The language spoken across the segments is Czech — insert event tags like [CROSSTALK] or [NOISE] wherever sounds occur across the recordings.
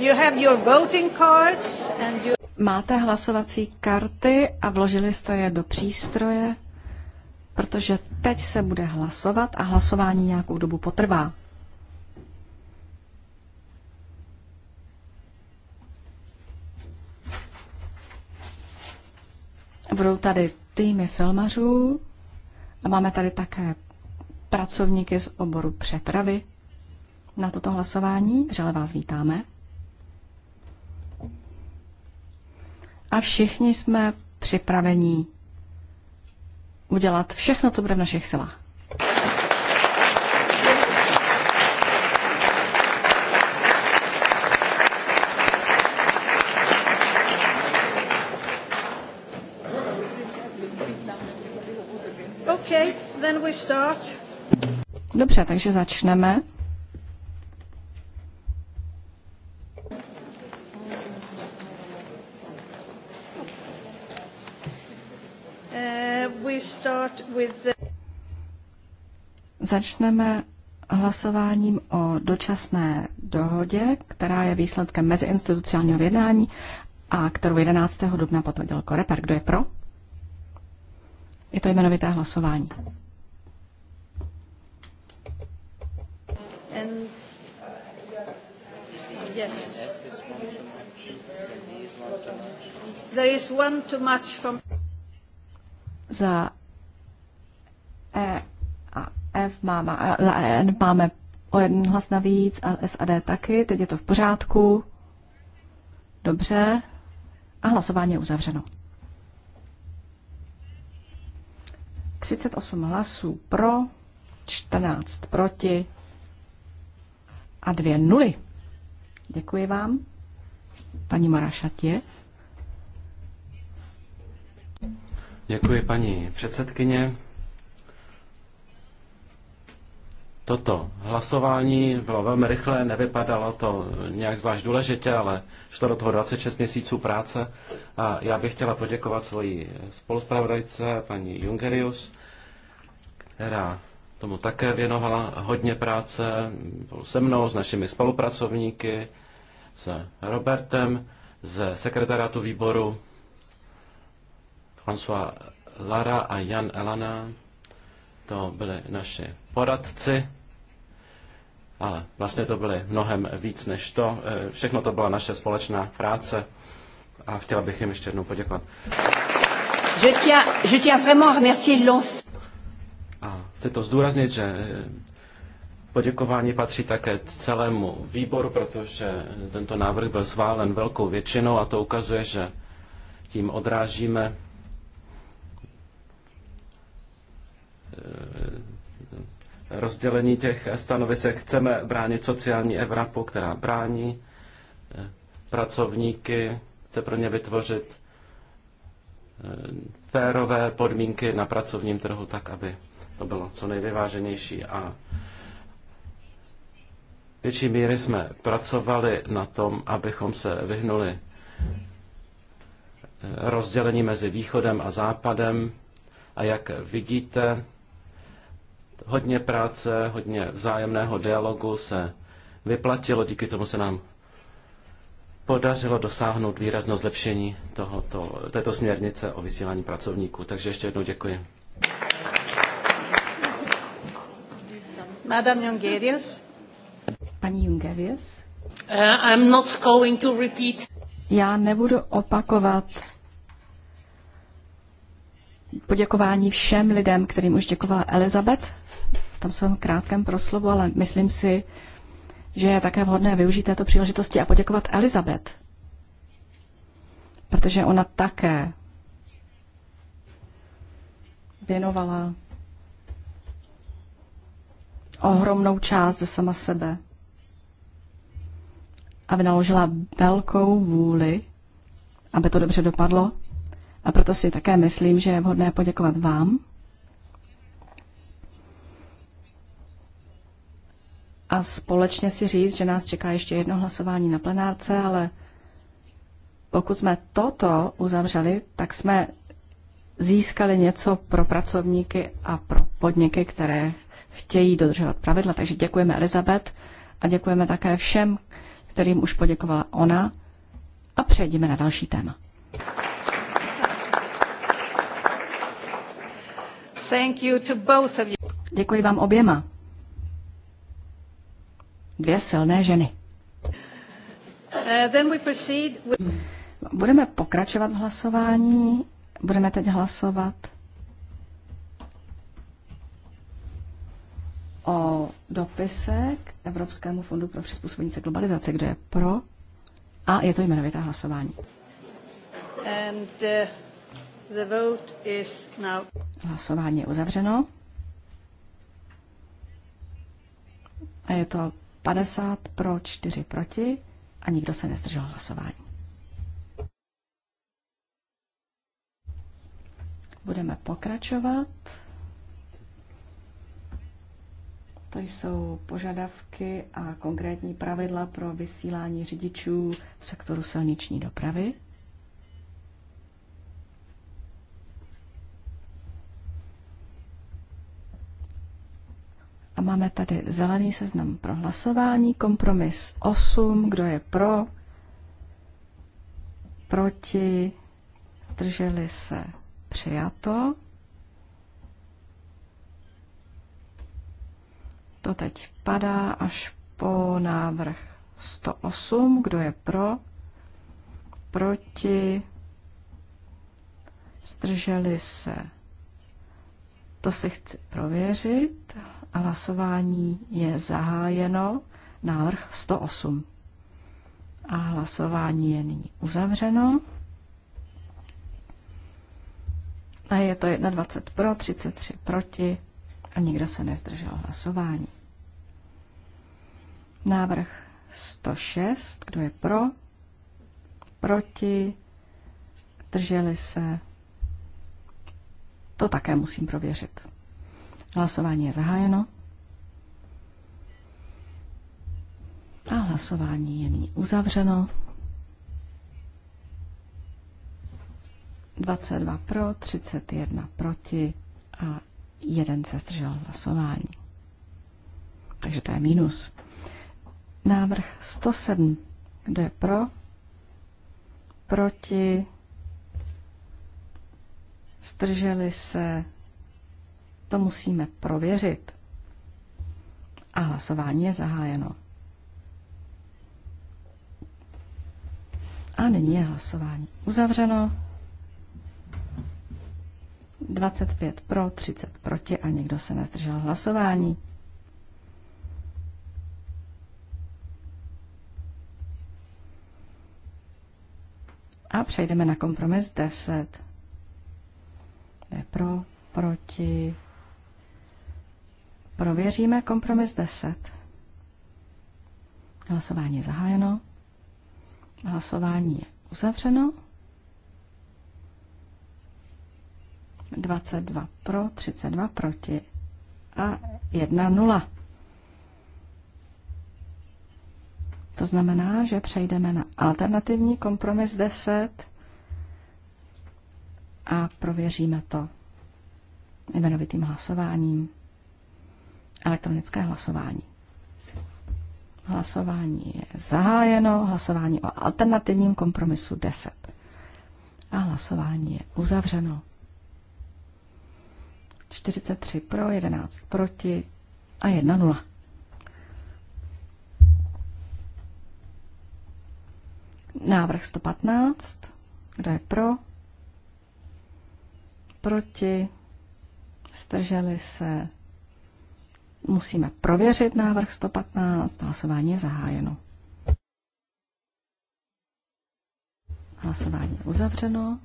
You have your voting cards and you... Máte hlasovací karty a vložili jste je do přístroje, protože teď se bude hlasovat a hlasování nějakou dobu potrvá. Budou tady týmy filmařů a máme tady také pracovníky z oboru přepravy na toto hlasování. Vřele vás vítáme. a všichni jsme připravení udělat všechno, co bude v našich silách. Okay, then we start. Dobře, takže začneme. Začneme hlasováním o dočasné dohodě, která je výsledkem meziinstitucionálního jednání a kterou 11. dubna potvrdil Koreper. Kdo je pro? Je to jmenovité hlasování. And, uh, yes. There is one too much from... Za E a F máme, a e, e, N máme o jeden hlas navíc a D taky, teď je to v pořádku. Dobře. A hlasování je uzavřeno. 38 hlasů pro, 14 proti a dvě nuly. Děkuji vám, paní Marašatě. Děkuji, paní předsedkyně. Toto hlasování bylo velmi rychlé, nevypadalo to nějak zvlášť důležitě, ale šlo do toho 26 měsíců práce. A já bych chtěla poděkovat svoji spoluspravodajce, paní Jungerius, která tomu také věnovala hodně práce se mnou, s našimi spolupracovníky, s Robertem, ze sekretariátu výboru François Lara a Jan Elana. To byli naši poradci ale vlastně to byly mnohem víc než to. Eh, všechno to byla naše společná práce a chtěla bych jim ještě jednou poděkovat. Je tiens, je tiens vraiment remercier a chci to zdůraznit, že eh, poděkování patří také celému výboru, protože tento návrh byl sválen velkou většinou a to ukazuje, že tím odrážíme eh, rozdělení těch stanovisek. Chceme bránit sociální Evropu, která brání eh, pracovníky, chce pro ně vytvořit eh, férové podmínky na pracovním trhu tak, aby to bylo co nejvyváženější a větší míry jsme pracovali na tom, abychom se vyhnuli eh, rozdělení mezi východem a západem. A jak vidíte, hodně práce, hodně vzájemného dialogu se vyplatilo, díky tomu se nám podařilo dosáhnout výrazno zlepšení tohoto, této směrnice o vysílání pracovníků. Takže ještě jednou děkuji. Madame Jungerius. Paní Jungerius. Uh, I'm not going to repeat. Já nebudu opakovat poděkování všem lidem, kterým už děkovala Elizabeth v tom svém krátkém proslovu, ale myslím si, že je také vhodné využít této příležitosti a poděkovat Elizabeth, protože ona také věnovala ohromnou část ze sama sebe a vynaložila velkou vůli, aby to dobře dopadlo a proto si také myslím, že je vhodné poděkovat vám a společně si říct, že nás čeká ještě jedno hlasování na plenárce, ale pokud jsme toto uzavřeli, tak jsme získali něco pro pracovníky a pro podniky, které chtějí dodržovat pravidla. Takže děkujeme Elizabet a děkujeme také všem, kterým už poděkovala ona a přejdeme na další téma. Thank you to both of you. Děkuji vám oběma. Dvě silné ženy. Uh, then we proceed with... Budeme pokračovat v hlasování. Budeme teď hlasovat o dopise k Evropskému fondu pro přizpůsobení se globalizace, kde je pro a je to jmenovité hlasování. And, uh... The vote is now. Hlasování je uzavřeno. A je to 50 pro, 4 proti a nikdo se nezdržel hlasování. Budeme pokračovat. To jsou požadavky a konkrétní pravidla pro vysílání řidičů v sektoru silniční dopravy. A máme tady zelený seznam pro hlasování, kompromis 8, kdo je pro, proti, drželi se přijato. To teď padá až po návrh 108, kdo je pro, proti, zdrželi se. To si chci prověřit. Hlasování je zahájeno. Návrh 108. A hlasování je nyní uzavřeno. A je to 21 pro, 33 proti a nikdo se nezdržel hlasování. Návrh 106, kdo je pro, proti, drželi se. To také musím prověřit. Hlasování je zahájeno. A hlasování je nyní uzavřeno. 22 pro, 31 proti a jeden se zdržel hlasování. Takže to je mínus. Návrh 107. Kdo je pro? Proti? Zdrželi se? To musíme prověřit. A hlasování je zahájeno. A nyní je hlasování uzavřeno. 25 pro, 30 proti a nikdo se nezdržel hlasování. A přejdeme na kompromis 10. Je pro, proti, Prověříme kompromis 10. Hlasování je zahájeno. Hlasování je uzavřeno. 22 pro, 32 proti a 1 0. To znamená, že přejdeme na alternativní kompromis 10 a prověříme to jmenovitým hlasováním. Elektronické hlasování. Hlasování je zahájeno, hlasování o alternativním kompromisu 10. A hlasování je uzavřeno. 43 pro, 11 proti a 1 nula. Návrh 115. Kdo je pro? Proti? Strželi se? Musíme prověřit návrh 115. Hlasování je zahájeno. Hlasování je uzavřeno.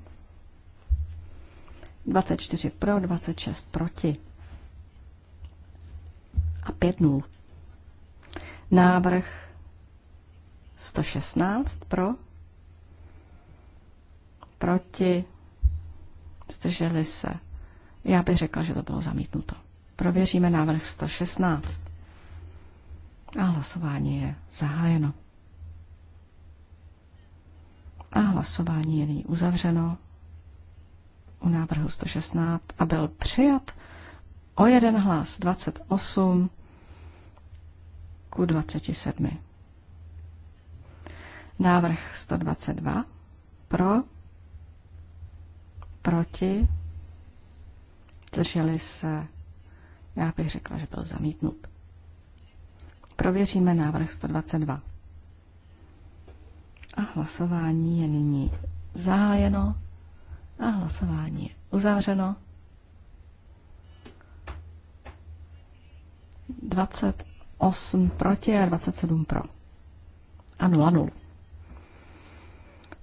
24 pro, 26 proti. A 5 nul. Návrh 116 pro, proti, zdrželi se. Já bych řekla, že to bylo zamítnuto. Prověříme návrh 116. A hlasování je zahájeno. A hlasování je nyní uzavřeno u návrhu 116 a byl přijat o jeden hlas 28 ku 27. Návrh 122 pro, proti, drželi se já bych řekla, že byl zamítnut. Prověříme návrh 122. A hlasování je nyní zahájeno a hlasování je uzavřeno. 28 proti a 27 pro. A 0 0.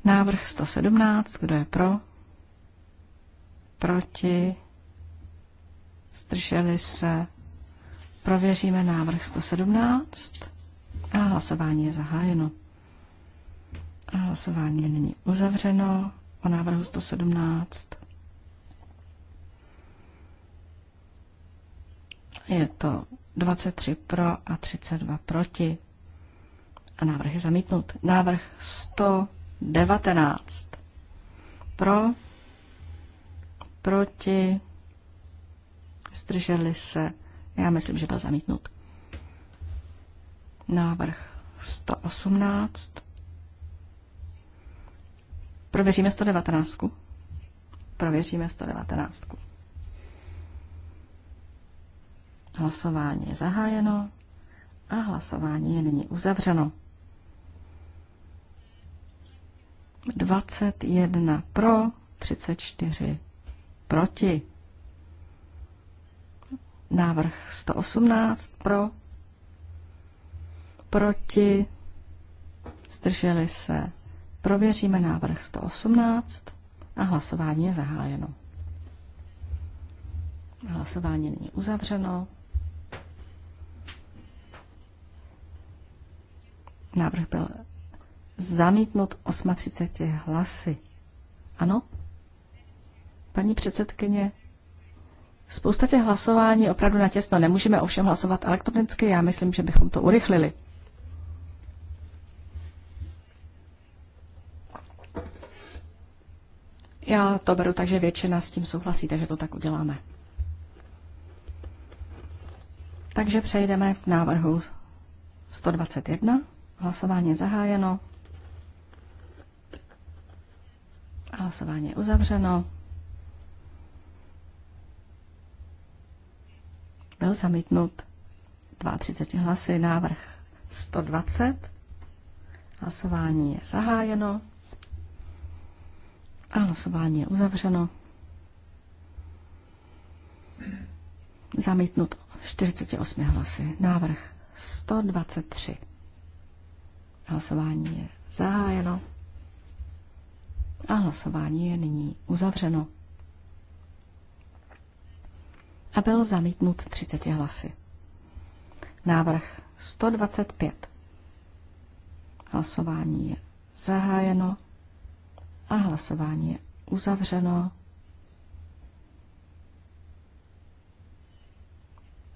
Návrh 117, kdo je pro? Proti? zdrželi se, prověříme návrh 117 a hlasování je zahájeno. A hlasování není uzavřeno o návrhu 117. Je to 23 pro a 32 proti. A návrh je zamítnut. Návrh 119. Pro, proti, Zdrželi se? Já myslím, že byl zamítnut. Návrh 118. Prověříme 119. Prověříme 119. Hlasování je zahájeno a hlasování je nyní uzavřeno. 21 pro, 34 proti. Návrh 118 pro, proti, zdrželi se. Prověříme návrh 118 a hlasování je zahájeno. Hlasování není uzavřeno. Návrh byl zamítnut 38 hlasy. Ano? Paní předsedkyně, Spousta těch hlasování opravdu natěsno. Nemůžeme ovšem hlasovat elektronicky, já myslím, že bychom to urychlili. Já to beru tak, že většina s tím souhlasí, takže to tak uděláme. Takže přejdeme k návrhu 121. Hlasování je zahájeno. Hlasování je uzavřeno. byl zamítnut 32 hlasy, návrh 120. Hlasování je zahájeno a hlasování je uzavřeno. Zamítnut 48 hlasy, návrh 123. Hlasování je zahájeno a hlasování je nyní uzavřeno a byl zamítnut 30 hlasy. Návrh 125. Hlasování je zahájeno a hlasování je uzavřeno.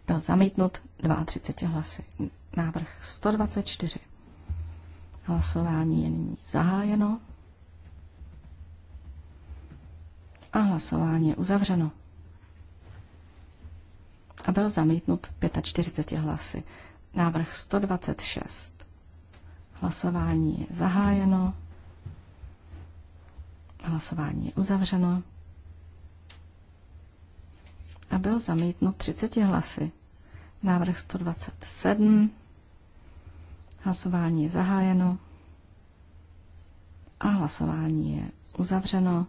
Byl zamítnut 32 hlasy. Návrh 124. Hlasování je nyní zahájeno a hlasování je uzavřeno a byl zamítnut 45 hlasy. Návrh 126. Hlasování je zahájeno. Hlasování je uzavřeno. A byl zamítnut 30 hlasy. Návrh 127. Hlasování je zahájeno. A hlasování je uzavřeno.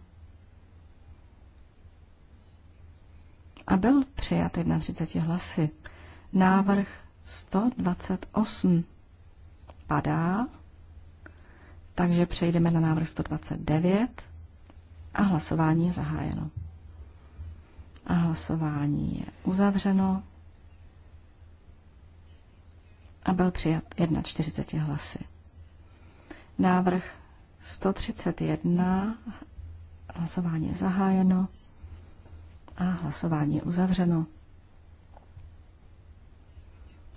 a byl přijat 31 hlasy. Návrh 128 padá, takže přejdeme na návrh 129 a hlasování je zahájeno. A hlasování je uzavřeno a byl přijat 41 hlasy. Návrh 131, hlasování je zahájeno a hlasování je uzavřeno.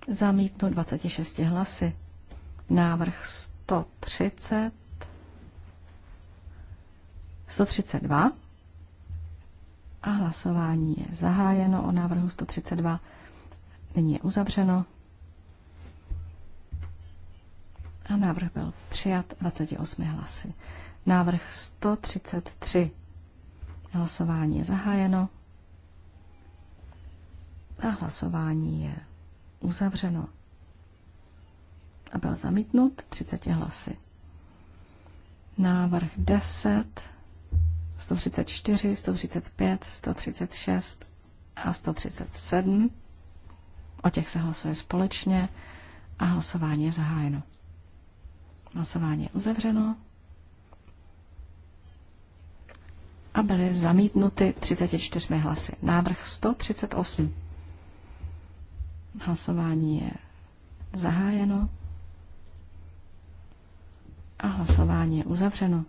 Zamítnu 26 hlasy. Návrh 130. 132. A hlasování je zahájeno o návrhu 132. Nyní je uzavřeno. A návrh byl přijat 28 hlasy. Návrh 133. Hlasování je zahájeno. A hlasování je uzavřeno. A byl zamítnut 30 hlasy. Návrh 10, 134, 135, 136 a 137. O těch se hlasuje společně a hlasování je zahájeno. Hlasování je uzavřeno a byly zamítnuty 34 hlasy. Návrh 138. Hlasování je zahájeno a hlasování je uzavřeno.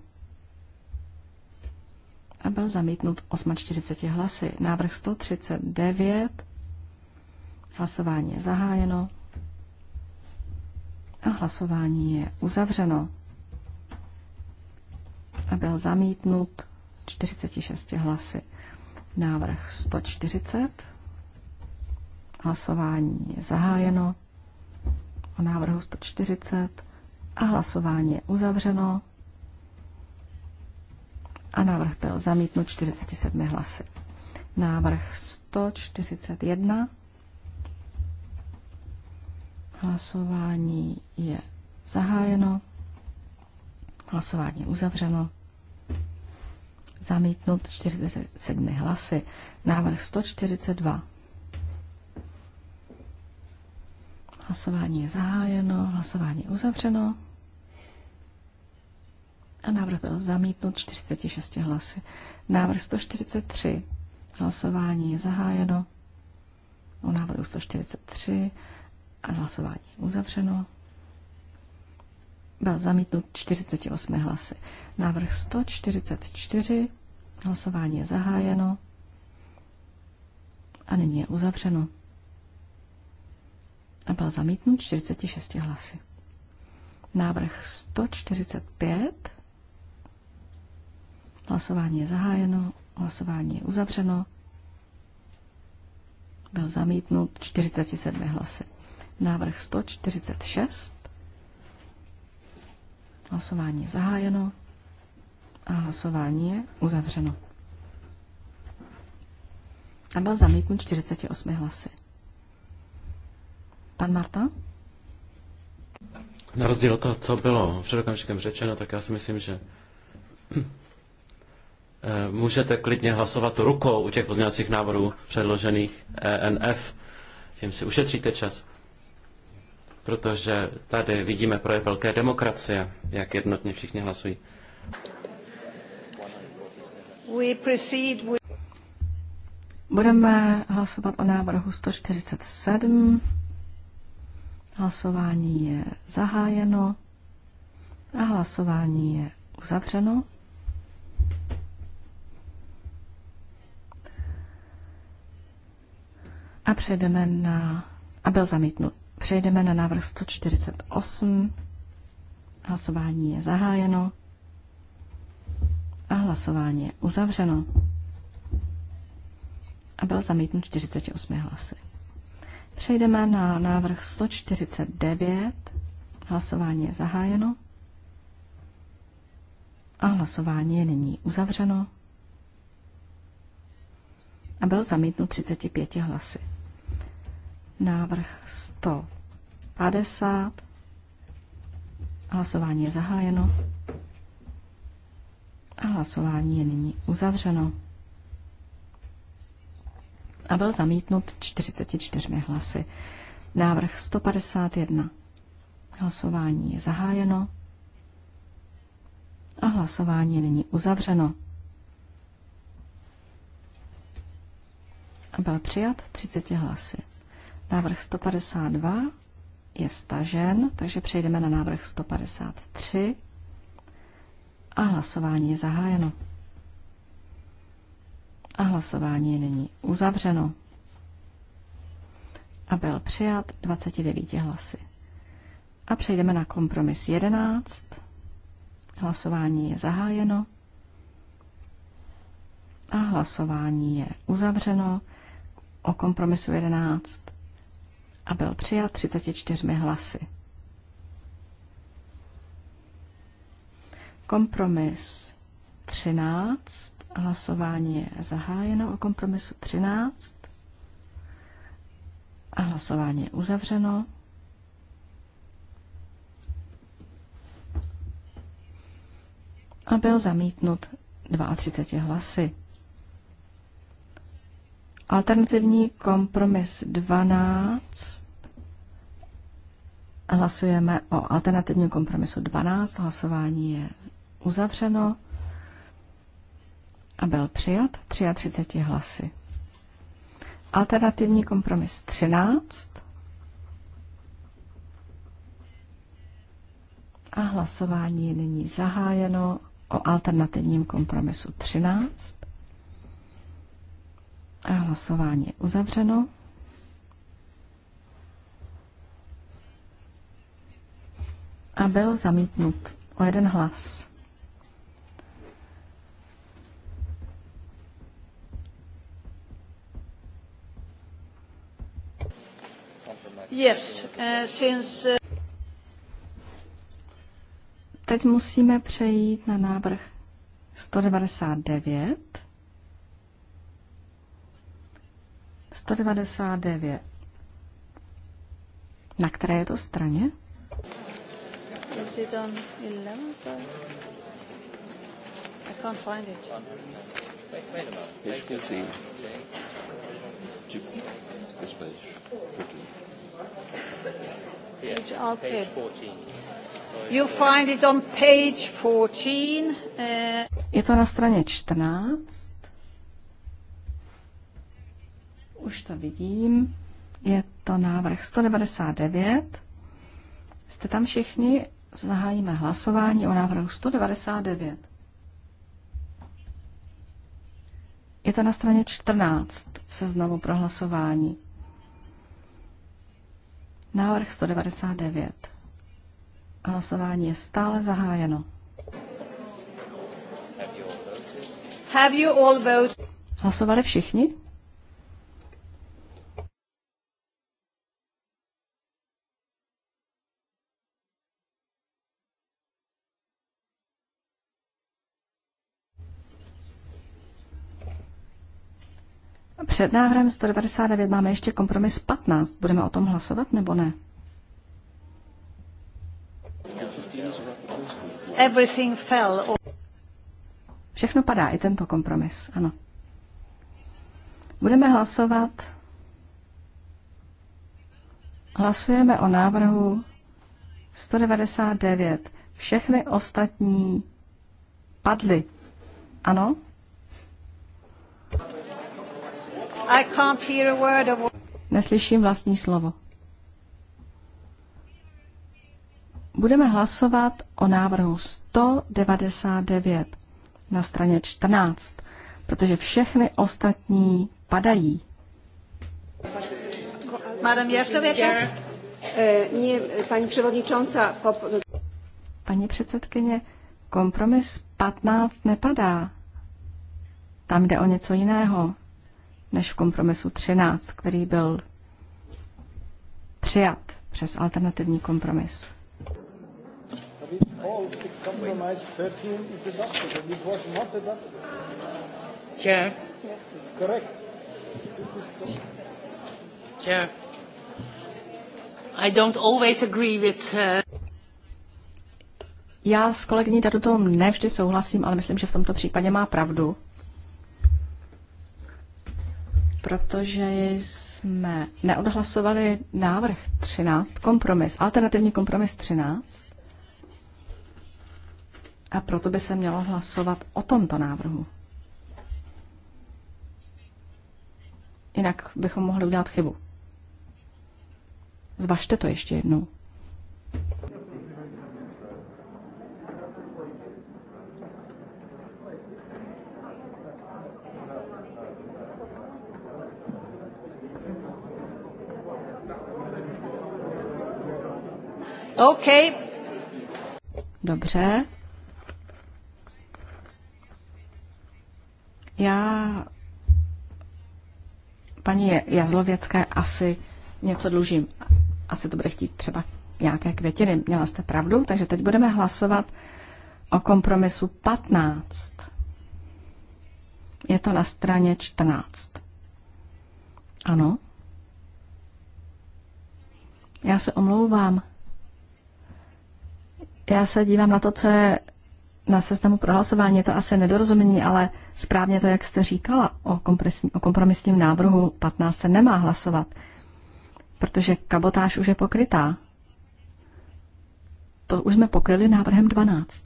A byl zamítnut 48 hlasy. Návrh 139. Hlasování je zahájeno a hlasování je uzavřeno. A byl zamítnut 46 hlasy. Návrh 140. Hlasování je zahájeno o návrhu 140 a hlasování je uzavřeno a návrh byl zamítnut 47 hlasy. Návrh 141. Hlasování je zahájeno. Hlasování je uzavřeno. Zamítnut 47 hlasy. Návrh 142. Hlasování je zahájeno, hlasování uzavřeno. A návrh byl zamítnut 46 hlasy. Návrh 143. Hlasování je zahájeno. O návrhu 143 a hlasování je uzavřeno. Byl zamítnut 48 hlasy. Návrh 144. Hlasování je zahájeno. A nyní je uzavřeno a byl zamítnut 46 hlasy. Návrh 145. Hlasování je zahájeno, hlasování je uzavřeno. Byl zamítnut 47 hlasy. Návrh 146. Hlasování je zahájeno a hlasování je uzavřeno. A byl zamítnut 48 hlasy. Pan Marta? Na rozdíl od toho, co bylo před okamžikem řečeno, tak já si myslím, že [CLEARS THROAT] eh, můžete klidně hlasovat rukou u těch pozměňovacích návrhů předložených ENF. Tím si ušetříte čas. Protože tady vidíme projev velké demokracie, jak jednotně všichni hlasují. Budeme hlasovat o návrhu 147. Hlasování je zahájeno a hlasování je uzavřeno. A přejdeme na... A byl zamítnut. Přejdeme na návrh 148. Hlasování je zahájeno. A hlasování je uzavřeno. A byl zamítnut 48 hlasy. Přejdeme na návrh 149. Hlasování je zahájeno. A hlasování je nyní uzavřeno. A byl zamítnut 35 hlasy. Návrh 150. Hlasování je zahájeno. A hlasování je nyní uzavřeno a byl zamítnut 44 hlasy. Návrh 151. Hlasování je zahájeno a hlasování není uzavřeno. Byl přijat 30 hlasy. Návrh 152 je stažen, takže přejdeme na návrh 153 a hlasování je zahájeno. A hlasování je nyní uzavřeno. A byl přijat 29 hlasy. A přejdeme na kompromis 11. Hlasování je zahájeno. A hlasování je uzavřeno o kompromisu 11 a byl přijat 34 hlasy. Kompromis 13 Hlasování je zahájeno o kompromisu 13 a hlasování je uzavřeno. A byl zamítnut 32 hlasy. Alternativní kompromis 12. Hlasujeme o alternativním kompromisu 12. Hlasování je uzavřeno a byl přijat 33 hlasy. Alternativní kompromis 13 a hlasování je nyní zahájeno o alternativním kompromisu 13 a hlasování je uzavřeno. A byl zamítnut o jeden hlas. Uh, uh, Teď musíme přejít na návrh 199. 199. Na které je to straně? Is it on 11 I can't find it. This page. Uh, Je to na straně 14. Už to vidím. Je to návrh 199. Jste tam všichni? Zahájíme hlasování o návrhu 199. Je to na straně 14 v seznamu pro hlasování. Návrh 199. Hlasování je stále zahájeno. Have you all voted? Hlasovali všichni? Před návrhem 199 máme ještě kompromis 15. Budeme o tom hlasovat nebo ne? Everything fell. Všechno padá, i tento kompromis, ano. Budeme hlasovat. Hlasujeme o návrhu 199. Všechny ostatní padly. Ano? I can't hear a word of... Neslyším vlastní slovo. Budeme hlasovat o návrhu 199 na straně 14, protože všechny ostatní padají. Madam eh, paní przewodnicząca. Paní předsedkyně, kompromis 15 nepadá. Tam jde o něco jiného než v kompromisu 13, který byl přijat přes alternativní kompromis. I don't always agree with, uh... Já s kolegyní Dadutou nevždy souhlasím, ale myslím, že v tomto případě má pravdu protože jsme neodhlasovali návrh 13, kompromis, alternativní kompromis 13. A proto by se mělo hlasovat o tomto návrhu. Jinak bychom mohli udělat chybu. Zvažte to ještě jednou. OK. Dobře. Já paní Jazlověcké asi něco dlužím. Asi to bude chtít třeba nějaké květiny. Měla jste pravdu, takže teď budeme hlasovat o kompromisu 15. Je to na straně 14. Ano? Já se omlouvám. Já se dívám na to, co je na seznamu prohlasování. Je to asi nedorozumění, ale správně to, jak jste říkala, o, o kompromisním návrhu 15 se nemá hlasovat, protože kabotáž už je pokrytá. To už jsme pokryli návrhem 12.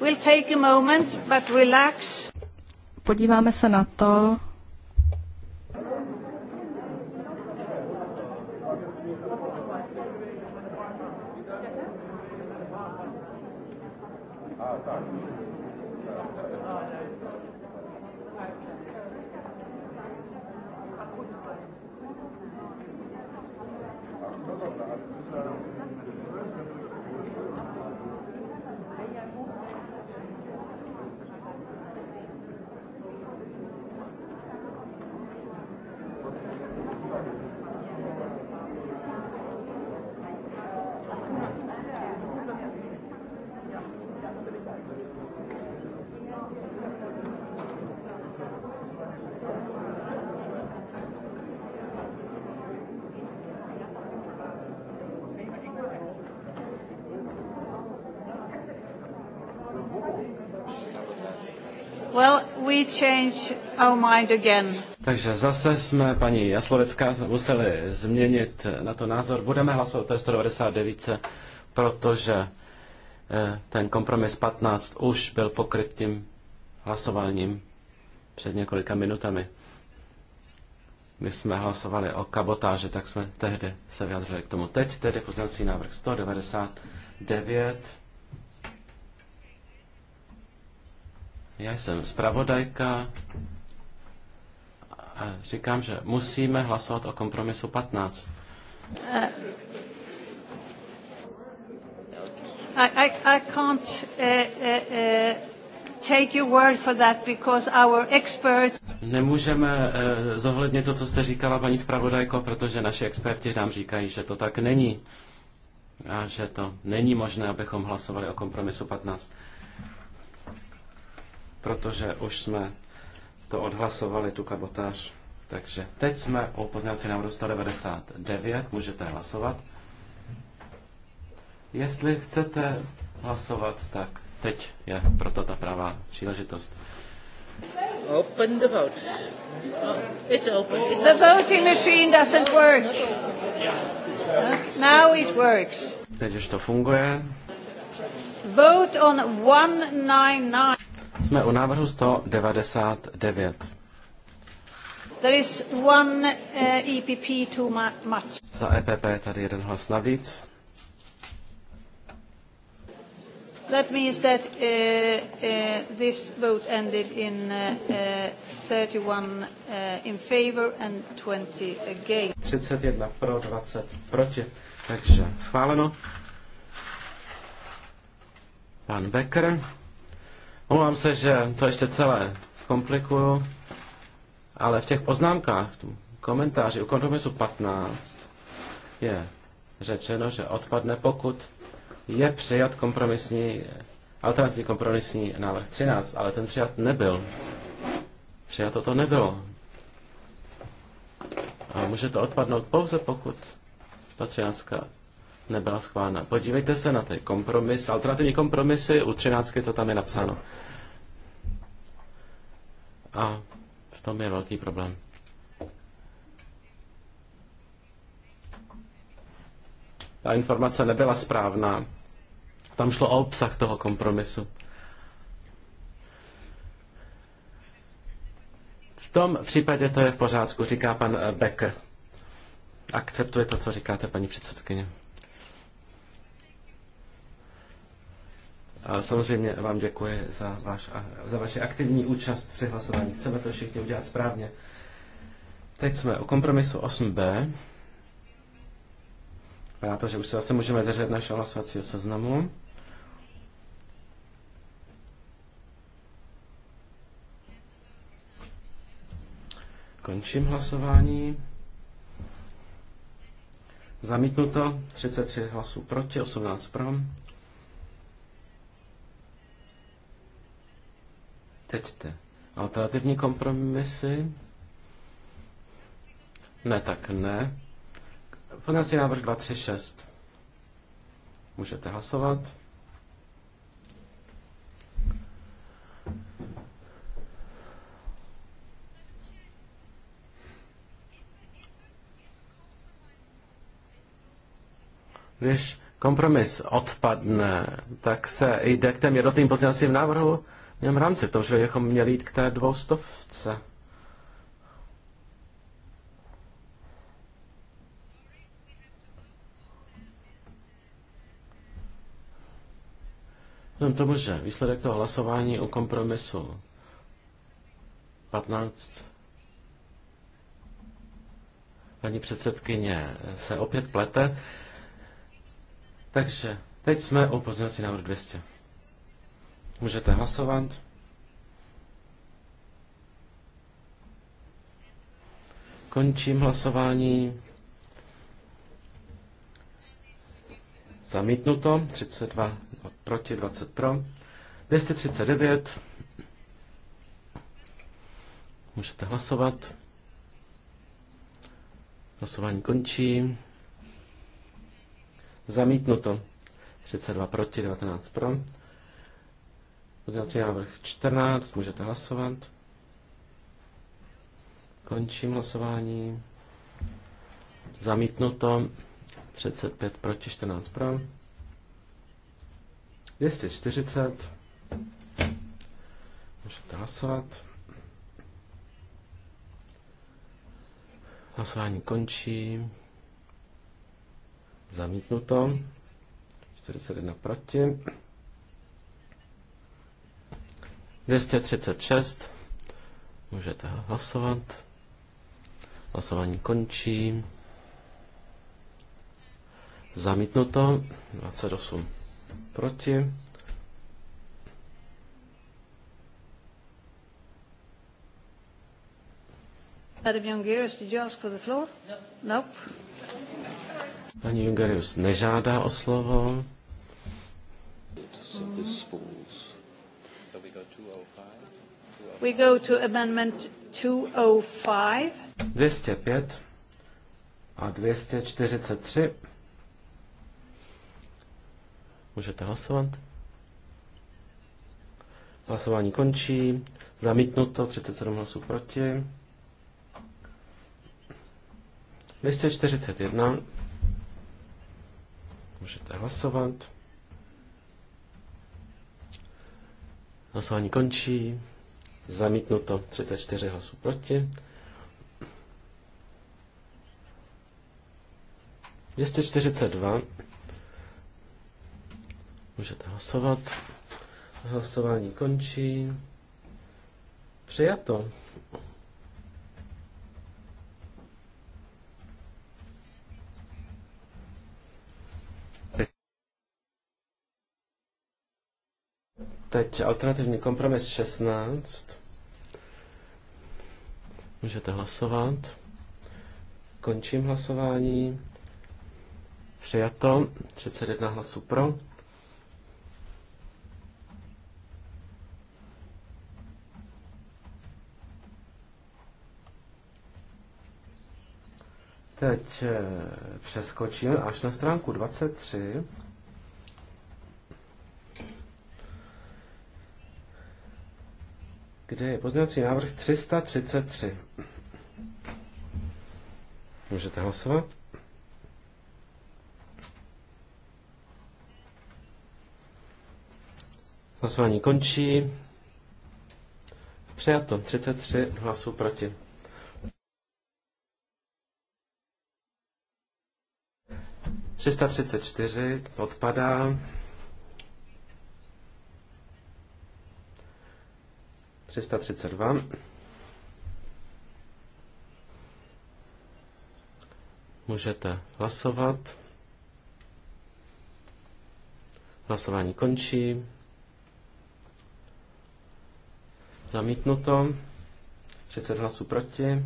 We'll take a moment, but relax. Podíváme se na to, change our mind again. Takže zase jsme, paní Jaslovecká, museli změnit na to názor. Budeme hlasovat o 199, protože eh, ten kompromis 15 už byl pokryt tím hlasováním před několika minutami. My jsme hlasovali o kabotáži, tak jsme tehdy se vyjadřili k tomu. Teď tedy poznací návrh 199 Já jsem zpravodajka a říkám, že musíme hlasovat o kompromisu 15. Uh, I, I, I can't uh, uh, take your word for that because our experts... Nemůžeme uh, zohlednit to, co jste říkala, paní zpravodajko, protože naši experti nám říkají, že to tak není a že to není možné, abychom hlasovali o kompromisu 15 protože už jsme to odhlasovali, tu kabotáž. Takže teď jsme o pozměňovací návrhu 199, můžete hlasovat. Jestli chcete hlasovat, tak teď je proto ta pravá příležitost. Open the vote. Oh, it's open. It's the voting machine doesn't work. Now it works. Teď už to funguje. Vote on 199. Jsme u návrhu 199. There is one uh, eh, EPP too much. Za EPP tady jeden hlas navíc. That means that uh, uh, this vote ended in uh, 31 in favor and 20 against. 31 pro, 20 proti. Takže schváleno. Pan Becker. Omlouvám se, že to ještě celé komplikuju, ale v těch poznámkách, tu komentáři u kompromisu 15 je řečeno, že odpadne, pokud je přijat kompromisní, alternativní kompromisní návrh 13, ale ten přijat nebyl. Přijato to nebylo. A může to odpadnout pouze pokud ta 13 nebyla schválena. Podívejte se na ty kompromis, alternativní kompromisy, u 13 to tam je napsáno. A v tom je velký problém. Ta informace nebyla správná. Tam šlo o obsah toho kompromisu. V tom případě to je v pořádku, říká pan Becker. Akceptuje to, co říkáte, paní předsedkyně. A samozřejmě vám děkuji za, váš, za vaši aktivní účast při hlasování. Chceme to všichni udělat správně. Teď jsme o kompromisu 8b. Vypadá to, že už se zase můžeme držet našeho hlasovacího seznamu. Končím hlasování. Zamítnuto 33 hlasů proti, 18 pro. Teďte. alternativní kompromisy. Ne, tak ne. Podací návrh 236. Můžete hlasovat. Když kompromis odpadne, tak se jde k těm jednotným pozměňovacím návrhu jenom rámci, že bychom měli jít k té dvoustovce. Vzhledem tomu, že výsledek toho hlasování o kompromisu 15 paní předsedkyně se opět plete, takže teď jsme u pozměňovací návrh 200. Můžete hlasovat. Končím hlasování. Zamítnuto. 32 proti, 20 pro. 239. Můžete hlasovat. Hlasování končí. Zamítnuto. 32 proti, 19 pro. Pozměňovací návrh 14, můžete hlasovat. Končím hlasování. Zamítnuto. 35 proti 14 pro. 240. Můžete hlasovat. Hlasování končí. Zamítnuto. 41 proti. 236. Můžete hlasovat. Hlasování končí. Zamítnuto. 28 proti. Madam Jungerius, did you ask for the floor? No. Nope. Pani Jungerius nežádá o slovo. Mm. We go to amendment 205. 205 a 243. Můžete hlasovat. Hlasování končí. Zamítnuto 37 hlasů proti. 241. Můžete hlasovat. Hlasování končí. Zamítnuto 34 hlasů proti. 242. Můžete hlasovat. Hlasování končí. Přijato. Teď alternativní kompromis 16. Můžete hlasovat. Končím hlasování. Přijato. 31 hlasů pro. Teď eh, přeskočím až na stránku 23. kde je pozměňovací návrh 333. Můžete hlasovat. Hlasování končí. Přijato 33 hlasů proti. Třista třicet odpadá. 332. Můžete hlasovat. Hlasování končí. Zamítnuto. 30 hlasů proti.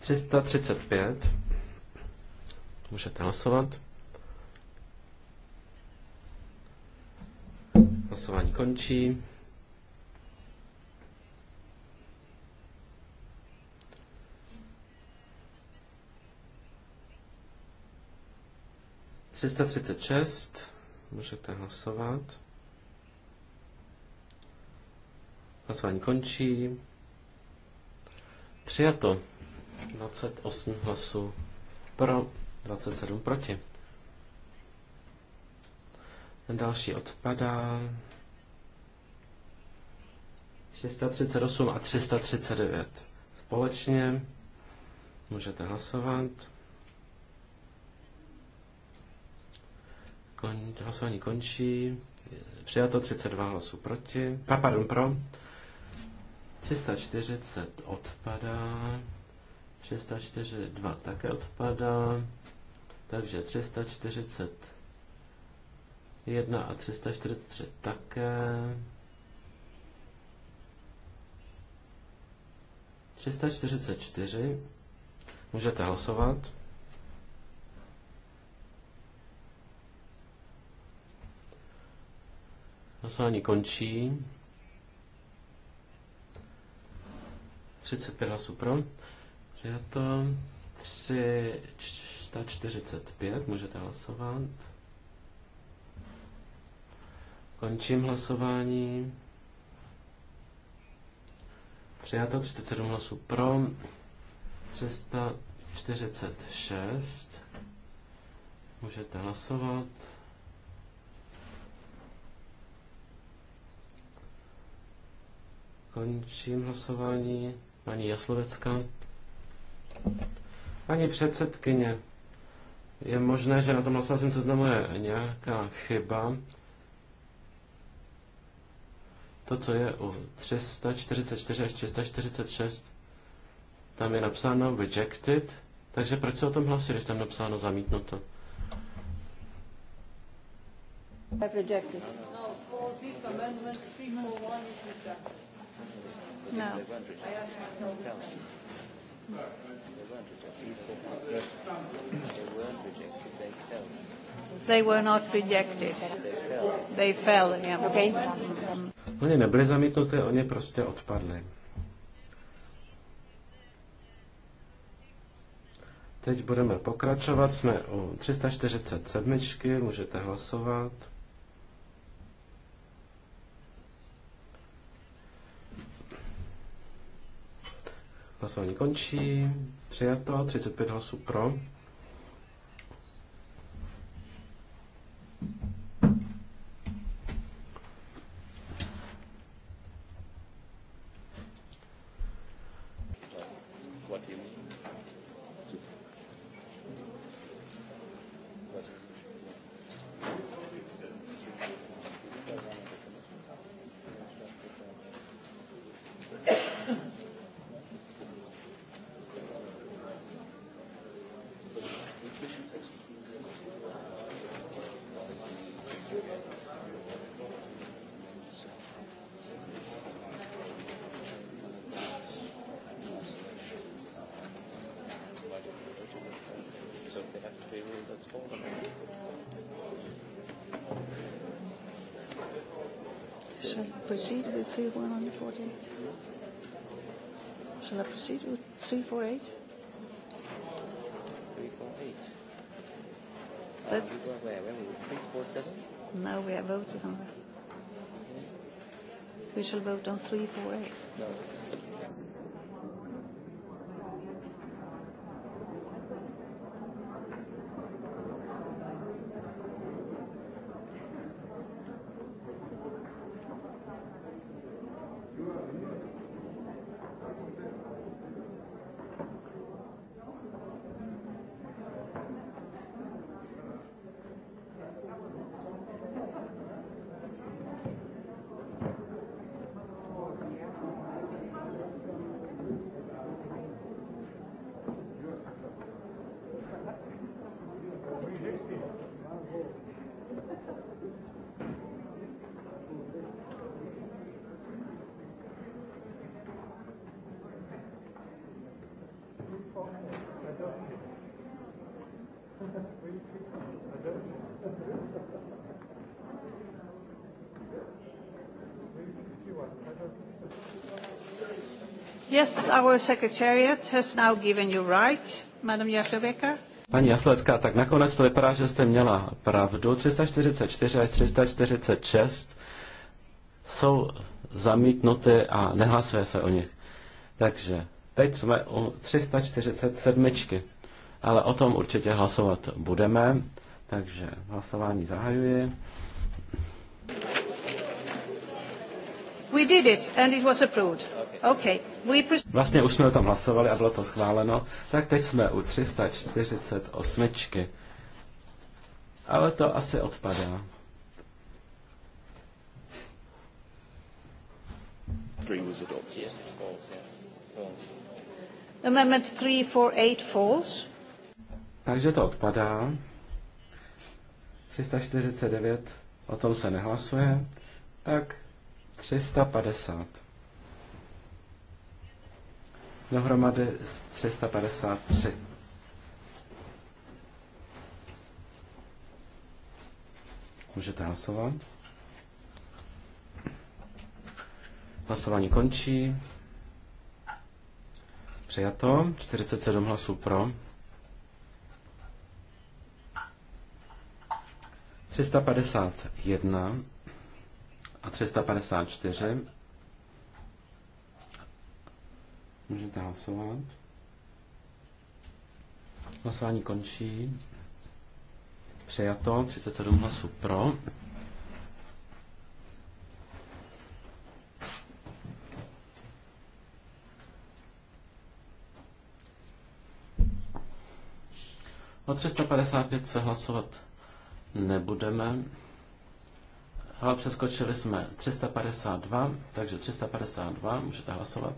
335. Můžete hlasovat. Hlasování končí. Třista třicet šest. Můžete hlasovat. Hlasování končí. Přijato. 28 hlasů pro, 27 proti. Ten další odpadá. 638 a 339 společně. Můžete hlasovat. Kon, hlasování končí. Přijato 32 hlasů proti. Pa, pardon, pro. 340 odpadá. 342 také odpadá. Takže 340 1 a 343 také. 344. Můžete hlasovat. Hlasování končí. 35 hlasů pro. Přijato. 345. Můžete hlasovat. Končím hlasování. Přijato 37 hlasů pro, 346. Můžete hlasovat. Končím hlasování. Paní Jaslovecka. Paní předsedkyně, je možné, že na tom hlasovacím seznamu je nějaká chyba. To, co je u 344 až 346, tam je napsáno rejected, takže proč se o tom hlasí, když tam napsáno zamítnuto? I've rejected. No, No. They were not rejected. They fell. Oni nebyli zamítnuté, oni prostě odpadli. Teď budeme pokračovat, jsme u 347, můžete hlasovat. Hlasování končí, přijato, 35 hlasů pro. 348? 348. we 347? No, we have voted on that. We shall vote on 348. No. Yes, our secretariat has now given you right, Madam Jaflebeka. Paní Jaslecká, tak nakonec to vypadá, že jste měla pravdu. 344 až 346 jsou zamítnuty a nehlasuje se o nich. Takže teď jsme u 347. Ale o tom určitě hlasovat budeme. Takže hlasování zahajuji. vlastně už jsme o tom hlasovali a bylo to schváleno. Tak teď jsme u 348. Ale to asi odpadá. Amendment 348 falls. Takže to odpadá. 349, o tom se nehlasuje. Tak 350. Dohromady 353. Můžete hlasovat. Hlasování končí. Přijato. 47 hlasů pro. 351 a 354. Můžete hlasovat. Hlasování končí. Přijato 37 hlasů pro. O 355 se hlasovat nebudeme ale přeskočili jsme 352, takže 352 můžete hlasovat.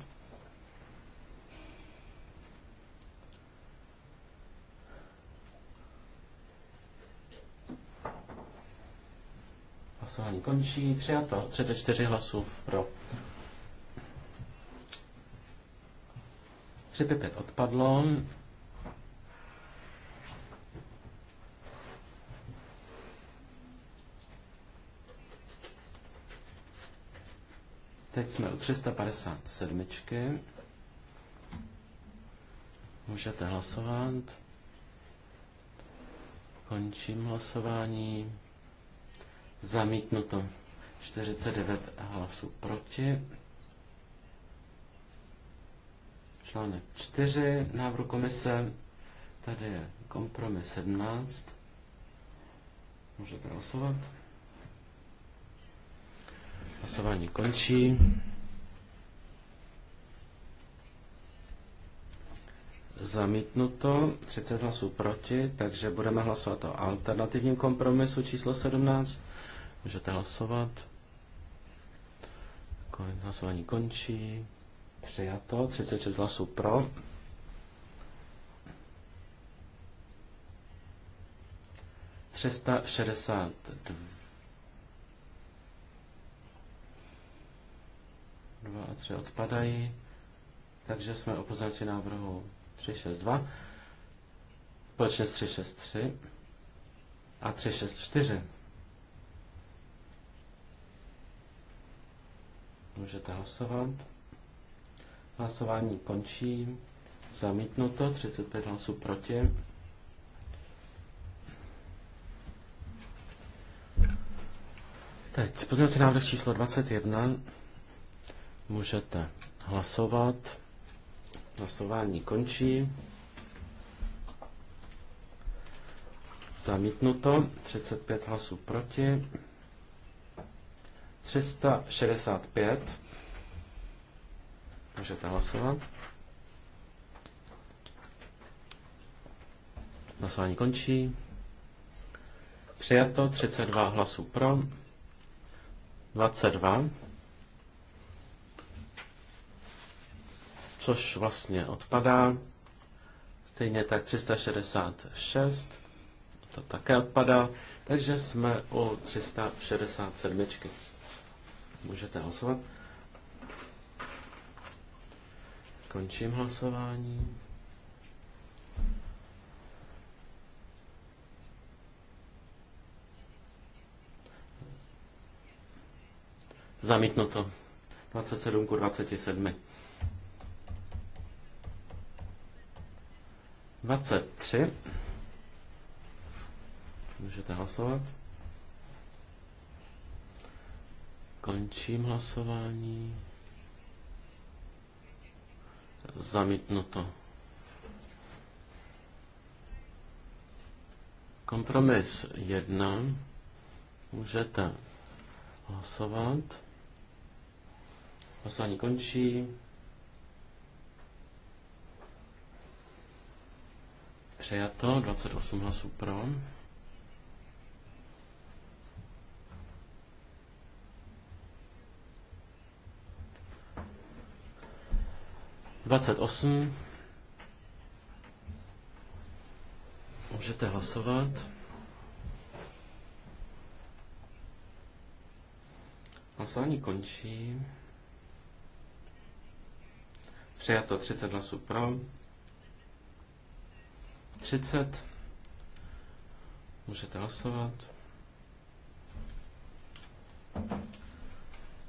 Hlasování končí. Přijato 34 hlasů pro. 355 odpadlo. Teď jsme u 357. Můžete hlasovat. Končím hlasování. Zamítnuto. 49 hlasů proti. Článek 4 návrhu komise. Tady je kompromis 17. Můžete hlasovat. Hlasování končí. Zamítnuto, 30 hlasů proti, takže budeme hlasovat o alternativním kompromisu číslo 17. Můžete hlasovat. Hlasování končí. Přijato, 36 hlasů pro. Třista šedesát 2 a 3 odpadají, takže jsme o poznací návrhu 362, společně s 363 a 364. Můžete hlasovat. Hlasování končí. Zamítnuto, 35 hlasů proti. Teď pozměňovací návrh číslo 21. Můžete hlasovat. Hlasování končí. Zamítnuto. 35 hlasů proti. 365. Můžete hlasovat. Hlasování končí. Přijato 32 hlasů pro, 22 což vlastně odpadá. Stejně tak 366, to také odpadá, takže jsme u 367. Můžete hlasovat. Končím hlasování. Zamítnuto. 27 ku 27. 23. Můžete hlasovat. Končím hlasování. Zamítnuto. Kompromis 1. Můžete hlasovat. Hlasování končí. Přijato, 28 hlasů pro. Dvacet osm. Můžete hlasovat. Hlasování končí. Přijato 30 hlasů pro. 30. Můžete hlasovat.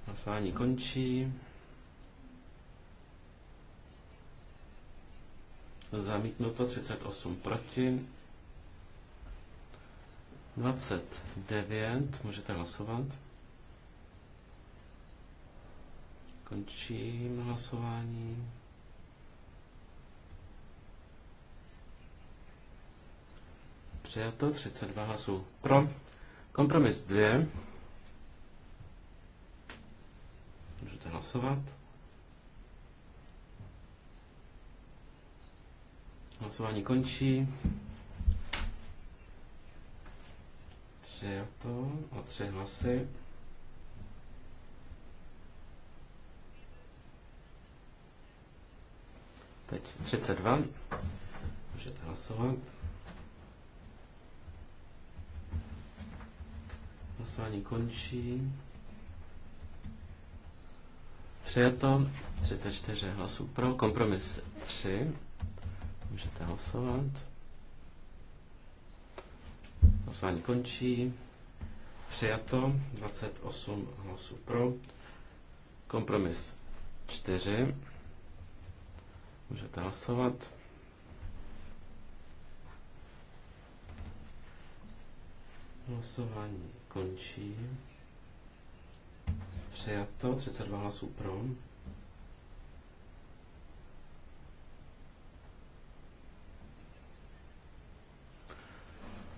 Hlasování končí. Zamítnuto 38 proti. 29, můžete hlasovat. Končím hlasování. Přijato 32 hlasů pro. Kompromis 2. Můžete hlasovat. Hlasování končí. Přijato o tři hlasy. Teď 32. Můžete hlasovat. Hlasování končí. Přijato 34 hlasů pro, kompromis 3. Můžete hlasovat. Hlasování končí. Přijato 28 hlasů pro, kompromis 4. Můžete hlasovat. Hlasování končí. Přijato, 32 hlasů pro.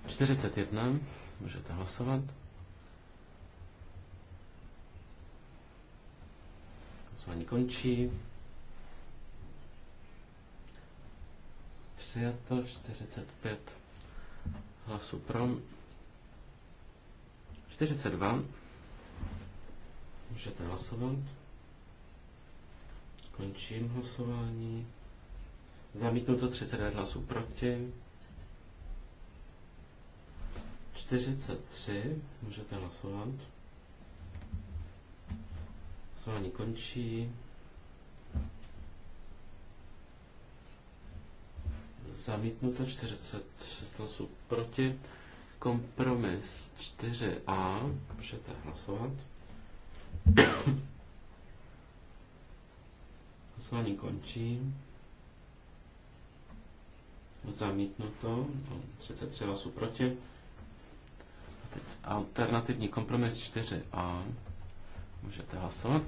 Čtyřicet jedna, můžete hlasovat. Hlasování končí. Přijato 45 hlasů pro. 42. Můžete hlasovat. Končím hlasování. Zamítnuto 39 hlasů proti. 43. Můžete hlasovat. Hlasování končí. Zamítnuto 46 hlasů proti. Kompromis 4a. Můžete hlasovat. Hlasování končí. Zamítnuto. 33 hlasů proti. A teď alternativní kompromis 4a. Můžete hlasovat.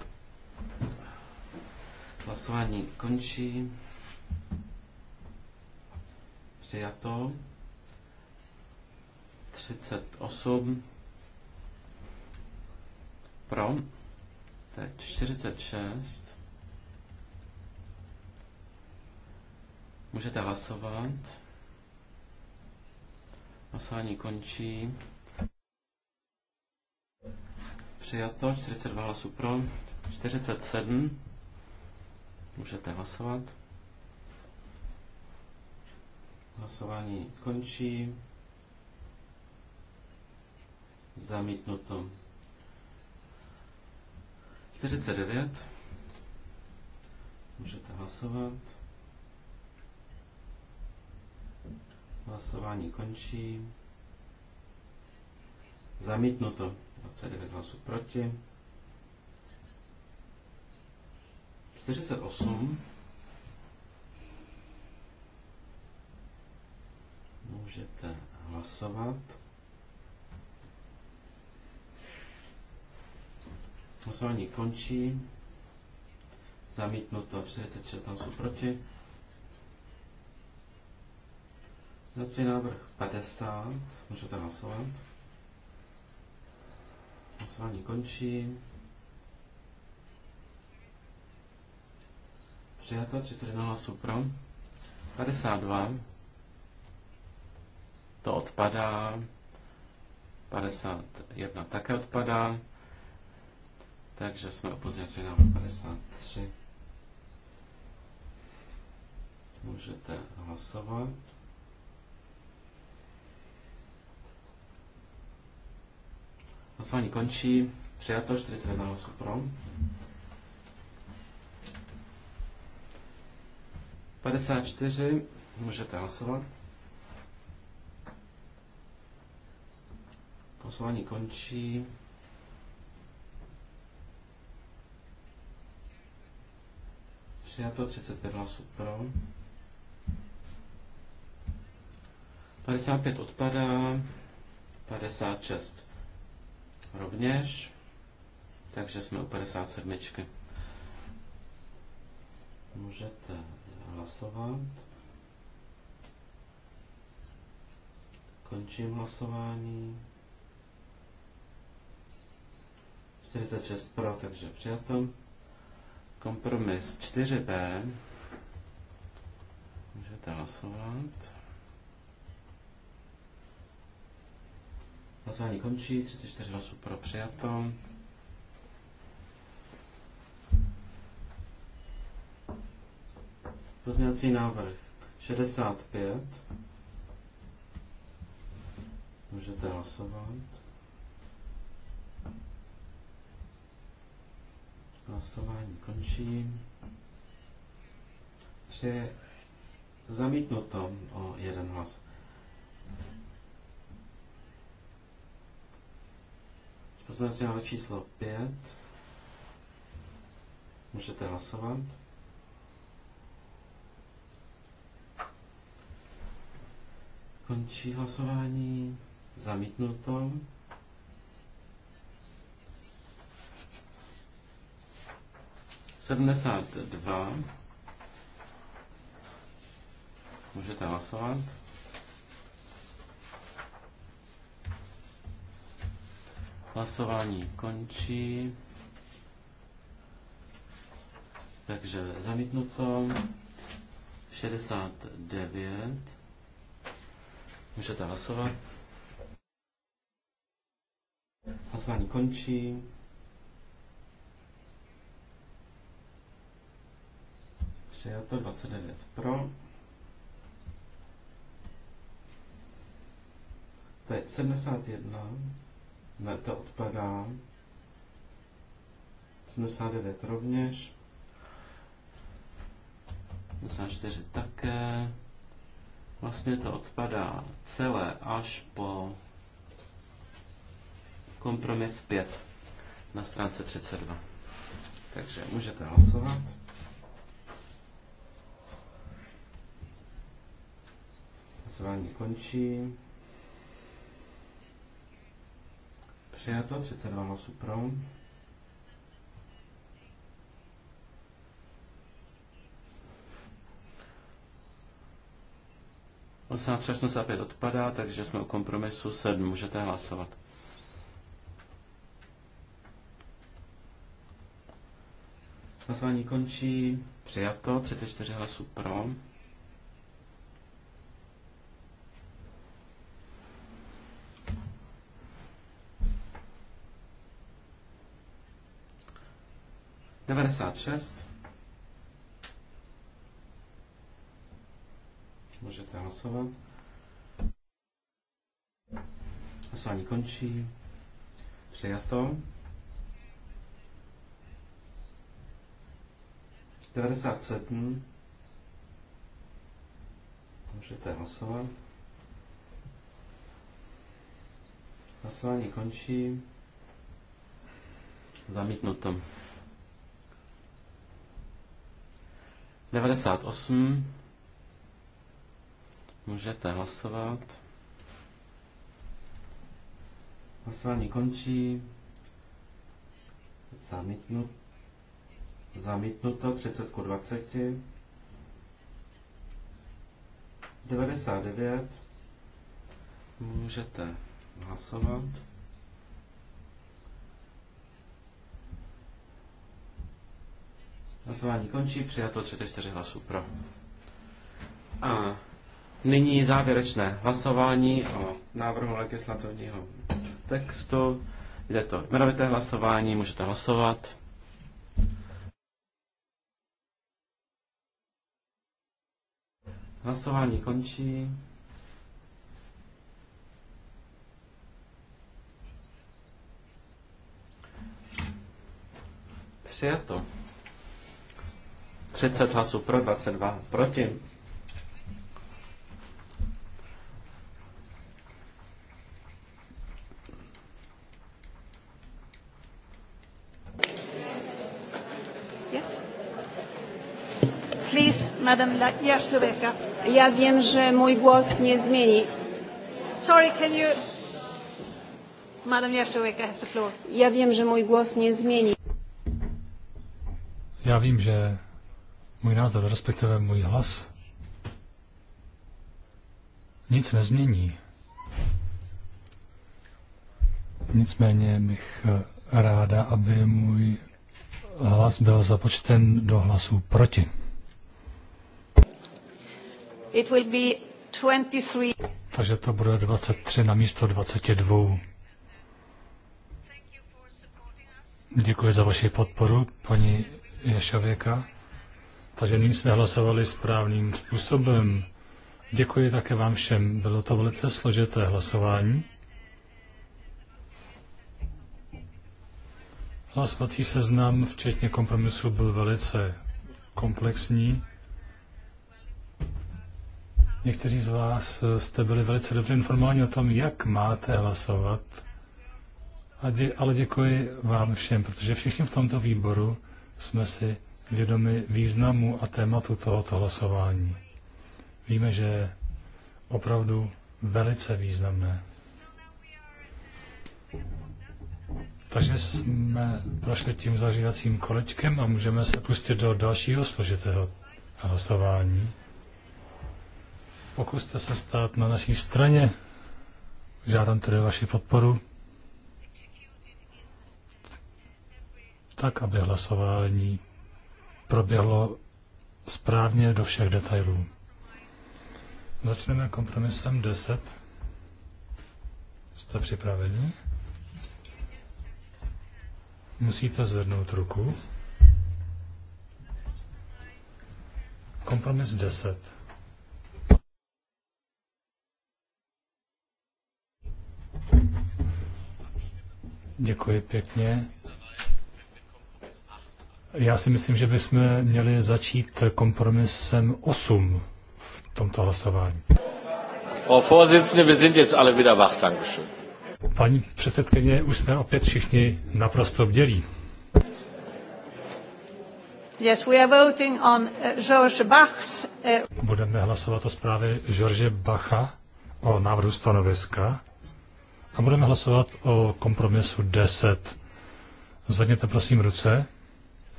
Hlasování končí. Přijato. 38 pro, teď 46. Můžete hlasovat. Hlasování končí. Přijato, 42 hlasů pro, 47. Můžete hlasovat. Hlasování končí. Zamítnuto. 49. Můžete hlasovat. Hlasování končí. Zamítnuto. 29 hlasů proti. 48. Můžete hlasovat. Hlasování končí. Zamítnuto 46 jsou proti. Dací návrh 50. Můžete hlasovat. Hlasování končí. Přijato 31 hlasů pro. 52. To odpadá. 51 také odpadá. Takže jsme opozněci na 53. Můžete hlasovat. Hlasování končí. Přijato 41 hlasů pro. 54. Můžete hlasovat. Hlasování končí. přijato, 35 hlasů pro. 55 odpadá, 56 rovněž, takže jsme u 57. Můžete hlasovat. Končím hlasování. 46 pro, takže přijato. Kompromis 4b. Můžete hlasovat. Hlasování končí, 34 hlasů pro přijato. Pozměňovací návrh 65. Můžete hlasovat. Hlasování končí. Tři zamítnuto o jeden hlas. Poznáte návrh číslo 5. Můžete hlasovat. Končí hlasování. Zamítnuto. 72. Můžete hlasovat. Hlasování končí. Takže zamítnuto 69. Můžete hlasovat. Hlasování končí. přijato, 29 pro. Teď 71, ne, to odpadá. 79 rovněž. 74 také. Vlastně to odpadá celé až po kompromis 5 na stránce 32. Takže můžete hlasovat. Hlasování končí. Přijato 32 hlasů pro. Osá 85 odpadá, takže jsme u kompromisu 7. Můžete hlasovat. Hlasování končí. Přijato 34 hlasů pro. 96. Můžete hlasovat. Hlasování končí. Přijato. 97. Můžete hlasovat. Hlasování končí. Zamítnuto. 98. Můžete hlasovat. Hlasování končí. Zamítnut. Zamítnuto 30 ku 20. 99. Můžete hlasovat. Hlasování končí, přijato 34 hlasů pro. A nyní závěrečné hlasování o návrhu legislativního textu. Jde to jmenovité hlasování, můžete hlasovat. Hlasování končí. Přijato. 30 hlasů pro, 22 proti. Ja wiem, że mój głos nie zmieni. Sorry, can you... Madam has the floor. Ja wiem, że mój głos nie zmieni. Ja wiem, że můj názor, respektive můj hlas, nic nezmění. Nicméně bych eh, ráda, aby můj hlas byl započten do hlasů proti. It will be 23. Takže to bude 23 na místo 22. Děkuji za vaši podporu, paní Ješověka. Takže nyní jsme hlasovali správným způsobem. Děkuji také vám všem. Bylo to velice složité hlasování. Hlasovací seznam, včetně kompromisu, byl velice komplexní. Někteří z vás jste byli velice dobře informováni o tom, jak máte hlasovat. ale děkuji vám všem, protože všichni v tomto výboru jsme si vědomi významu a tématu tohoto hlasování. Víme, že je opravdu velice významné. Takže jsme prošli tím zařívacím kolečkem a můžeme se pustit do dalšího složitého hlasování. Pokuste se stát na naší straně. Žádám tedy vaši podporu. Tak, aby hlasování proběhlo správně do všech detailů. Začneme kompromisem 10. Jste připraveni? Musíte zvednout ruku. Kompromis 10. Děkuji pěkně. Já si myslím, že bychom měli začít kompromisem 8 v tomto hlasování. Paní předsedkyně, už jsme opět všichni naprosto bdělí. Yes, we are voting on eh, George Bach's... Eh, budeme hlasovat o zprávě George Bacha, o návrhu stanoviska a budeme hlasovat o kompromisu 10. Zvedněte prosím ruce.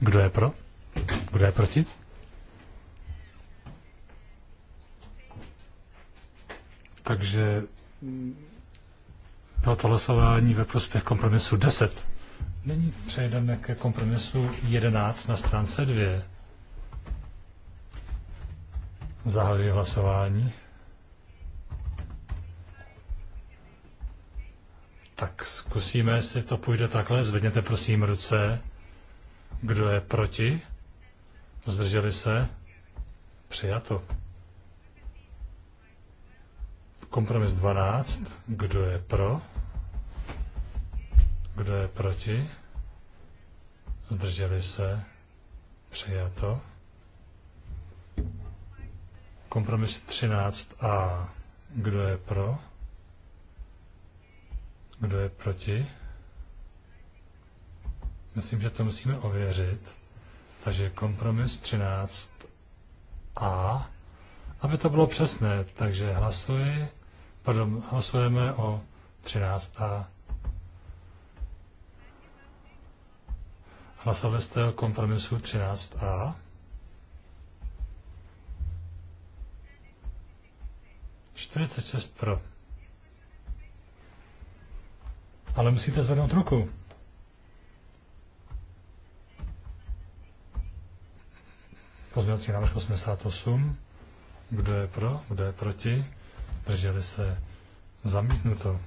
Kdo je pro? Kdo je proti? Takže bylo to losování ve prospěch kompromisu 10. Nyní přejdeme ke kompromisu 11 na stránce 2. Zahajuji hlasování. Tak zkusíme, jestli to půjde takhle. Zvedněte prosím ruce. Kdo je proti? Zdrželi se? Přijato. Kompromis 12. Kdo je pro? Kdo je proti? Zdrželi se? Přijato. Kompromis 13a. Kdo je pro? Kdo je proti? Myslím, že to musíme ověřit. Takže kompromis 13a. Aby to bylo přesné, takže hlasuji, pardon, hlasujeme o 13a. Hlasovali jste o kompromisu 13a. šest pro. Ale musíte zvednout ruku. Pozměňovací návrh 88. Kdo je pro? Kdo je proti? Drželi se zamítnuto.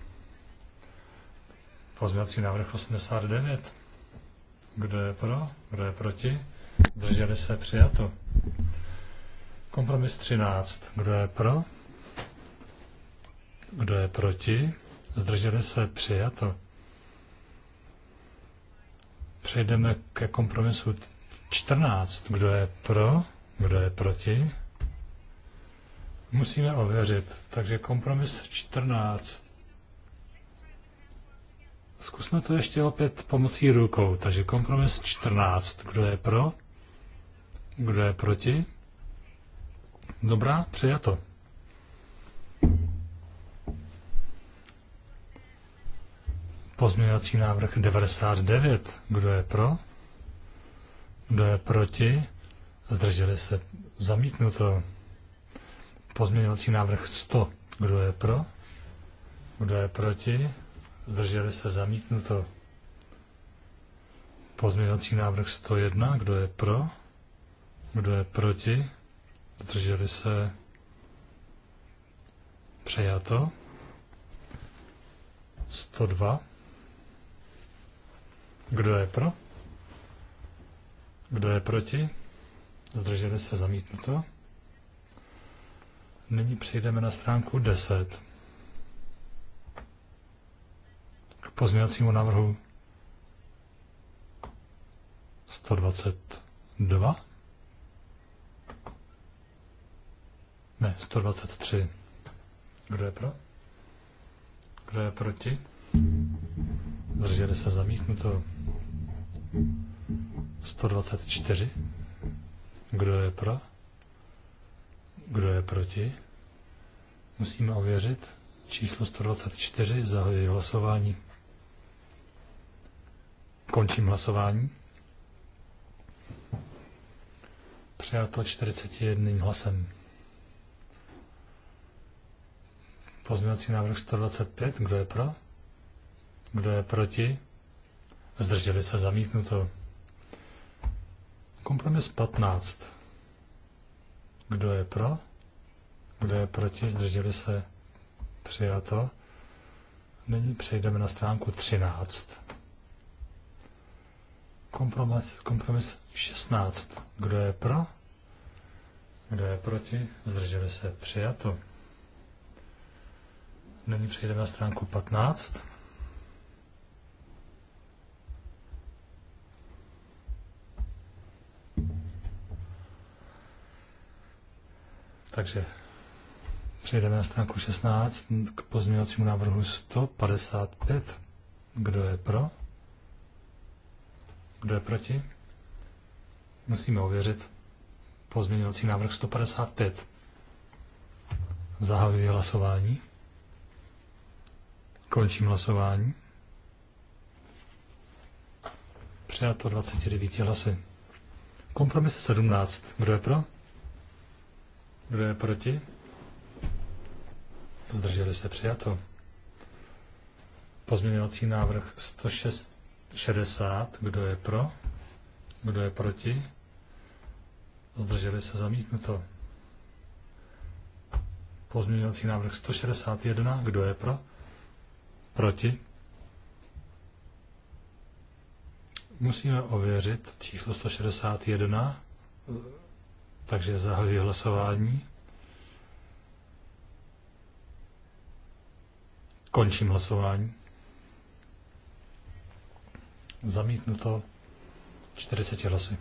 Pozměňovací návrh 89. Kdo je pro? Kdo je proti? Drželi se přijato. Kompromis 13. Kdo je pro? Kdo je proti? Zdrželi se přijato. Přejdeme ke kompromisu 14. Kdo je pro? Kdo je proti? Musíme ověřit. Takže kompromis 14. Zkusme to ještě opět pomocí rukou. Takže kompromis 14. Kdo je pro? Kdo je proti? Dobrá, přijato. Pozměňovací návrh 99. Kdo je pro? Kdo je proti? Zdrželi se. Zamítnuto. Pozměňovací návrh 100. Kdo je pro? Kdo je proti? Zdrželi se. Zamítnuto. Pozměňovací návrh 101. Kdo je pro? Kdo je proti? Zdrželi se. Přejato. 102. Kdo je pro? Kdo je proti? Zdrželi se zamítnuto. Nyní přejdeme na stránku 10. K pozměňovacímu návrhu 122. Ne, 123. Kdo je pro? Kdo je proti? Zdrželi se zamítnuto. 124. Kdo je pro? Kdo je proti? Musíme ověřit. Číslo 124. Zahajuji hlasování. Končím hlasování. Přijato 41 hlasem. Pozměňovací návrh 125. Kdo je pro? Kdo je proti? Zdrželi se zamítnuto. Kompromis 15. Kdo je pro? Kdo je proti? Zdrželi se? Přijato. Nyní přejdeme na stránku 13. Kompromis, kompromis 16. Kdo je pro? Kdo je proti? Zdrželi se? Přijato. Nyní přejdeme na stránku 15. Takže přejdeme na stránku 16 k pozměňovacímu návrhu 155. Kdo je pro? Kdo je proti? Musíme ověřit pozměňovací návrh 155. Zahajuji hlasování. Končím hlasování. Přijato 29 hlasy. Kompromis 17. Kdo je pro? Kdo je proti? Zdrželi se přijato. Pozměňovací návrh 160. Kdo je pro? Kdo je proti? Zdrželi se zamítnuto. Pozměňovací návrh 161. Kdo je pro? Proti? Musíme ověřit číslo 161. Takže zahajuji hlasování. Končím hlasování. Zamítnuto 40 hlasy.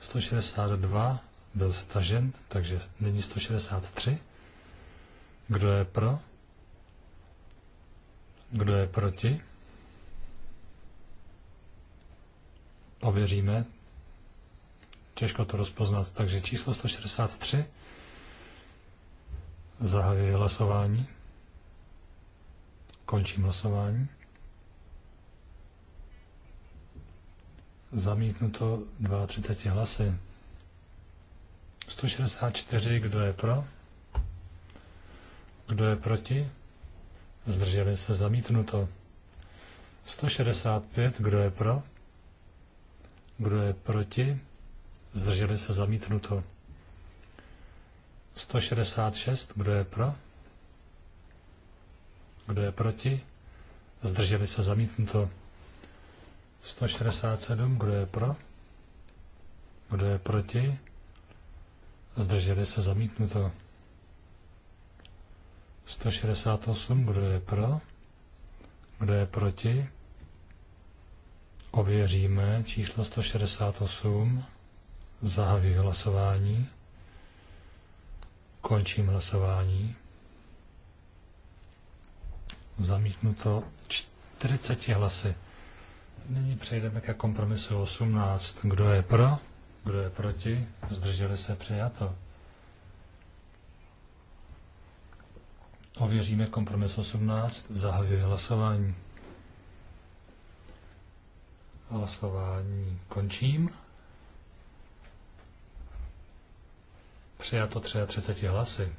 162 byl stažen, takže není 163. Kdo je pro? Kdo je proti? Ověříme těžko to rozpoznat. Takže číslo 163. Zahajuji hlasování. Končím hlasování. Zamítnuto 32 hlasy. 164, kdo je pro? Kdo je proti? Zdrželi se zamítnuto. 165, kdo je pro? Kdo je proti? zdrželi se zamítnuto. 166, kdo je pro? Kdo je proti? Zdrželi se zamítnuto. 167, kdo je pro? Kdo je proti? Zdrželi se zamítnuto. 168, kdo je pro? Kdo je proti? Ověříme číslo 168. Zahajuji hlasování. Končím hlasování. Zamítnuto 40 hlasy. Nyní přejdeme ke kompromisu 18. Kdo je pro? Kdo je proti? Zdrželi se přijato. Ověříme kompromis 18. Zahajuji hlasování. Hlasování končím. Přijato 33 hlasy.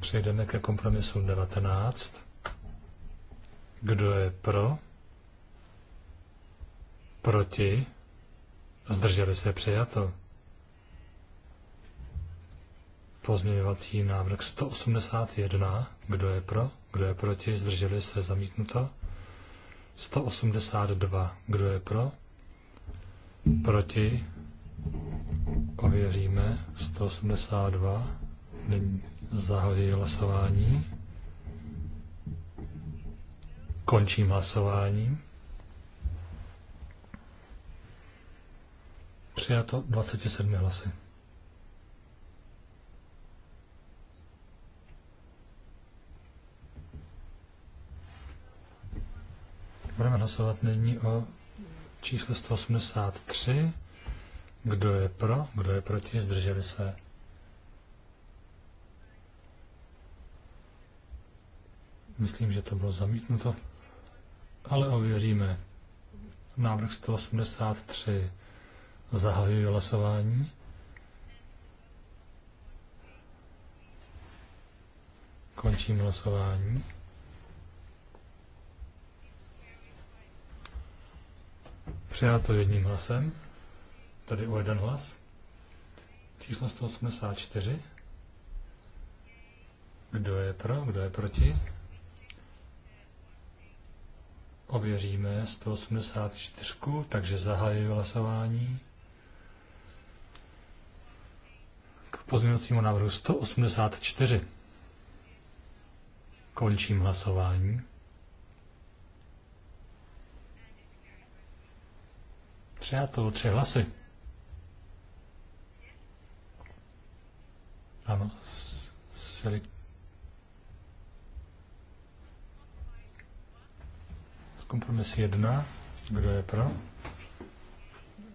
Přejdeme ke kompromisu 19. Kdo je pro? Proti? Zdrželi se přijato. Pozměňovací návrh 181. Kdo je pro? Kdo je proti? Zdrželi se zamítnuto. 182. Kdo je pro? Proti? Ověříme. 182. Nyní zahajuji hlasování. Končím hlasování. Přijato 27 hlasy. Budeme hlasovat nyní o číslo 183. Kdo je pro? Kdo je proti? Zdrželi se? Myslím, že to bylo zamítnuto, ale ověříme. Návrh 183. Zahajuji hlasování. Končím hlasování. Přijato jedním hlasem, tady o jeden hlas. Číslo 184. Kdo je pro, kdo je proti? Ověříme 184, takže zahajuji hlasování. K pozměňovacímu návrhu 184. Končím hlasování. Přijato tři hlasy. Ano, sili. Kompromis jedna. Kdo je pro?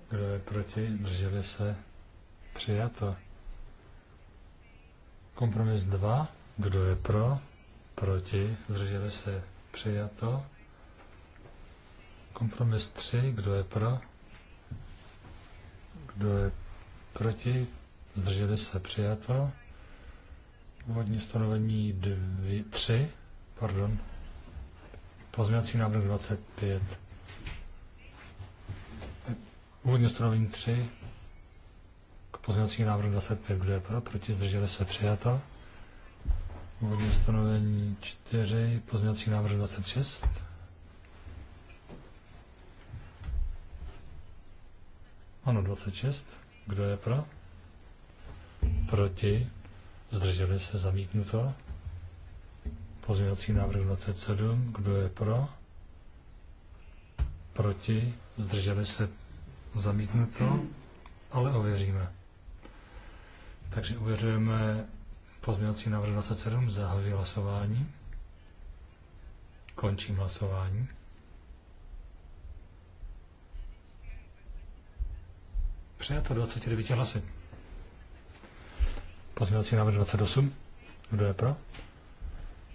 Kdo je proti? Drželi se? Přijato. Kompromis dva, Kdo je pro? Proti? Drželi se? Přijato. Kompromis tři, Kdo je pro? Kdo je proti? Zdrželi se přijato. Úvodní stanovení 3, pardon. Pozměňovací návrh 25. Úvodní stanovení 3 k pozměňovacímu návrh 25. Kdo je pro? Proti? Zdrželi se přijato. Úvodní stanovení 4, pozměňovací návrh 26. Ano, 26. Kdo je pro? Proti? Zdrželi se zamítnuto. Pozměňovací návrh 27. Kdo je pro? Proti? Zdrželi se zamítnuto, ale ověříme. Takže uvěřujeme pozměňovací návrh 27. Zahajuji hlasování. Končím hlasování. Přijato 29 hlasy. Pozměňovací návrh 28. Kdo je pro?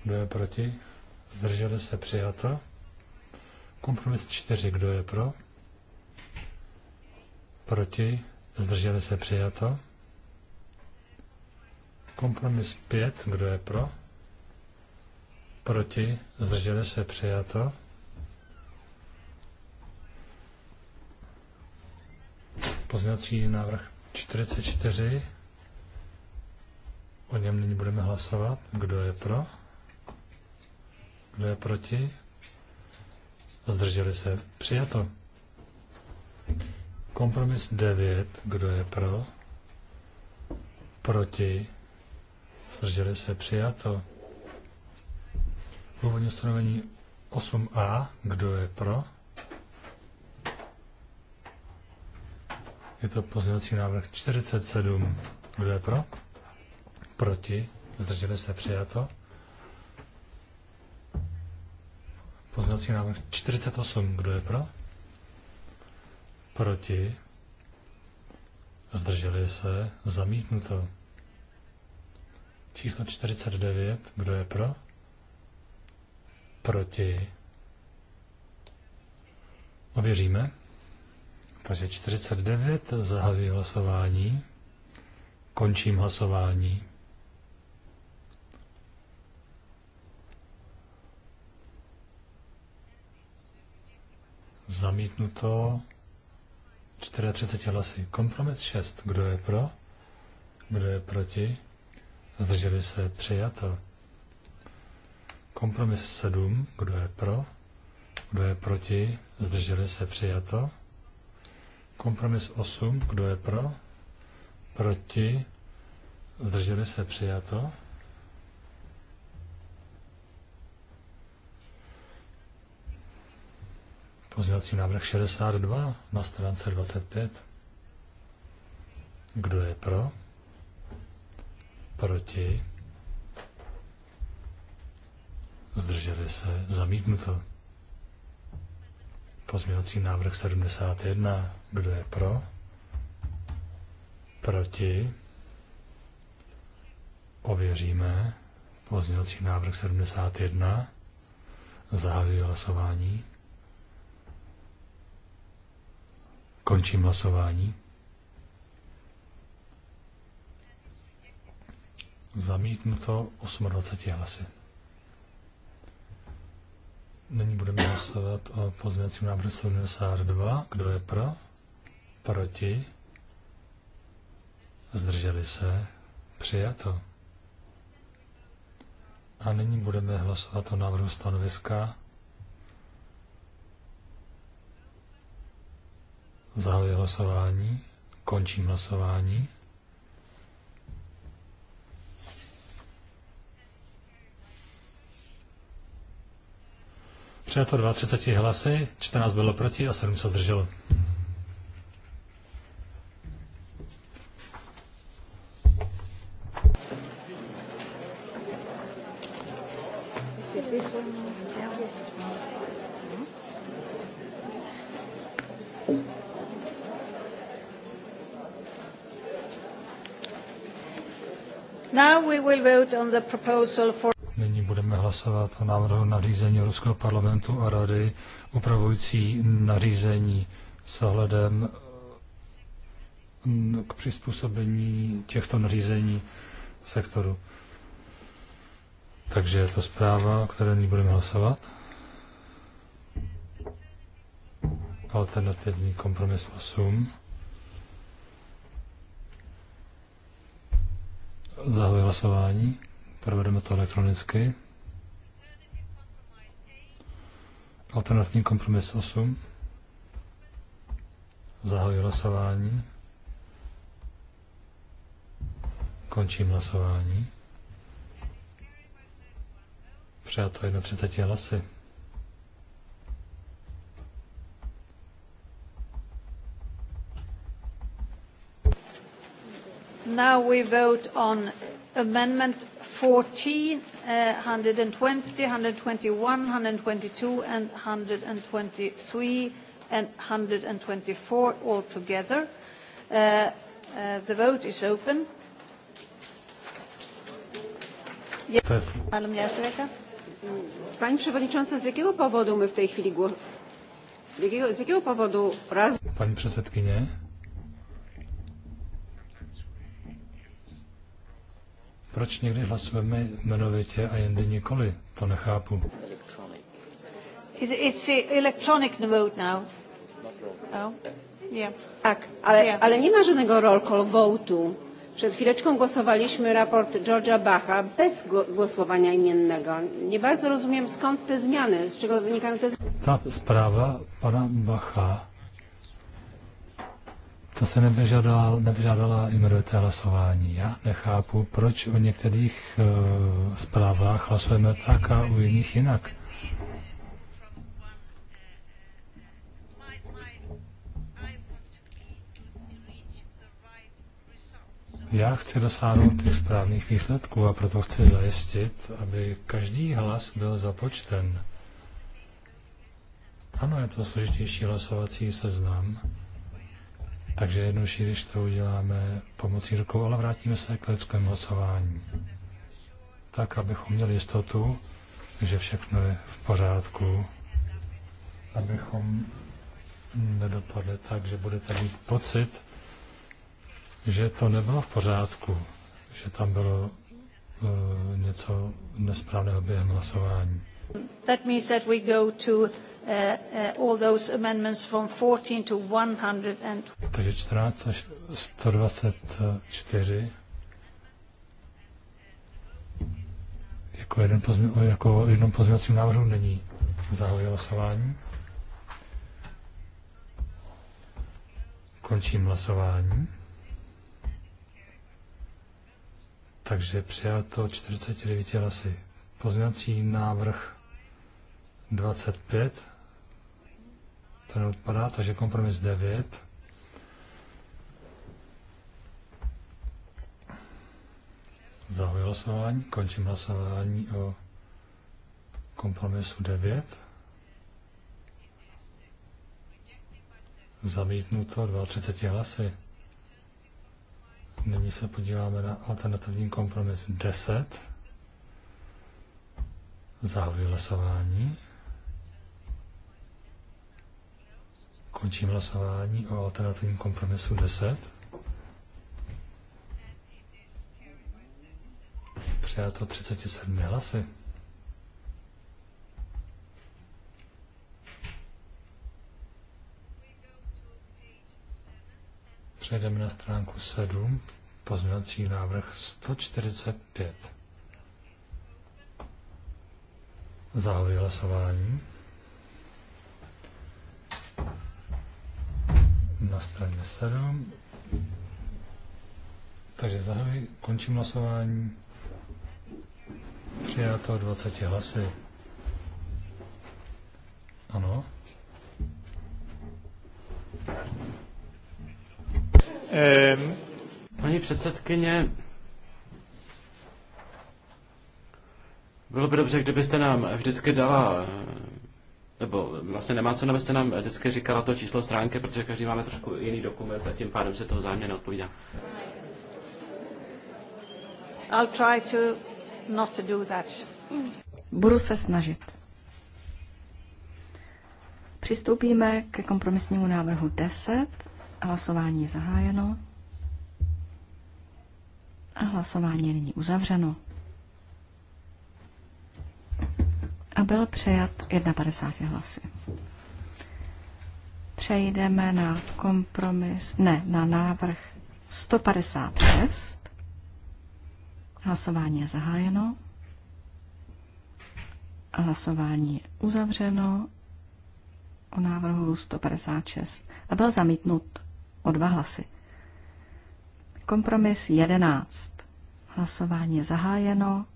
Kdo je proti? Zdrželi se přijato. Kompromis 4. Kdo je pro? Proti? Zdrželi se přijato. Kompromis 5. Kdo je pro? Proti? Zdrželi se přijato. pozměňovací návrh 44. O něm nyní budeme hlasovat. Kdo je pro? Kdo je proti? Zdrželi se. Přijato. Kompromis 9. Kdo je pro? Proti? Zdrželi se. Přijato. Původní ustanovení 8a. Kdo je pro? Je to pozměňovací návrh 47. Kdo je pro? Proti? Zdrželi se přijato? Pozměňovací návrh 48. Kdo je pro? Proti? Zdrželi se? Zamítnuto. Číslo 49. Kdo je pro? Proti? Ověříme. Takže 49 zahajuji hlasování. Končím hlasování. Zamítnuto 34 hlasy. Kompromis 6. Kdo je pro? Kdo je proti? Zdrželi se přijato. Kompromis 7. Kdo je pro? Kdo je proti? Zdrželi se přijato. Kompromis 8, kdo je pro? Proti? Zdrželi se přijato? Pozměňovací návrh 62 na stránce 25. Kdo je pro? Proti? Zdrželi se? Zamítnuto. Pozměňovací návrh 71. Kdo je pro? Proti? Ověříme. Pozměňovací návrh 71. Zahajuji hlasování. Končím hlasování. Zamítnuto 28 hlasy. Nyní budeme hlasovat o pozměňovacím návrhu 72. Kdo je pro? Proti? Zdrželi se? Přijato. A nyní budeme hlasovat o návrhu stanoviska. Zahajuji hlasování. Končím hlasování. Přijato 32 hlasy, 14 bylo proti a 7 se zdrželo. Now we will vote on the proposal for budeme hlasovat o návrhu nařízení Ruského parlamentu a rady upravující nařízení s ohledem mm, k přizpůsobení těchto nařízení sektoru. Takže je to zpráva, o které nyní budeme hlasovat. Alternativní kompromis 8. Zahajuji hlasování. Provedeme to elektronicky. Alternativní kompromis 8. Zahajuji hlasování. Končím hlasování. Přijato 31 hlasy. Now we vote on amendment 14, uh, 120, 121, 122, and 123 and 124 altogether. Uh, uh, the vote is open. Pani Przewodnicząca, z jakiego powodu my w tej chwili Z jakiego powodu raz... Pani Przewodniczący, Proč někdy hlasujeme jmenovitě a jindy nikoli? To nechápu. It's electronic vote now. Oh. Yeah. Tak, ale, yeah. ale nie ma żadnego roll call vote'u. Przed chwileczką głosowaliśmy raport Georgia Bacha bez głosowania imiennego. Nie bardzo rozumiem skąd te zmiany, z czego wynikają te zmiany. Ta sprawa pana Bacha to se nevyžadala, nevyžadala imunita hlasování. Já nechápu, proč o některých uh, zprávách hlasujeme tak a u jiných jinak. Já chci dosáhnout těch správných výsledků a proto chci zajistit, aby každý hlas byl započten. Ano, je to složitější hlasovací seznam. Takže jednodušší, když to uděláme pomocí rukou, ale vrátíme se k lidskému hlasování. Tak, abychom měli jistotu, že všechno je v pořádku, abychom nedopadli tak, že bude mít pocit, že to nebylo v pořádku, že tam bylo uh, něco nesprávného během hlasování. That means that we go to Uh, uh, all those amendments from 14 to 100 and... Takže 14 až 124 jako, jeden pozmě, jako jednom pozměňovacím návrhu není zahoje hlasování. Končím hlasování. Takže přijato 49 hlasy. Pozměňovací návrh 25 ten odpadá, takže kompromis 9. Zahajuji hlasování, končím hlasování o kompromisu 9. Zamítnuto 32 hlasy. Nyní se podíváme na alternativní kompromis 10. Zahajuji hlasování. Končím hlasování o alternativním kompromisu 10. Přijato 37 hlasy. Přejdeme na stránku 7, pozměnací návrh 145. Zahajuji hlasování. na straně 7. Takže zahajuji, končím hlasování. Přijato 20 hlasy. Ano. Um. Paní předsedkyně, bylo by dobře, kdybyste nám vždycky dala eh, nebo vlastně nemá cenu, abyste nám vždycky říkala to číslo stránky, protože každý máme trošku jiný dokument a tím pádem se toho zájemně neodpovídá. I'll try to not to do that. Budu se snažit. Přistoupíme ke kompromisnímu návrhu 10. Hlasování je zahájeno. A hlasování je nyní uzavřeno. a byl přijat 51 hlasy. Přejdeme na kompromis, ne, na návrh 156. Hlasování je zahájeno. Hlasování je uzavřeno o návrhu 156 a byl zamítnut o dva hlasy. Kompromis 11. Hlasování je zahájeno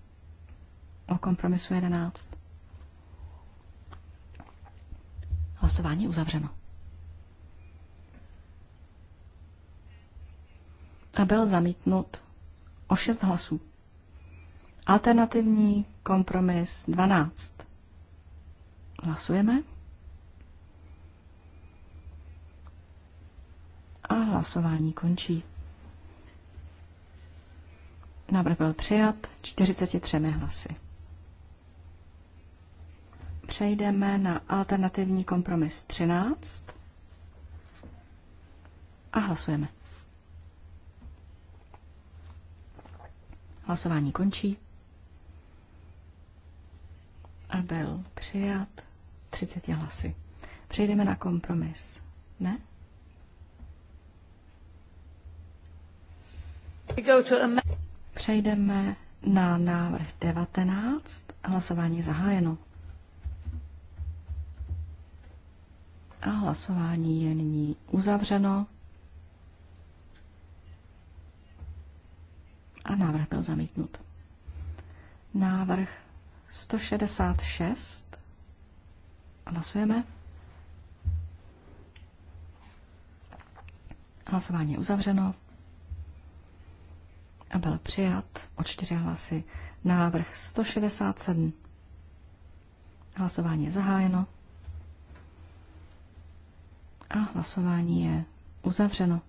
o kompromisu 11. Hlasování uzavřeno. A byl zamítnut o 6 hlasů. Alternativní kompromis 12. Hlasujeme. A hlasování končí. Návrh byl přijat 43 hlasy přejdeme na alternativní kompromis 13 a hlasujeme. Hlasování končí. A byl přijat 30 hlasy. Přejdeme na kompromis. Ne? Přejdeme na návrh 19. Hlasování zahájeno. A hlasování je nyní uzavřeno. A návrh byl zamítnut. Návrh 166. Hlasujeme. Hlasování je uzavřeno a byl přijat o čtyři hlasy návrh 167. Hlasování je zahájeno. A hlasování je uzavřeno.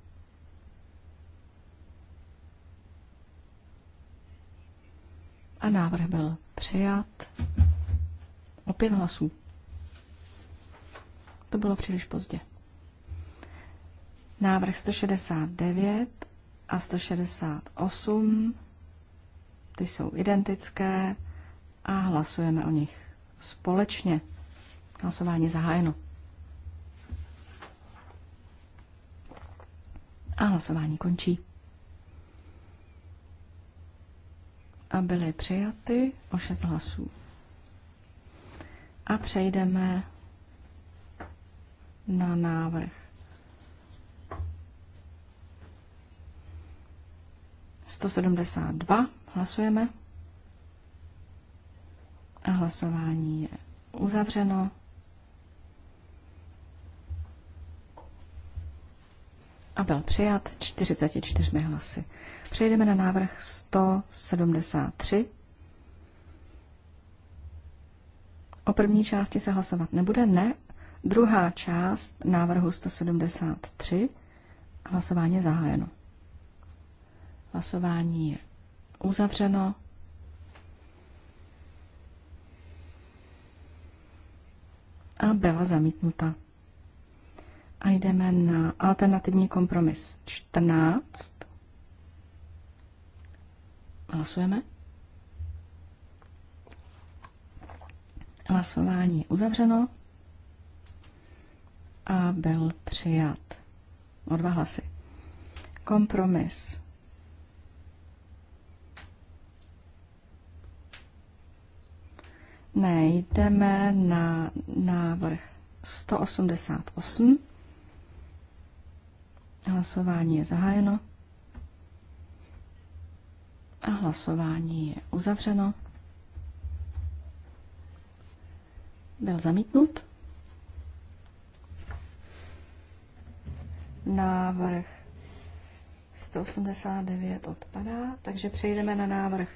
A návrh byl přijat o pět hlasů. To bylo příliš pozdě. Návrh 169 a 168, ty jsou identické a hlasujeme o nich společně. Hlasování zahájeno. A hlasování končí. A byly přijaty o 6 hlasů. A přejdeme na návrh 172. Hlasujeme. A hlasování je uzavřeno. a byl přijat 44 hlasy. Přejdeme na návrh 173. O první části se hlasovat nebude, ne. Druhá část návrhu 173. Hlasování je zahájeno. Hlasování je uzavřeno. A byla zamítnuta. A jdeme na alternativní kompromis 14. Hlasujeme. Hlasování je uzavřeno a byl přijat o dva hlasy. Kompromis. Ne, jdeme na návrh 188. Hlasování je zahájeno. A hlasování je uzavřeno. Byl zamítnut. Návrh 189 odpadá, takže přejdeme na návrh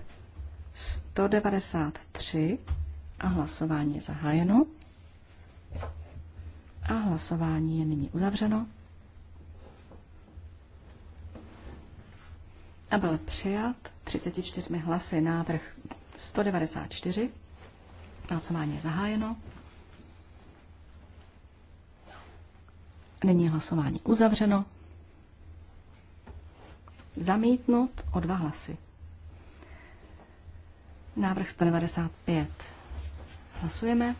193 a hlasování je zahájeno. A hlasování je nyní uzavřeno. a byl přijat 34 hlasy návrh 194. Hlasování je zahájeno. Není hlasování uzavřeno. Zamítnut o dva hlasy. Návrh 195. Hlasujeme.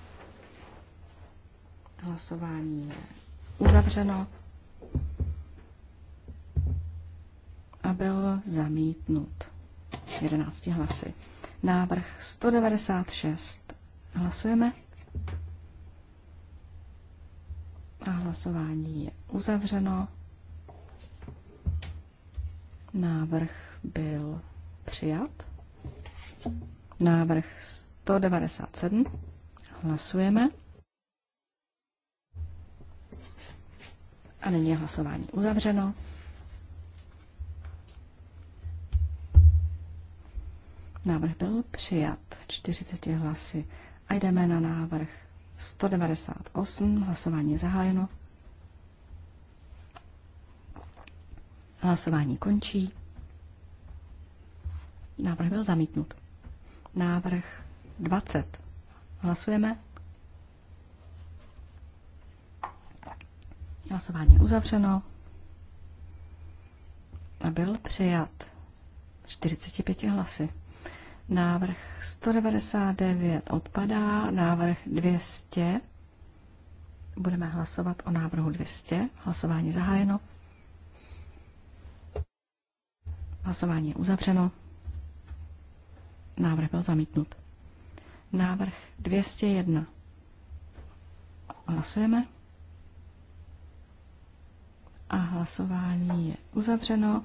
Hlasování je uzavřeno. a byl zamítnut 11 hlasy. Návrh 196. Hlasujeme. A hlasování je uzavřeno. Návrh byl přijat. Návrh 197. Hlasujeme. A nyní je hlasování uzavřeno. Návrh byl přijat 40 hlasy. A jdeme na návrh 198. Hlasování zahájeno. Hlasování končí. Návrh byl zamítnut. Návrh 20. Hlasujeme. Hlasování uzavřeno. A byl přijat 45 hlasy. Návrh 199 odpadá, návrh 200. Budeme hlasovat o návrhu 200. Hlasování zahájeno. Hlasování je uzavřeno. Návrh byl zamítnut. Návrh 201. Hlasujeme. A hlasování je uzavřeno.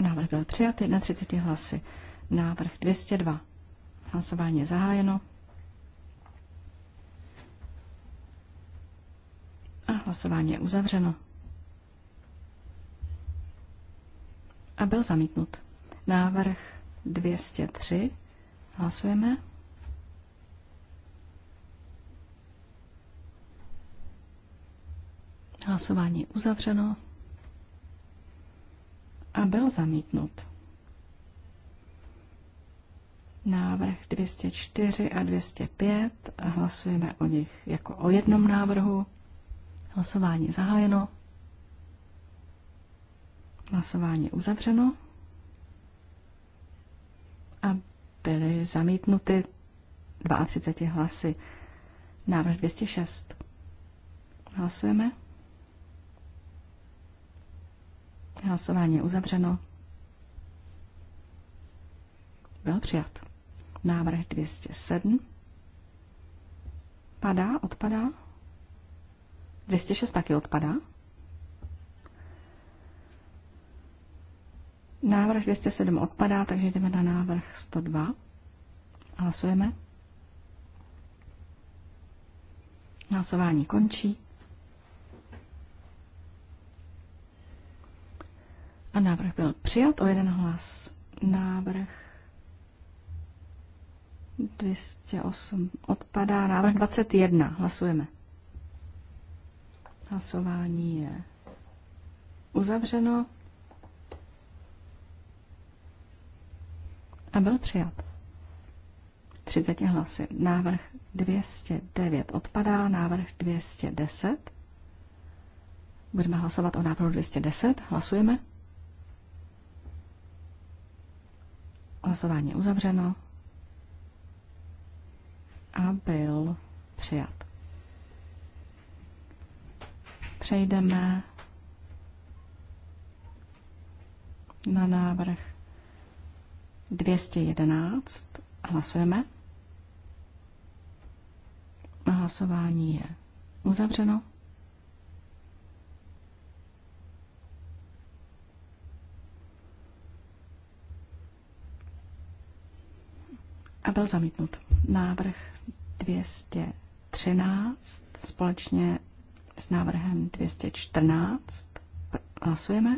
Návrh byl přijat 31 hlasy. Návrh 202. Hlasování je zahájeno. A hlasování je uzavřeno. A byl zamítnut. Návrh 203. Hlasujeme. Hlasování je uzavřeno byl zamítnut. Návrh 204 a 205 a hlasujeme o nich jako o jednom návrhu. Hlasování zahájeno. Hlasování uzavřeno. A byly zamítnuty 32 hlasy. Návrh 206. Hlasujeme. Hlasování je uzavřeno. Byl přijat. Návrh 207. Padá, odpadá. 206 taky odpadá. Návrh 207 odpadá, takže jdeme na návrh 102. Hlasujeme. Hlasování končí. A návrh byl přijat o jeden hlas. Návrh 208 odpadá. Návrh 21. Hlasujeme. Hlasování je uzavřeno a byl přijat. 30 hlasy. Návrh 209 odpadá, návrh 210. Budeme hlasovat o návrhu 210. Hlasujeme. Hlasování uzavřeno. A byl přijat. Přejdeme na návrh 211. Hlasujeme. Hlasování je uzavřeno. a byl zamítnut. Návrh 213 společně s návrhem 214 hlasujeme.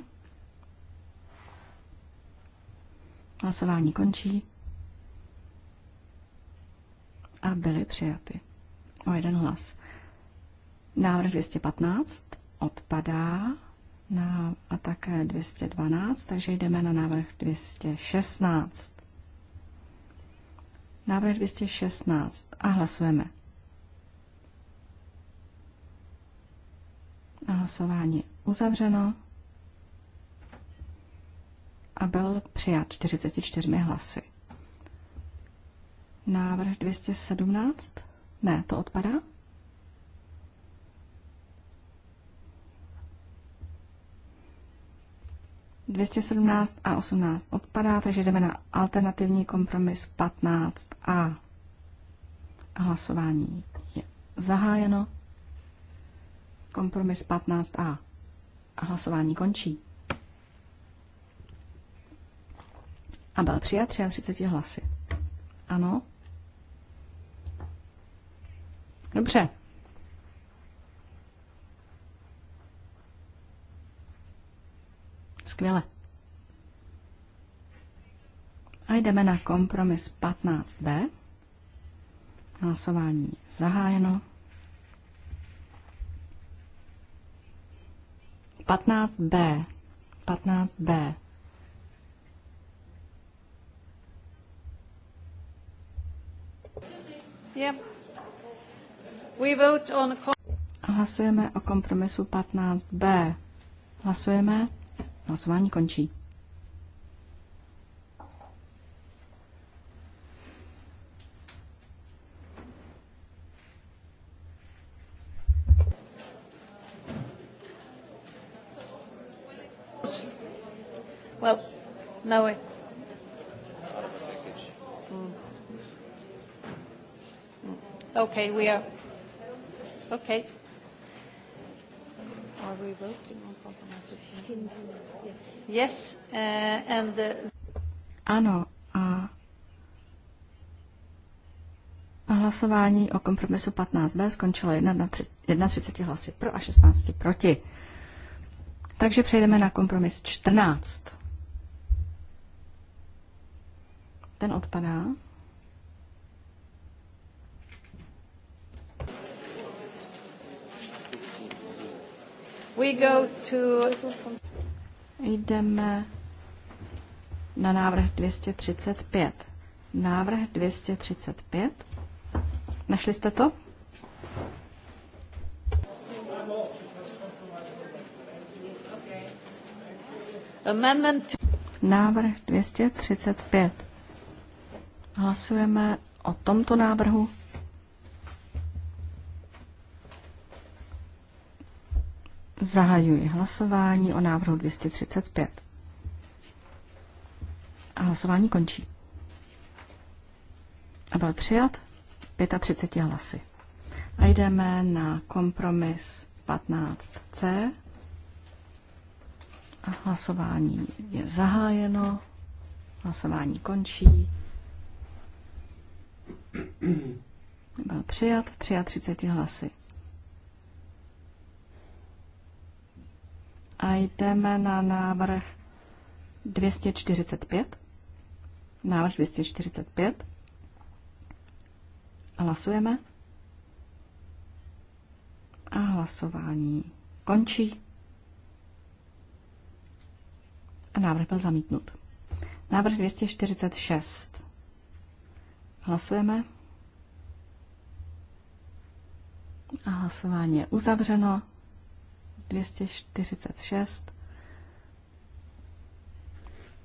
Hlasování končí a byly přijaty o jeden hlas. Návrh 215 odpadá na, a také 212, takže jdeme na návrh 216. Návrh 216 a hlasujeme. A hlasování uzavřeno a byl přijat 44 hlasy. Návrh 217? Ne, to odpadá. 217 a 18 odpadá, takže jdeme na alternativní kompromis 15a. Hlasování je zahájeno. Kompromis 15a. A hlasování končí. A byl přijat 33 hlasy. Ano? Dobře, Skvěle. A jdeme na kompromis 15b. Hlasování zahájeno. 15b. 15b. Yeah. We vote on... Hlasujeme o kompromisu 15b. Hlasujeme. Hlasování končí. Well, no, it. Mm. Mm. Okay, we are. Okay we voting on compromise Yes, uh, and the... Ano, a a hlasování o kompromisu 15b skončilo 31 hlasy pro a 16 proti. Takže přejdeme na kompromis 14. Ten odpadá. We go to... Jdeme na návrh 235. Návrh 235. Našli jste to? Amendment. Návrh 235. Hlasujeme o tomto návrhu Zahajuji hlasování o návrhu 235. A hlasování končí. A byl přijat 35 hlasy. A jdeme na kompromis 15C. A hlasování je zahájeno. Hlasování končí. Byl přijat 33 hlasy. A jdeme na návrh 245. Návrh 245. Hlasujeme. A hlasování končí. A návrh byl zamítnut. Návrh 246. Hlasujeme. A hlasování je uzavřeno 246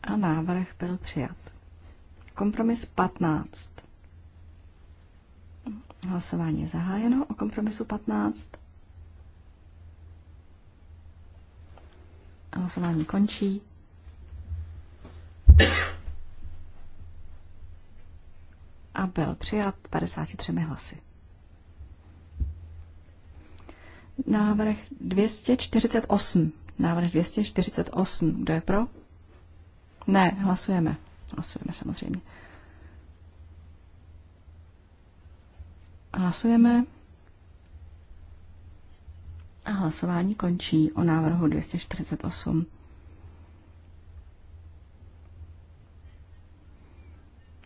a návrh byl přijat. Kompromis 15. Hlasování je zahájeno o kompromisu 15. Hlasování končí. A byl přijat 53 hlasy. Návrh 248. Návrh 248. Kdo je pro? Ne, hlasujeme. Hlasujeme samozřejmě. Hlasujeme. A hlasování končí o návrhu 248.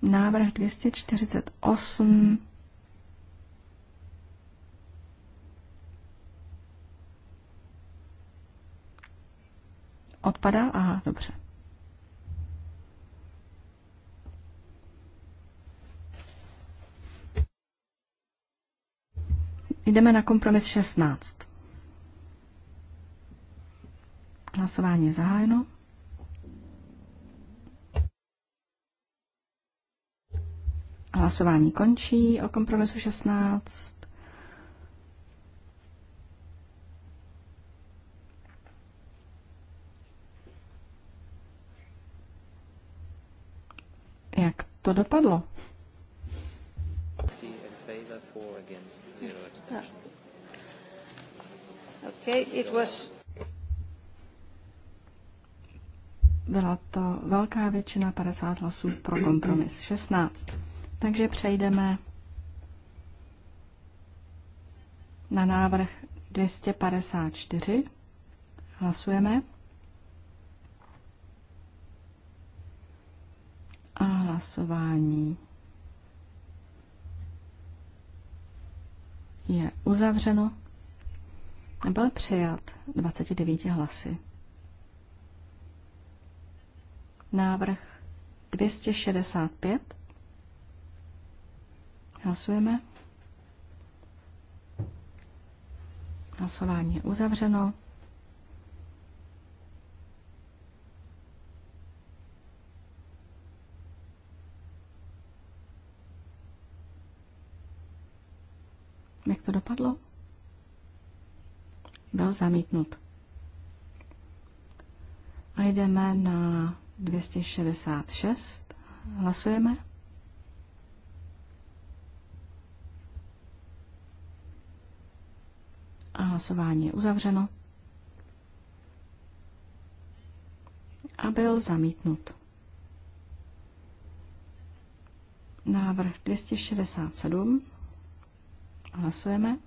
Návrh 248 Odpadá? Aha, dobře. Jdeme na kompromis 16. Hlasování je zahájeno. Hlasování končí o kompromisu 16. jak to dopadlo. Okay, Byla to velká většina 50 hlasů pro kompromis 16. Takže přejdeme na návrh 254. Hlasujeme. hlasování je uzavřeno. Byl přijat 29 hlasy. Návrh 265. Hlasujeme. Hlasování je uzavřeno. Jak to dopadlo? Byl zamítnut. A jdeme na 266. Hlasujeme. A hlasování je uzavřeno. A byl zamítnut. Návrh 267. Hlasujeme.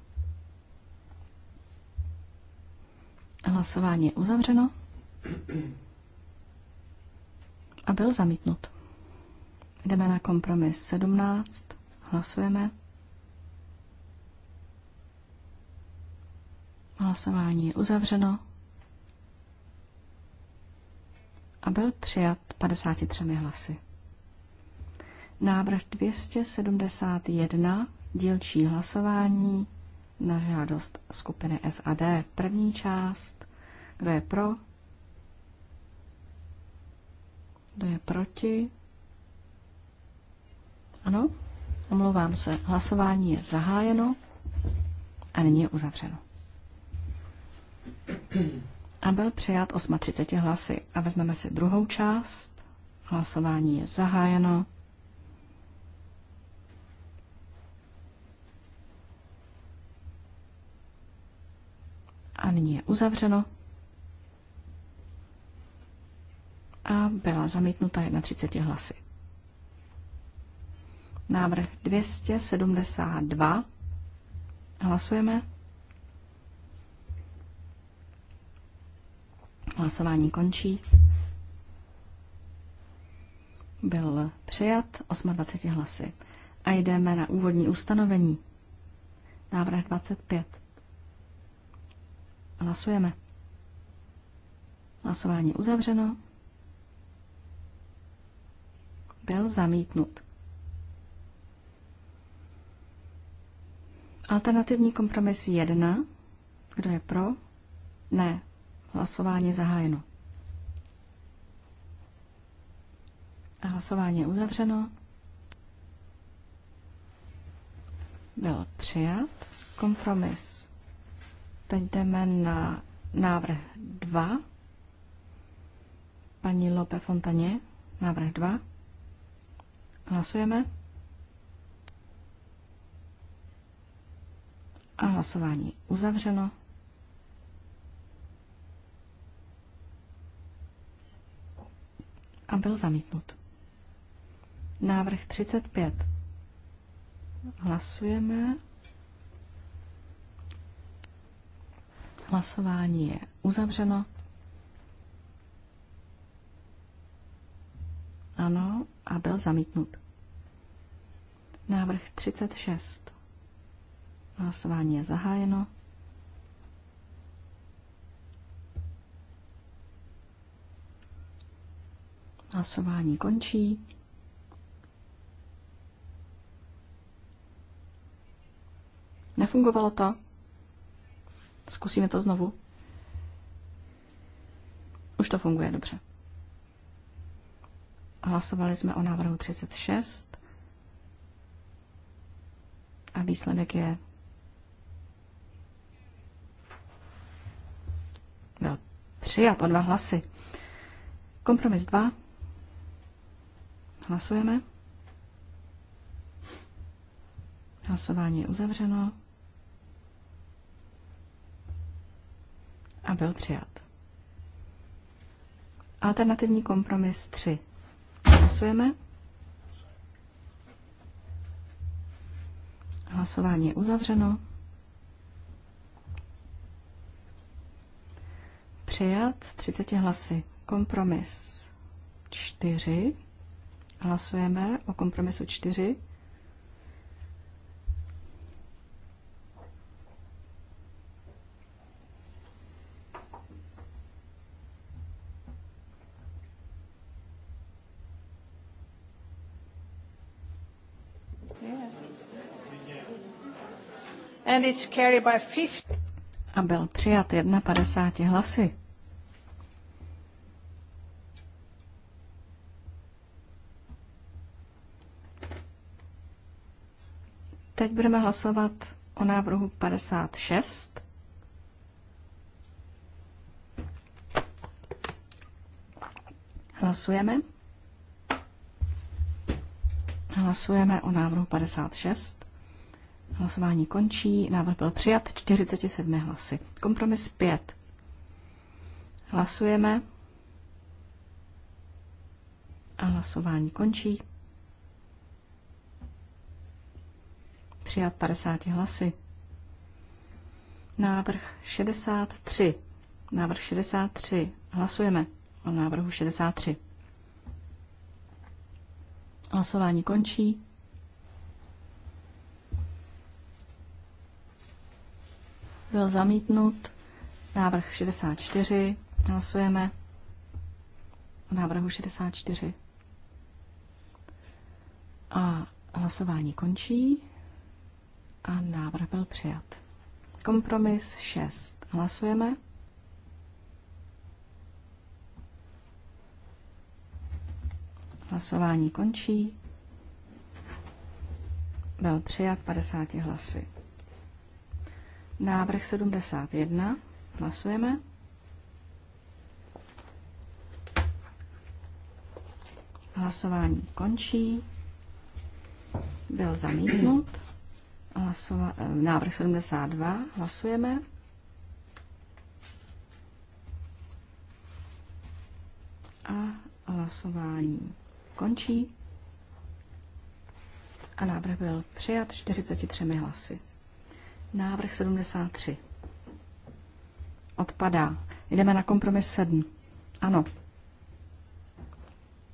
Hlasování je uzavřeno a byl zamítnut. Jdeme na kompromis 17, hlasujeme. Hlasování je uzavřeno a byl přijat 53 hlasy. Návrh 271 dílčí hlasování na žádost skupiny SAD. První část, kdo je pro, kdo je proti. Ano, omlouvám se, hlasování je zahájeno a nyní je uzavřeno. A byl přijat 38 hlasy. A vezmeme si druhou část. Hlasování je zahájeno. a nyní je uzavřeno. A byla zamítnuta 31 hlasy. Návrh 272. Hlasujeme. Hlasování končí. Byl přijat 28 hlasy. A jdeme na úvodní ustanovení. Návrh 25. Hlasujeme. Hlasování uzavřeno. Byl zamítnut. Alternativní kompromis 1. Kdo je pro? Ne. Hlasování je zahájeno. A hlasování je uzavřeno. Byl přijat kompromis Teď na návrh 2. Paní Lope Fontaně, návrh 2. Hlasujeme. A hlasování uzavřeno. A byl zamítnut. Návrh 35. Hlasujeme. Hlasování je uzavřeno. Ano, a byl zamítnut. Návrh 36. Hlasování je zahájeno. Hlasování končí. Nefungovalo to? Zkusíme to znovu. Už to funguje dobře. Hlasovali jsme o návrhu 36 a výsledek je byl přijat o dva hlasy. Kompromis 2. Hlasujeme. Hlasování je uzavřeno. A byl přijat. Alternativní kompromis 3. Hlasujeme. Hlasování je uzavřeno. Přijat 30 hlasy. Kompromis 4. Hlasujeme o kompromisu 4. A byl přijat 51 hlasy. Teď budeme hlasovat o návrhu 56. Hlasujeme. Hlasujeme o návrhu 56. Hlasování končí. Návrh byl přijat 47 hlasy. Kompromis 5. Hlasujeme. A hlasování končí. Přijat 50 hlasy. Návrh 63. Návrh 63. Hlasujeme o návrhu 63. Hlasování končí. byl zamítnut. Návrh 64. Hlasujeme o návrhu 64. A hlasování končí. A návrh byl přijat. Kompromis 6. Hlasujeme. Hlasování končí. Byl přijat 50 hlasy. Návrh 71. Hlasujeme. Hlasování končí. Byl zamítnut. Hlasova, eh, návrh 72. Hlasujeme. A hlasování končí. A návrh byl přijat 43 hlasy. Návrh 73. Odpadá. Jdeme na kompromis 7. Ano.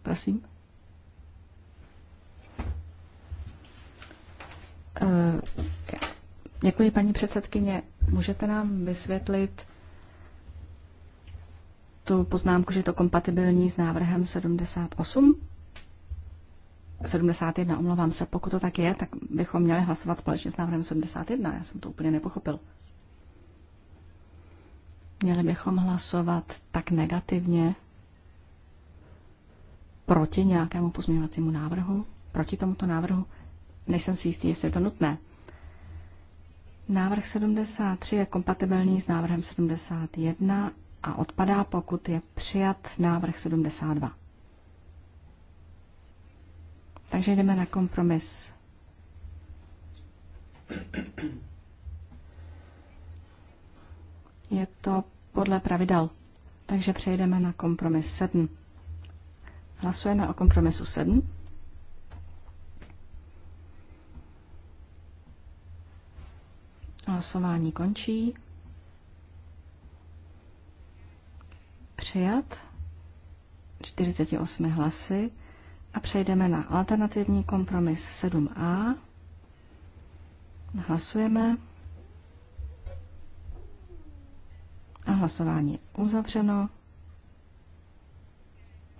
Prosím. Eh, děkuji, paní předsedkyně. Můžete nám vysvětlit tu poznámku, že je to kompatibilní s návrhem 78? 71, omlouvám se, pokud to tak je, tak bychom měli hlasovat společně s návrhem 71, já jsem to úplně nepochopil. Měli bychom hlasovat tak negativně proti nějakému pozměňovacímu návrhu, proti tomuto návrhu, nejsem si jistý, jestli je to nutné. Návrh 73 je kompatibilní s návrhem 71 a odpadá, pokud je přijat návrh 72. Takže jdeme na kompromis. Je to podle pravidel. Takže přejdeme na kompromis 7. Hlasujeme o kompromisu 7. Hlasování končí. Přijat 48 hlasy. A přejdeme na alternativní kompromis 7a. Hlasujeme. A hlasování je uzavřeno.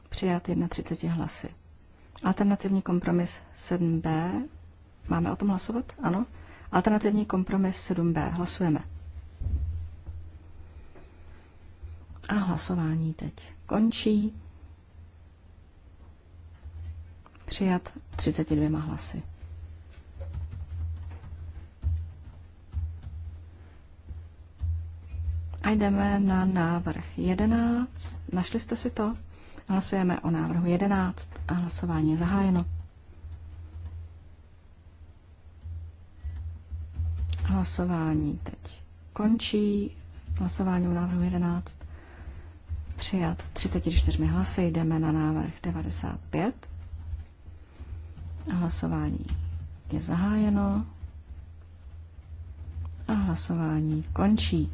Přijat 31 hlasy. Alternativní kompromis 7b. Máme o tom hlasovat? Ano. Alternativní kompromis 7b. Hlasujeme. A hlasování teď končí. Přijat 32 hlasy. A jdeme na návrh 11. Našli jste si to? Hlasujeme o návrhu 11 a hlasování je zahájeno. Hlasování teď končí. Hlasování o návrhu 11 přijat 34 hlasy. Jdeme na návrh 95. Hlasování je zahájeno a hlasování končí.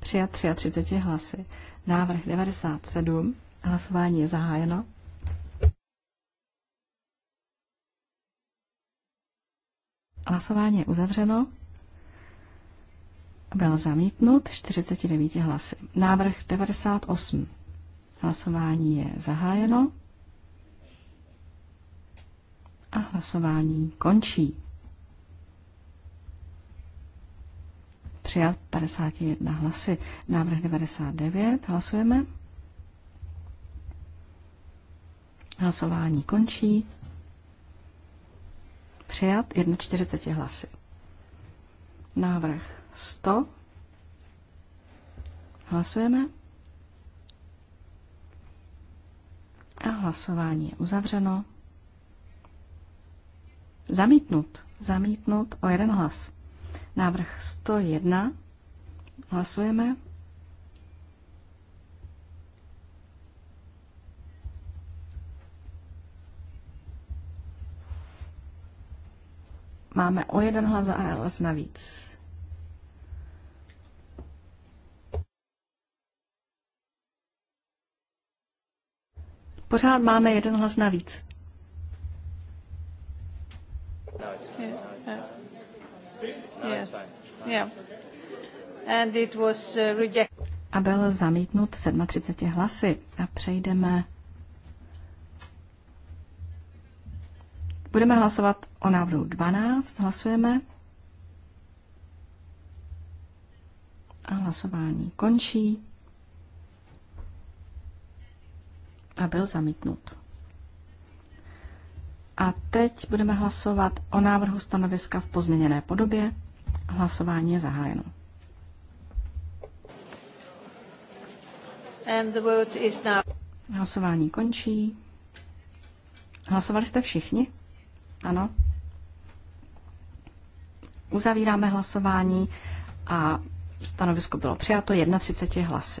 Přijat 33 hlasy. Návrh 97. Hlasování je zahájeno. Hlasování je uzavřeno. Byl zamítnut 49 hlasy. Návrh 98. Hlasování je zahájeno a hlasování končí. Přijat 51 hlasy. Návrh 99. Hlasujeme. Hlasování končí. Přijat 41 hlasy. Návrh 100. Hlasujeme. A hlasování je uzavřeno. Zamítnut. Zamítnut o jeden hlas. Návrh 101. Hlasujeme. Máme o jeden hlas a hlas navíc. Pořád máme jeden hlas navíc. A byl zamítnut 37 hlasy. A přejdeme. Budeme hlasovat o návrhu 12. Hlasujeme. A hlasování končí. a byl zamítnut. A teď budeme hlasovat o návrhu stanoviska v pozměněné podobě. Hlasování je zahájeno. And the vote is now... Hlasování končí. Hlasovali jste všichni? Ano. Uzavíráme hlasování a stanovisko bylo přijato 31 hlasy.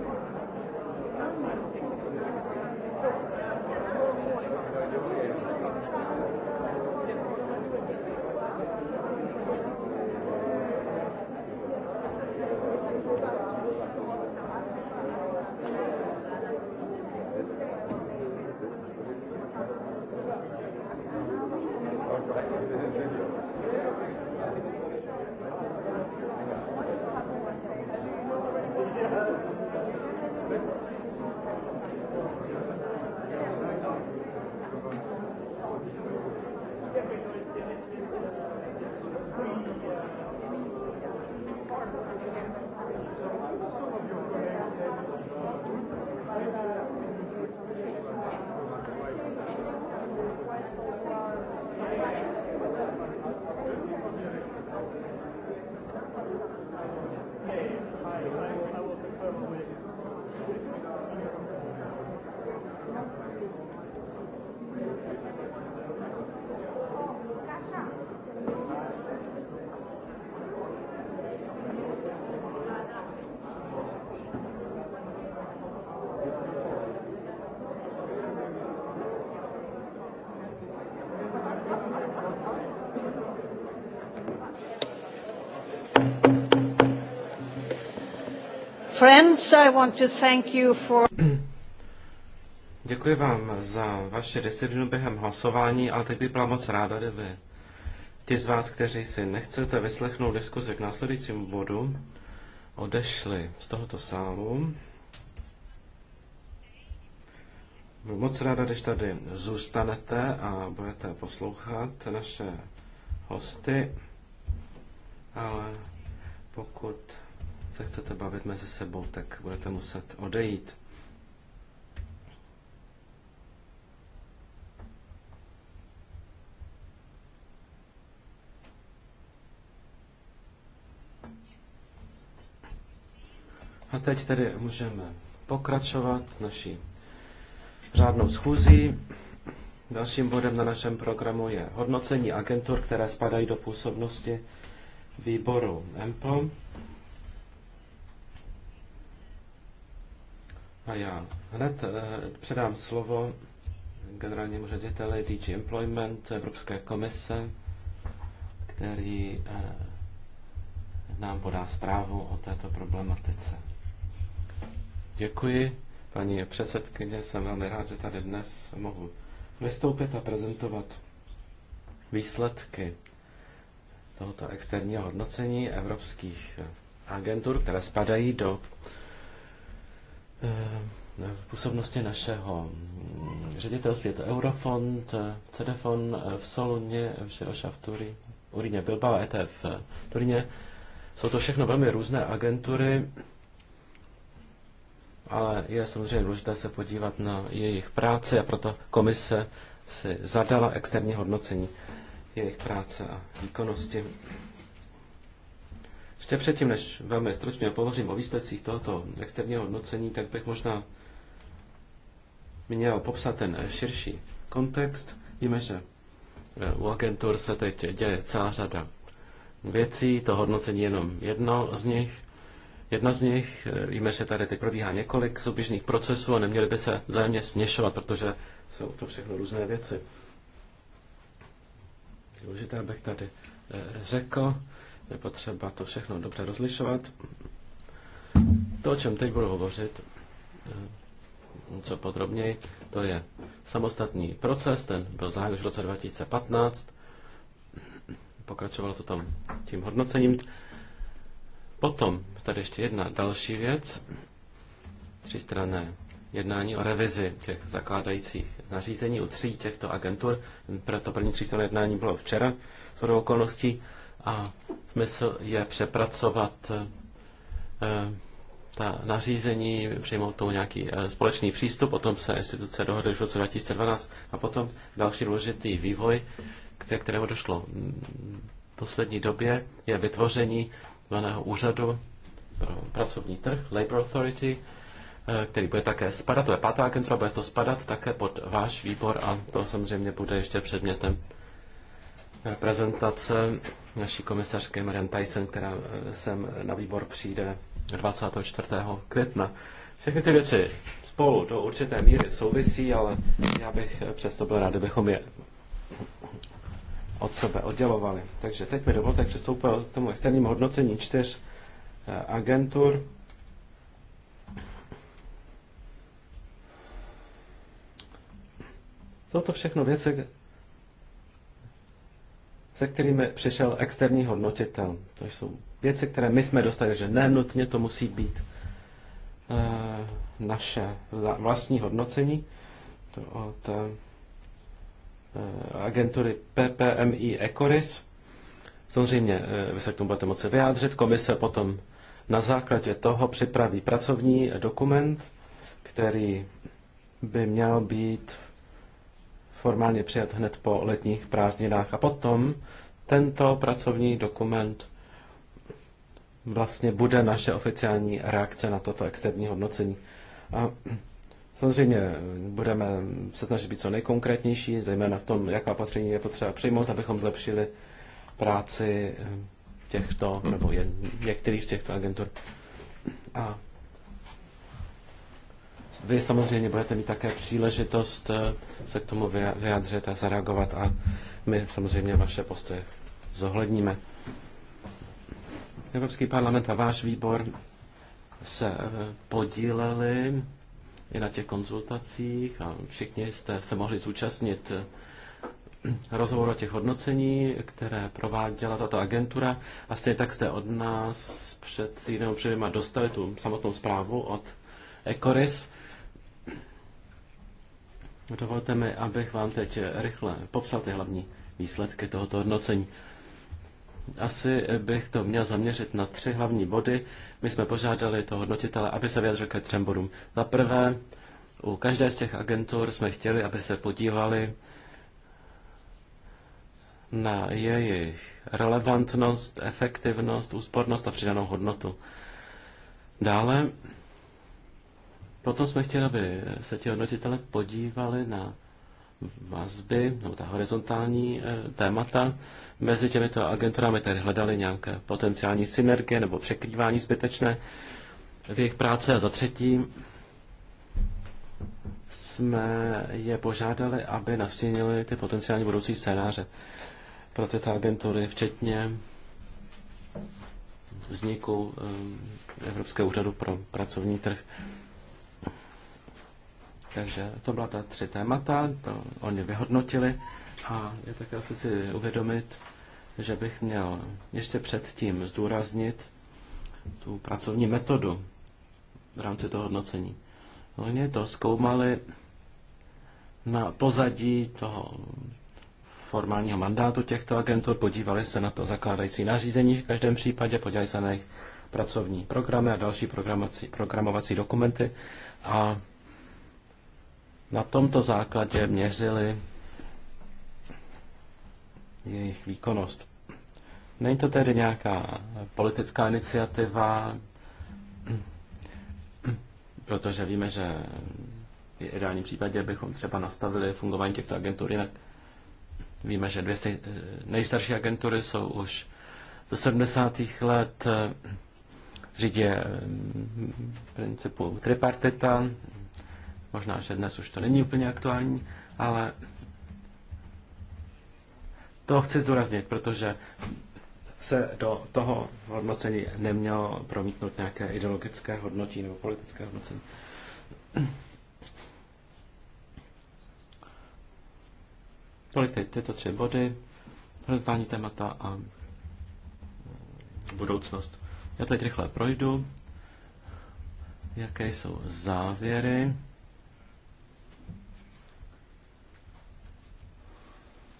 friends, I want to thank you for... Děkuji vám za vaši disciplínu během hlasování, ale teď bych byla moc ráda, kdyby ti z vás, kteří si nechcete vyslechnout diskuzi k následujícímu bodu, odešli z tohoto sálu. Budu moc ráda, když tady zůstanete a budete poslouchat naše hosty, ale pokud se chcete bavit mezi sebou, tak budete muset odejít. A teď tedy můžeme pokračovat naší řádnou schůzí. Dalším bodem na našem programu je hodnocení agentur, které spadají do působnosti výboru EMPL. A já hned eh, předám slovo generálnímu řediteli DG Employment Evropské komise, který eh, nám podá zprávu o této problematice. Děkuji, paní předsedkyně, jsem velmi rád, že tady dnes mohu vystoupit a prezentovat výsledky tohoto externího hodnocení evropských agentur, které spadají do Eh, v působnosti našeho mm, ředitelství. Je to Eurofond, eh, Cedefon eh, v Soluně, v Žerošafturi, Uríně Bilbao, ETF v Turíně. Jsou to všechno velmi různé agentury, ale je samozřejmě důležité se podívat na jejich práci a proto komise si zadala externí hodnocení jejich práce a výkonnosti. Ještě předtím, než velmi stručně pohovořím o výsledcích tohoto externího hodnocení, tak bych možná měl popsat ten širší kontext. Víme, že e, u agentur se teď děje celá řada věcí, to hodnocení jenom jedno z nich. Jedna z nich, e, víme, že tady teď probíhá několik souběžných procesů a neměly by se vzájemně směšovat, protože jsou to všechno různé věci. Důležité abych tady e, řekl, je potřeba to všechno dobře rozlišovat. To, o čem teď budu hovořit, eh, co podrobněji, to je samostatný proces, ten byl zahájen už v roce 2015. Pokračovalo to tam tím hodnocením. Potom tady ještě jedna další věc, třístranné jednání o revizi těch zakládajících nařízení u tří těchto agentur. Proto první třístranné jednání bylo včera, shodou okolností a smysl je přepracovat eh, ta nařízení, přijmout tomu nějaký eh, společný přístup, o tom se instituce dohodly už v roce 2012 a potom další důležitý vývoj, ke kterému došlo v poslední době, je vytvoření zvaného úřadu pro pracovní trh, Labour Authority, eh, který bude také spadat, to je pátá agentura, bude to spadat také pod váš výbor a to samozřejmě bude ještě předmětem prezentace naší komisařky Marian Tyson, která eh, sem na výbor přijde 24. května. Všechny ty věci spolu do určité míry souvisí, ale já bych eh, přesto byl rád, kdybychom je od sebe oddělovali. Takže teď mi dovolte, přistoupil k tomu externímu hodnocení čtyř eh, agentur. Jsou to všechno věci, se kterými přišel externí hodnotitel. To jsou věci, které my jsme dostali, že nenutně to musí být eh, naše vlastní hodnocení to od eh, agentury PPMI Ecoris. Samozřejmě eh, vy se k tomu budete moci vyjádřit. Komise potom na základě toho připraví pracovní dokument, který by měl být formálně přijat hned po letních prázdninách. A potom tento pracovní dokument vlastně bude naše oficiální reakce na toto externí hodnocení. A samozřejmě budeme se snažit být co nejkonkrétnější, zejména v tom, jaká opatření je potřeba přijmout, abychom zlepšili práci těchto nebo jen některých z těchto agentur. A vy samozřejmě budete mít také příležitost se k tomu vyjádřit a zareagovat a my samozřejmě vaše postoje zohledníme. Evropský parlament a váš výbor se eh, podíleli i na těch konzultacích a všichni jste se mohli zúčastnit eh, rozhovor o těch hodnocení, které prováděla tato agentura a stejně tak jste od nás před týdnem před dvěma dostali tu samotnou zprávu od Ecoris. Dovolte mi, abych vám teď rychle popsal ty hlavní výsledky tohoto hodnocení. Asi bych to měl zaměřit na tři hlavní body. My jsme požádali toho hodnotitele, aby se vyjadřil ke třem bodům. Za prvé, u každé z těch agentur jsme chtěli, aby se podívali na jejich relevantnost, efektivnost, úspornost a přidanou hodnotu. Dále, potom jsme chtěli, aby se ti hodnotitele podívali na vazby, nebo ta horizontální eh, témata mezi těmito agenturami, které hledali nějaké potenciální synergie nebo překrývání zbytečné v jejich práce. A za třetí jsme je požádali, aby nastínili ty potenciální budoucí scénáře pro tyto agentury, včetně vzniku eh, Evropského úřadu pro pracovní trh. Takže to byla ta tři témata, to oni vyhodnotili a je také asi si uvědomit, že bych měl ještě předtím zdůraznit tu pracovní metodu v rámci toho hodnocení. Oni to zkoumali na pozadí toho formálního mandátu těchto agentů, podívali se na to zakládající nařízení v každém případě, podívali se na jejich pracovní programy a další programovací, programovací dokumenty a na tomto základě měřili jejich výkonnost. Není to tedy nějaká politická iniciativa, protože víme, že v ideálním případě bychom třeba nastavili fungování těchto agentur jinak. Víme, že dvě nejstarší agentury jsou už ze 70. let řídě principu tripartita, Možná, že dnes už to není úplně aktuální, ale to chci zdůraznit, protože se do toho hodnocení nemělo promítnout nějaké ideologické hodnotí nebo politické hodnocení. Tolik teď tyto tři body, rozdání témata a budoucnost. Já teď rychle projdu, jaké jsou závěry.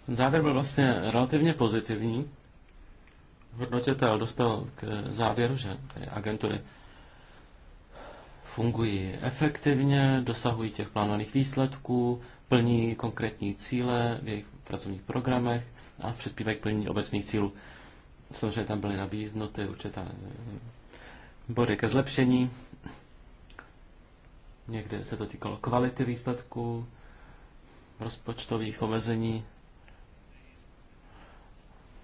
Ten závěr byl vlastně relativně pozitivní. Hodnotitel dospěl k závěru, že agentury fungují efektivně, dosahují těch plánovaných výsledků, plní konkrétní cíle v jejich pracovních programech a přispívají k plnění obecných cílů. Samozřejmě tam byly nabíznuty určité eh, body ke zlepšení. Někde se to týkalo kvality výsledků, rozpočtových omezení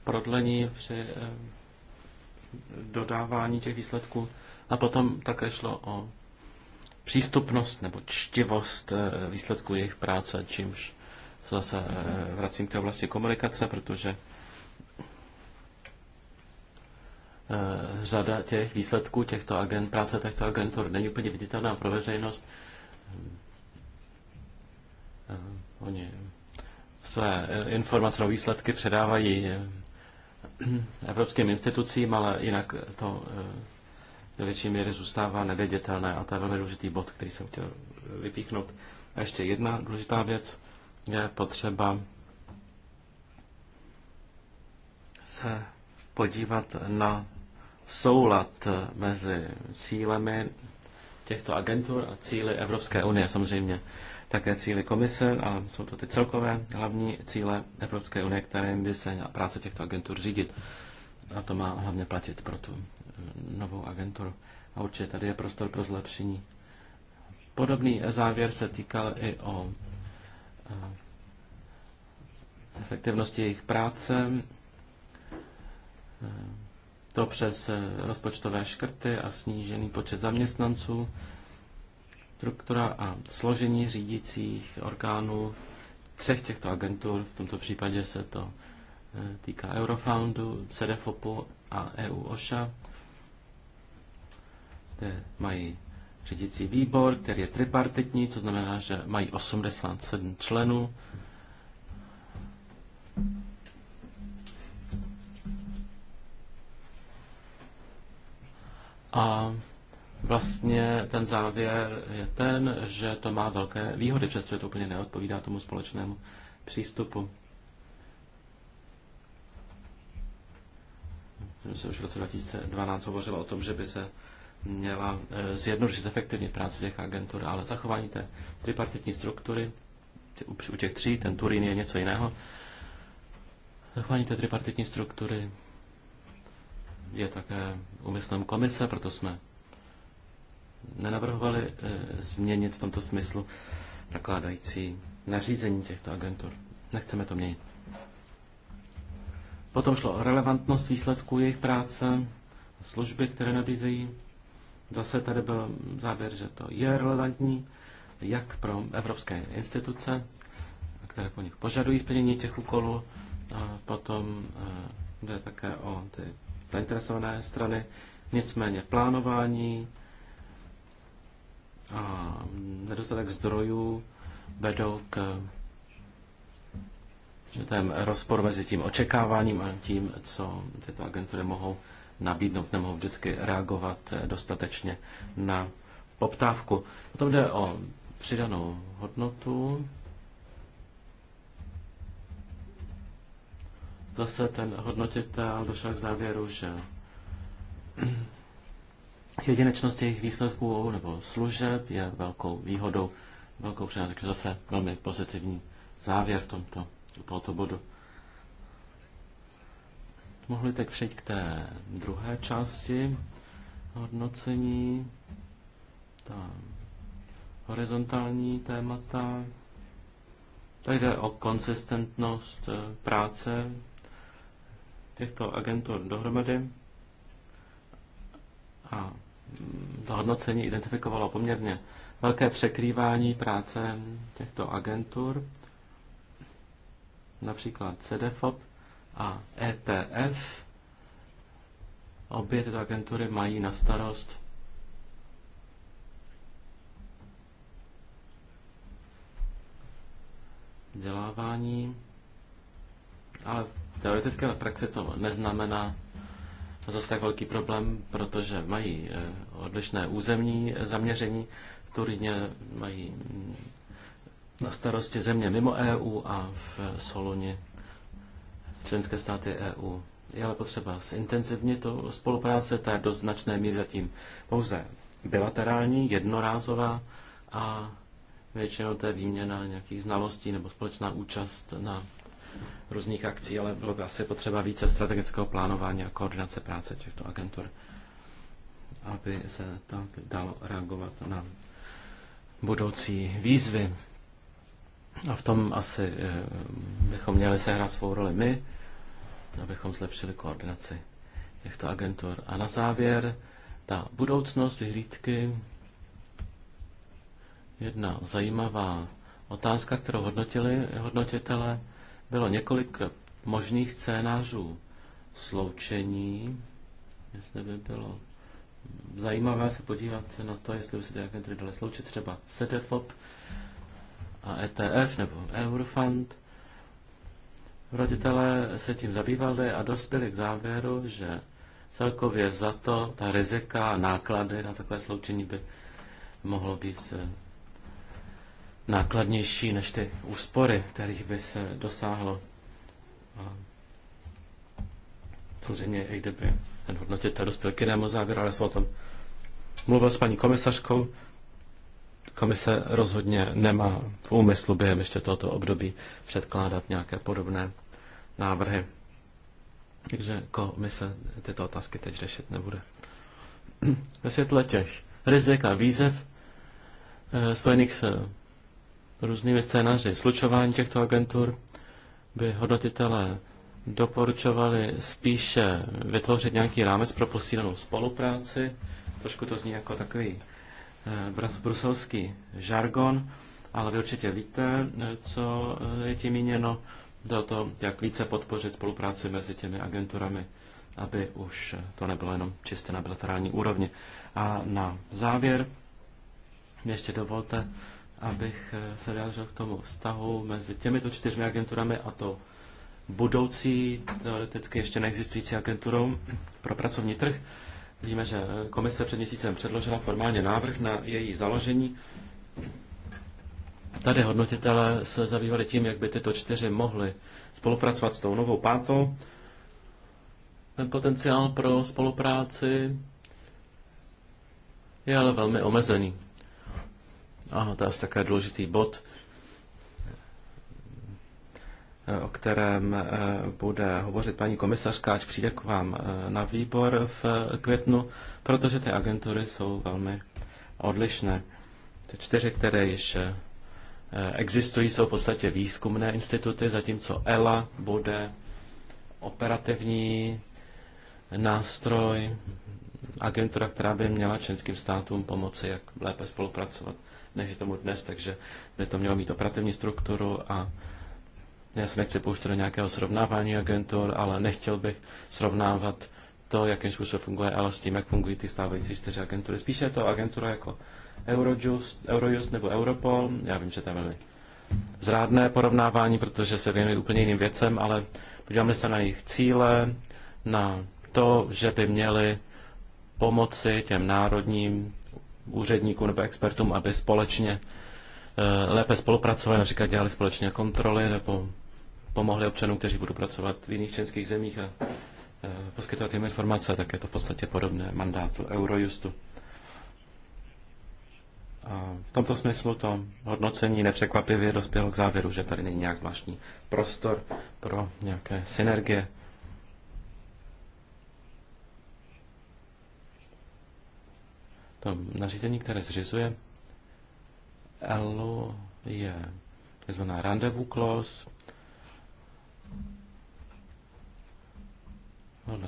prodlení při eh, dodávání těch výsledků. A potom také šlo o přístupnost nebo čtivost eh, výsledků jejich práce, čímž se zase eh, vracím k té oblasti komunikace, protože řada těch výsledků těchto agent, práce těchto agentů není úplně viditelná pro veřejnost. Oni své informace o výsledky předávají [CLEARS THROAT] evropským institucím, ale jinak to ve eh, větší míry zůstává nevědětelné a to je velmi důležitý bod, který jsem chtěl vypíchnout. A ještě jedna důležitá věc je potřeba se podívat na soulad mezi cílemi těchto agentur a cíly Evropské unie. Samozřejmě také cíly komise a jsou to ty celkové hlavní cíle Evropské unie, které by se měla práce těchto agentur řídit. A to má hlavně platit pro tu eh, novou agenturu. A určitě tady je prostor pro zlepšení. Podobný závěr se týkal i o eh, efektivnosti jejich práce, eh, to přes rozpočtové škrty a snížený počet zaměstnanců struktura a složení řídících orgánů třech těchto agentur, v tomto případě se to eh, týká Eurofoundu, CDFOPu a EU OSHA, kde mají řídící výbor, který je tripartitní, co znamená, že mají 87 členů. A Vlastně ten závěr je ten, že to má velké výhody, přestože to úplně neodpovídá tomu společnému přístupu. se už v roce 2012 hovořilo o tom, že by se měla eh, zjednodušit efektivně práce těch agentur, ale zachování té tripartitní struktury, u těch tří, ten Turín je něco jiného, zachování té tripartitní struktury je také úmyslem komise, proto jsme nenavrhovali eh, změnit v tomto smyslu nakládající nařízení těchto agentur. Nechceme to měnit. Potom šlo o relevantnost výsledků jejich práce, služby, které nabízejí. Zase tady byl závěr, že to je relevantní jak pro evropské instituce, které po nich požadují splnění těch úkolů, a potom eh, jde také o ty zainteresované strany. Nicméně plánování, a nedostatek zdrojů vedou k že ten rozpor mezi tím očekáváním a tím, co tyto agentury mohou nabídnout, nemohou vždycky reagovat dostatečně na poptávku. Potom jde o přidanou hodnotu. Zase ten hodnotitel došel k závěru, že jedinečnost jejich výsledků nebo služeb je velkou výhodou, velkou přidanou, takže zase velmi pozitivní závěr tomto, tohoto bodu. Mohli teď přejít k té druhé části hodnocení, ta horizontální témata. Tady jde o konsistentnost eh, práce těchto agentů dohromady a to hodnocení identifikovalo poměrně velké překrývání práce těchto agentur, například CDFOP a ETF. Obě tyto agentury mají na starost vzdělávání, ale teoreticky na praxi to neznamená zase tak velký problém, protože mají eh, odlišné územní zaměření. V Turíně mají mm, na starosti země mimo EU a v Soluni členské státy EU. Je ale potřeba zintenzivně to spolupráce, ta je do značné míry zatím pouze bilaterální, jednorázová a většinou to je výměna nějakých znalostí nebo společná účast na různých akcí, ale bylo by asi potřeba více strategického plánování a koordinace práce těchto agentur, aby se tak dalo reagovat na budoucí výzvy. A v tom asi eh, bychom měli sehrát svou roli my, abychom zlepšili koordinaci těchto agentur. A na závěr ta budoucnost vyhlídky. Jedna zajímavá otázka, kterou hodnotili hodnotitele bylo několik možných scénářů sloučení, jestli by bylo zajímavé se podívat se na to, jestli by se ty agentury daly sloučit třeba CDFOP a ETF nebo Eurofund. Roditelé se tím zabývali a dospěli k závěru, že celkově za to ta rizika a náklady na takové sloučení by mohlo být eh, nákladnější než ty úspory, kterých by se dosáhlo. A samozřejmě i kdyby ten to dospěl k jinému závěru, ale jsem o tom mluvil s paní komisařkou. Komise rozhodně nemá v úmyslu během ještě tohoto období předkládat nějaké podobné návrhy. Takže komise tyto otázky teď řešit nebude. [CLEARS THROAT] Ve světle těch rizik a výzev eh, spojených s různými scénáři slučování těchto agentur, by hodnotitelé doporučovali spíše vytvořit nějaký rámec pro posílenou spolupráci. Trošku to zní jako takový eh, bruselský žargon, ale vy určitě víte, eh, co eh, je tím míněno. Jde o to, jak více podpořit spolupráci mezi těmi agenturami, aby už to nebylo jenom čistě na bilaterální úrovni. A na závěr ještě dovolte abych eh, se vyjádřil k tomu vztahu mezi těmito čtyřmi agenturami a to budoucí, teoreticky ještě neexistující agenturou pro pracovní trh. Víme, že eh, komise před měsícem předložila formálně návrh na její založení. Tady hodnotitelé se zabývali tím, jak by tyto čtyři mohly spolupracovat s tou novou pátou. Ten potenciál pro spolupráci je ale velmi omezený. Ano, to je také důležitý bod, o kterém eh, bude hovořit paní komisařka, až přijde k vám eh, na výbor v květnu, protože ty agentury jsou velmi odlišné. Ty čtyři, které již eh, existují, jsou v podstatě výzkumné instituty, zatímco ELA bude operativní nástroj, agentura, která by měla členským státům pomoci, jak lépe spolupracovat než je tomu dnes, takže by to mělo mít operativní strukturu a já se nechci pouštět do nějakého srovnávání agentur, ale nechtěl bych srovnávat to, jakým způsobem funguje ale s tím, jak fungují ty stávající čtyři agentury. Spíše je to agentura jako Eurojust, Eurojust nebo Europol. Já vím, že to je velmi zrádné porovnávání, protože se věnují úplně jiným věcem, ale podíváme se na jejich cíle, na to, že by měli pomoci těm národním úředníkům nebo expertům, aby společně eh, lépe spolupracovali, například dělali společně kontroly nebo pomohli občanům, kteří budou pracovat v jiných českých zemích a eh, poskytovat jim informace, tak je to v podstatě podobné mandátu Eurojustu. A v tomto smyslu to hodnocení nepřekvapivě dospělo k závěru, že tady není nějak zvláštní prostor pro nějaké synergie tom ehm, nařízení, které zřizuje, ELO je tzv. rendezvous clause,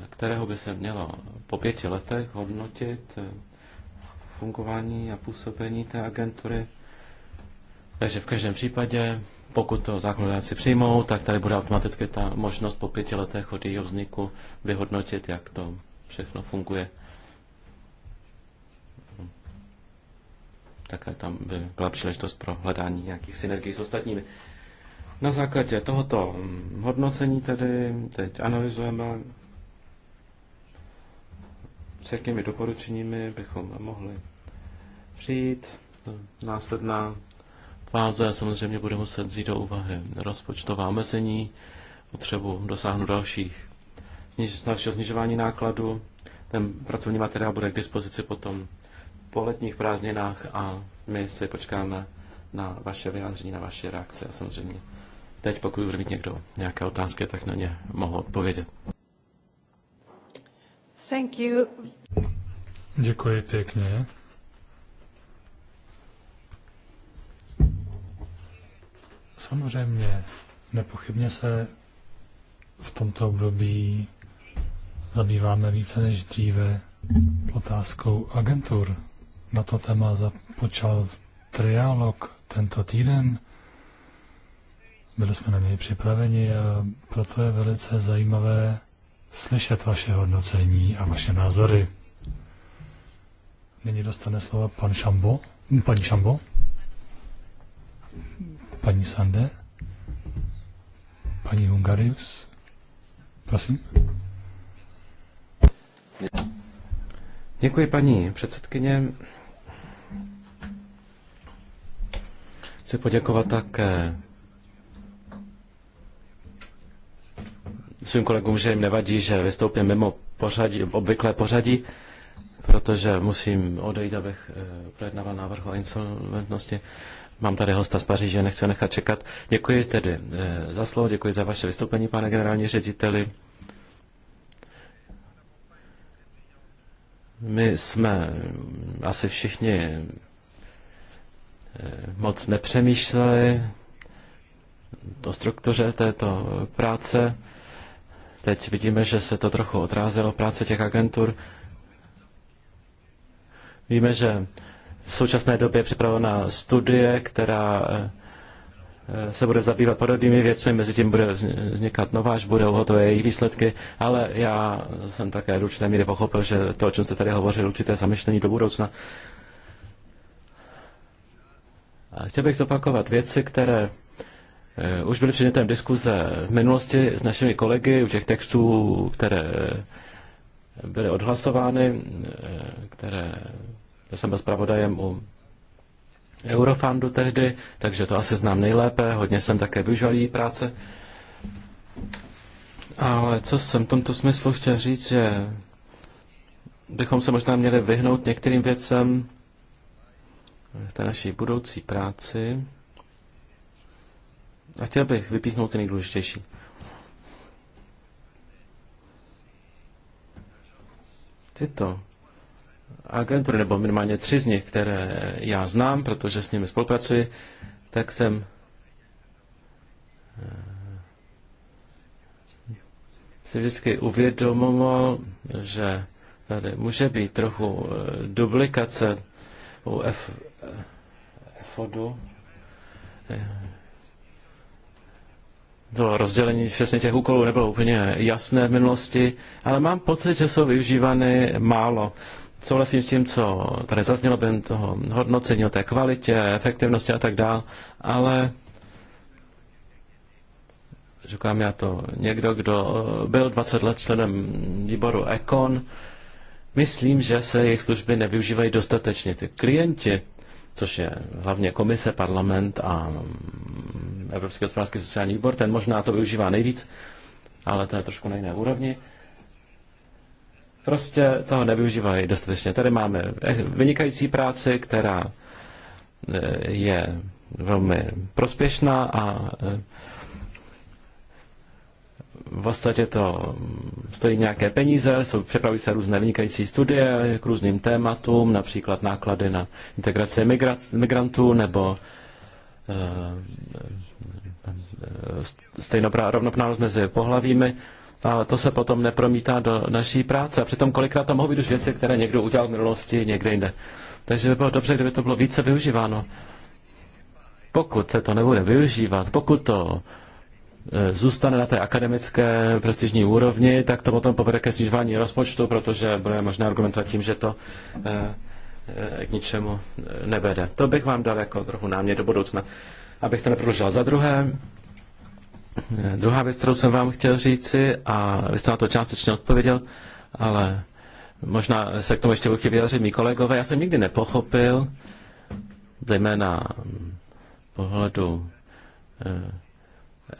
kterého by se mělo po pěti letech hodnotit eh, fungování a působení té agentury. Takže v každém případě, pokud to zákonodáci přijmou, tak tady bude automaticky ta možnost po pěti letech od jejího vzniku vyhodnotit, jak to všechno funguje. Také tam by byla příležitost pro hledání nějakých synergií s ostatními. Na základě tohoto mm, hodnocení tedy teď analyzujeme, s jakými doporučeními bychom mohli přijít. No, následná fáze samozřejmě bude muset vzít do úvahy rozpočtová omezení, potřebu dosáhnout dalších, snižování nákladů. Ten pracovní materiál bude k dispozici potom po letních prázdninách a my si počkáme na vaše vyjádření, na vaše reakce a samozřejmě teď, pokud bude mít někdo nějaké otázky, tak na ně mohu odpovědět. Thank you. Děkuji pěkně. Samozřejmě, nepochybně se v tomto období zabýváme více než dříve otázkou agentur na to téma započal trialog tento týden. Byli jsme na něj připraveni a proto je velice zajímavé slyšet vaše hodnocení a vaše názory. Nyní dostane slova pan Šambo, paní Šambo, paní Sande, paní Hungarius. Prosím. Děkuji, paní předsedkyně. Chci poděkovat také svým kolegům, že jim nevadí, že vystoupím mimo pořadí, obvyklé pořadí, protože musím odejít, abych eh, projednával návrh o insolventnosti. Mám tady hosta z Paříže, nechci nechat čekat. Děkuji tedy eh, za slovo, děkuji za vaše vystoupení, pane generální řediteli. My jsme asi všichni Eh, moc nepřemýšleli o struktuře této práce. Teď vidíme, že se to trochu odrázelo práce těch agentur. Víme, že v současné době je připravena studie, která eh, se bude zabývat podobnými věcmi, mezi tím bude vznikat nová, až budou hotové její výsledky, ale já jsem také do určité míry pochopil, že to, o čem se tady hovořil, určité zamyšlení do budoucna a chtěl bych zopakovat věci, které eh, už byly předmětem diskuze v minulosti s našimi kolegy u těch textů, které eh, byly odhlasovány, eh, které já jsem byl zpravodajem u Eurofandu tehdy, takže to asi znám nejlépe, hodně jsem také využíval její práce. Ale co jsem v tomto smyslu chtěl říct, že bychom se možná měli vyhnout některým věcem, v té naší budoucí práci. A chtěl bych vypíchnout ty nejdůležitější. Tyto agentury, nebo minimálně tři z nich, které já znám, protože s nimi spolupracuji, tak jsem eh, si vždycky uvědomoval, že tady může být trochu eh, duplikace u efodu eh, to eh, rozdělení přesně těch úkolů nebylo úplně jasné v minulosti, ale mám pocit, že jsou využívány málo. Souhlasím s tím, co tady zaznělo během toho hodnocení o té kvalitě, efektivnosti a tak dál, ale říkám já to někdo, kdo eh, byl 20 let členem výboru Econ, myslím, že se jejich služby nevyužívají dostatečně. Ty klienti což je hlavně komise, parlament a Evropský hospodářský sociální výbor, ten možná to využívá nejvíc, ale to je trošku na jiné úrovni. Prostě toho nevyužívají dostatečně. Tady máme eh, vynikající práci, která eh, je velmi prospěšná a eh, v podstatě to stojí nějaké peníze, jsou, připravují se různé vynikající studie k různým tématům, například náklady na integraci migrac, migrantů nebo eh, stejnoprá, rovnoprávnost mezi pohlavími, ale to se potom nepromítá do naší práce. A přitom kolikrát tam mohou být už věci, které někdo udělal v minulosti, někde jinde. Takže by bylo dobře, kdyby to bylo více využíváno. Pokud se to nebude využívat, pokud to Eh, zůstane na té akademické prestižní úrovni, tak to potom povede ke snižování rozpočtu, protože bude možné argumentovat tím, že to eh, eh, k ničemu nevede. To bych vám dal jako trochu námět do budoucna, abych to neprodlužil. Za druhé, druhá věc, kterou jsem vám chtěl říci, a vy jste na to částečně odpověděl, ale možná se k tomu ještě budu vyjádřit mý kolegové. Já jsem nikdy nepochopil, zejména pohledu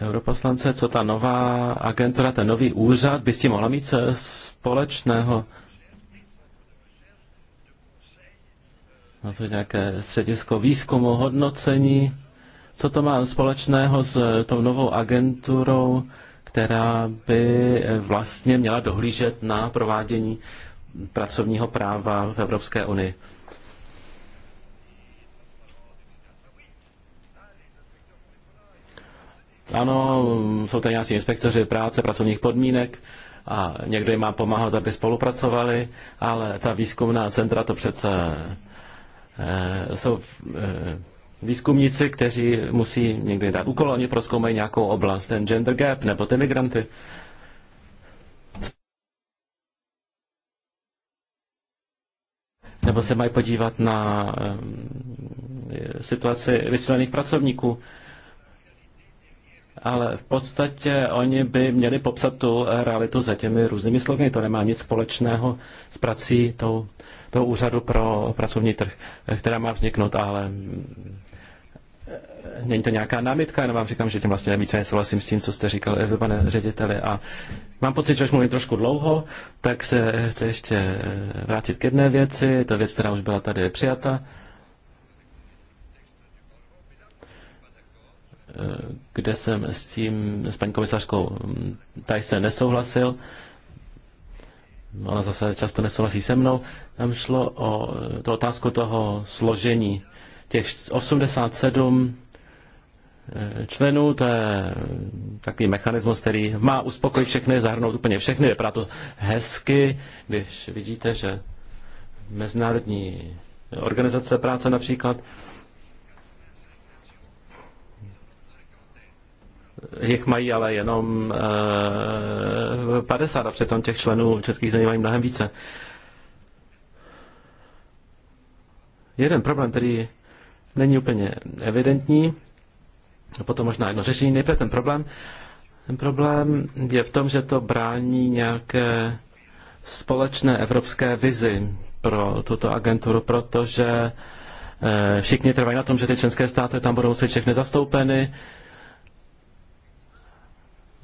europoslance, co ta nová agentura, ten nový úřad by s tím mohla mít společného? Má to nějaké středisko výzkumu, hodnocení? Co to má společného s tou novou agenturou, která by vlastně měla dohlížet na provádění pracovního práva v Evropské unii? Ano, jsou tady nějací inspektoři práce, pracovních podmínek a někdo jim má pomáhat, aby spolupracovali, ale ta výzkumná centra to přece eh, jsou eh, výzkumníci, kteří musí někdy dát úkol, oni proskoumají nějakou oblast, ten gender gap nebo ty migranty. Nebo se mají podívat na eh, situaci vysílených pracovníků ale v podstatě oni by měli popsat tu realitu za těmi různými slogany. To nemá nic společného s prací tou, toho úřadu pro pracovní trh, která má vzniknout, ale eh, není to nějaká námitka, jenom vám říkám, že tím vlastně víceméně souhlasím s tím, co jste říkal, eh, pane řediteli. A mám pocit, že už mluvím trošku dlouho, tak se chci ještě eh, vrátit k jedné věci, to věc, která už byla tady přijata kde jsem s tím, s paní komisařkou mm, Tyson nesouhlasil, ona zase často nesouhlasí se mnou, tam šlo o to otázku toho složení. Těch 87 eh, členů, to je takový mechanismus, který má uspokojit všechny, zahrnout úplně všechny. právě to hezky, když vidíte, že Mezinárodní organizace práce například jich mají ale jenom 50 eh, a přitom těch členů českých zemí mají mnohem více. Jeden problém, který není úplně evidentní, a potom možná jedno řešení, nejprve ten problém. Ten problém je v tom, že to brání nějaké společné evropské vizi pro tuto agenturu, protože eh, všichni trvají na tom, že ty členské státy tam budou se všechny zastoupeny,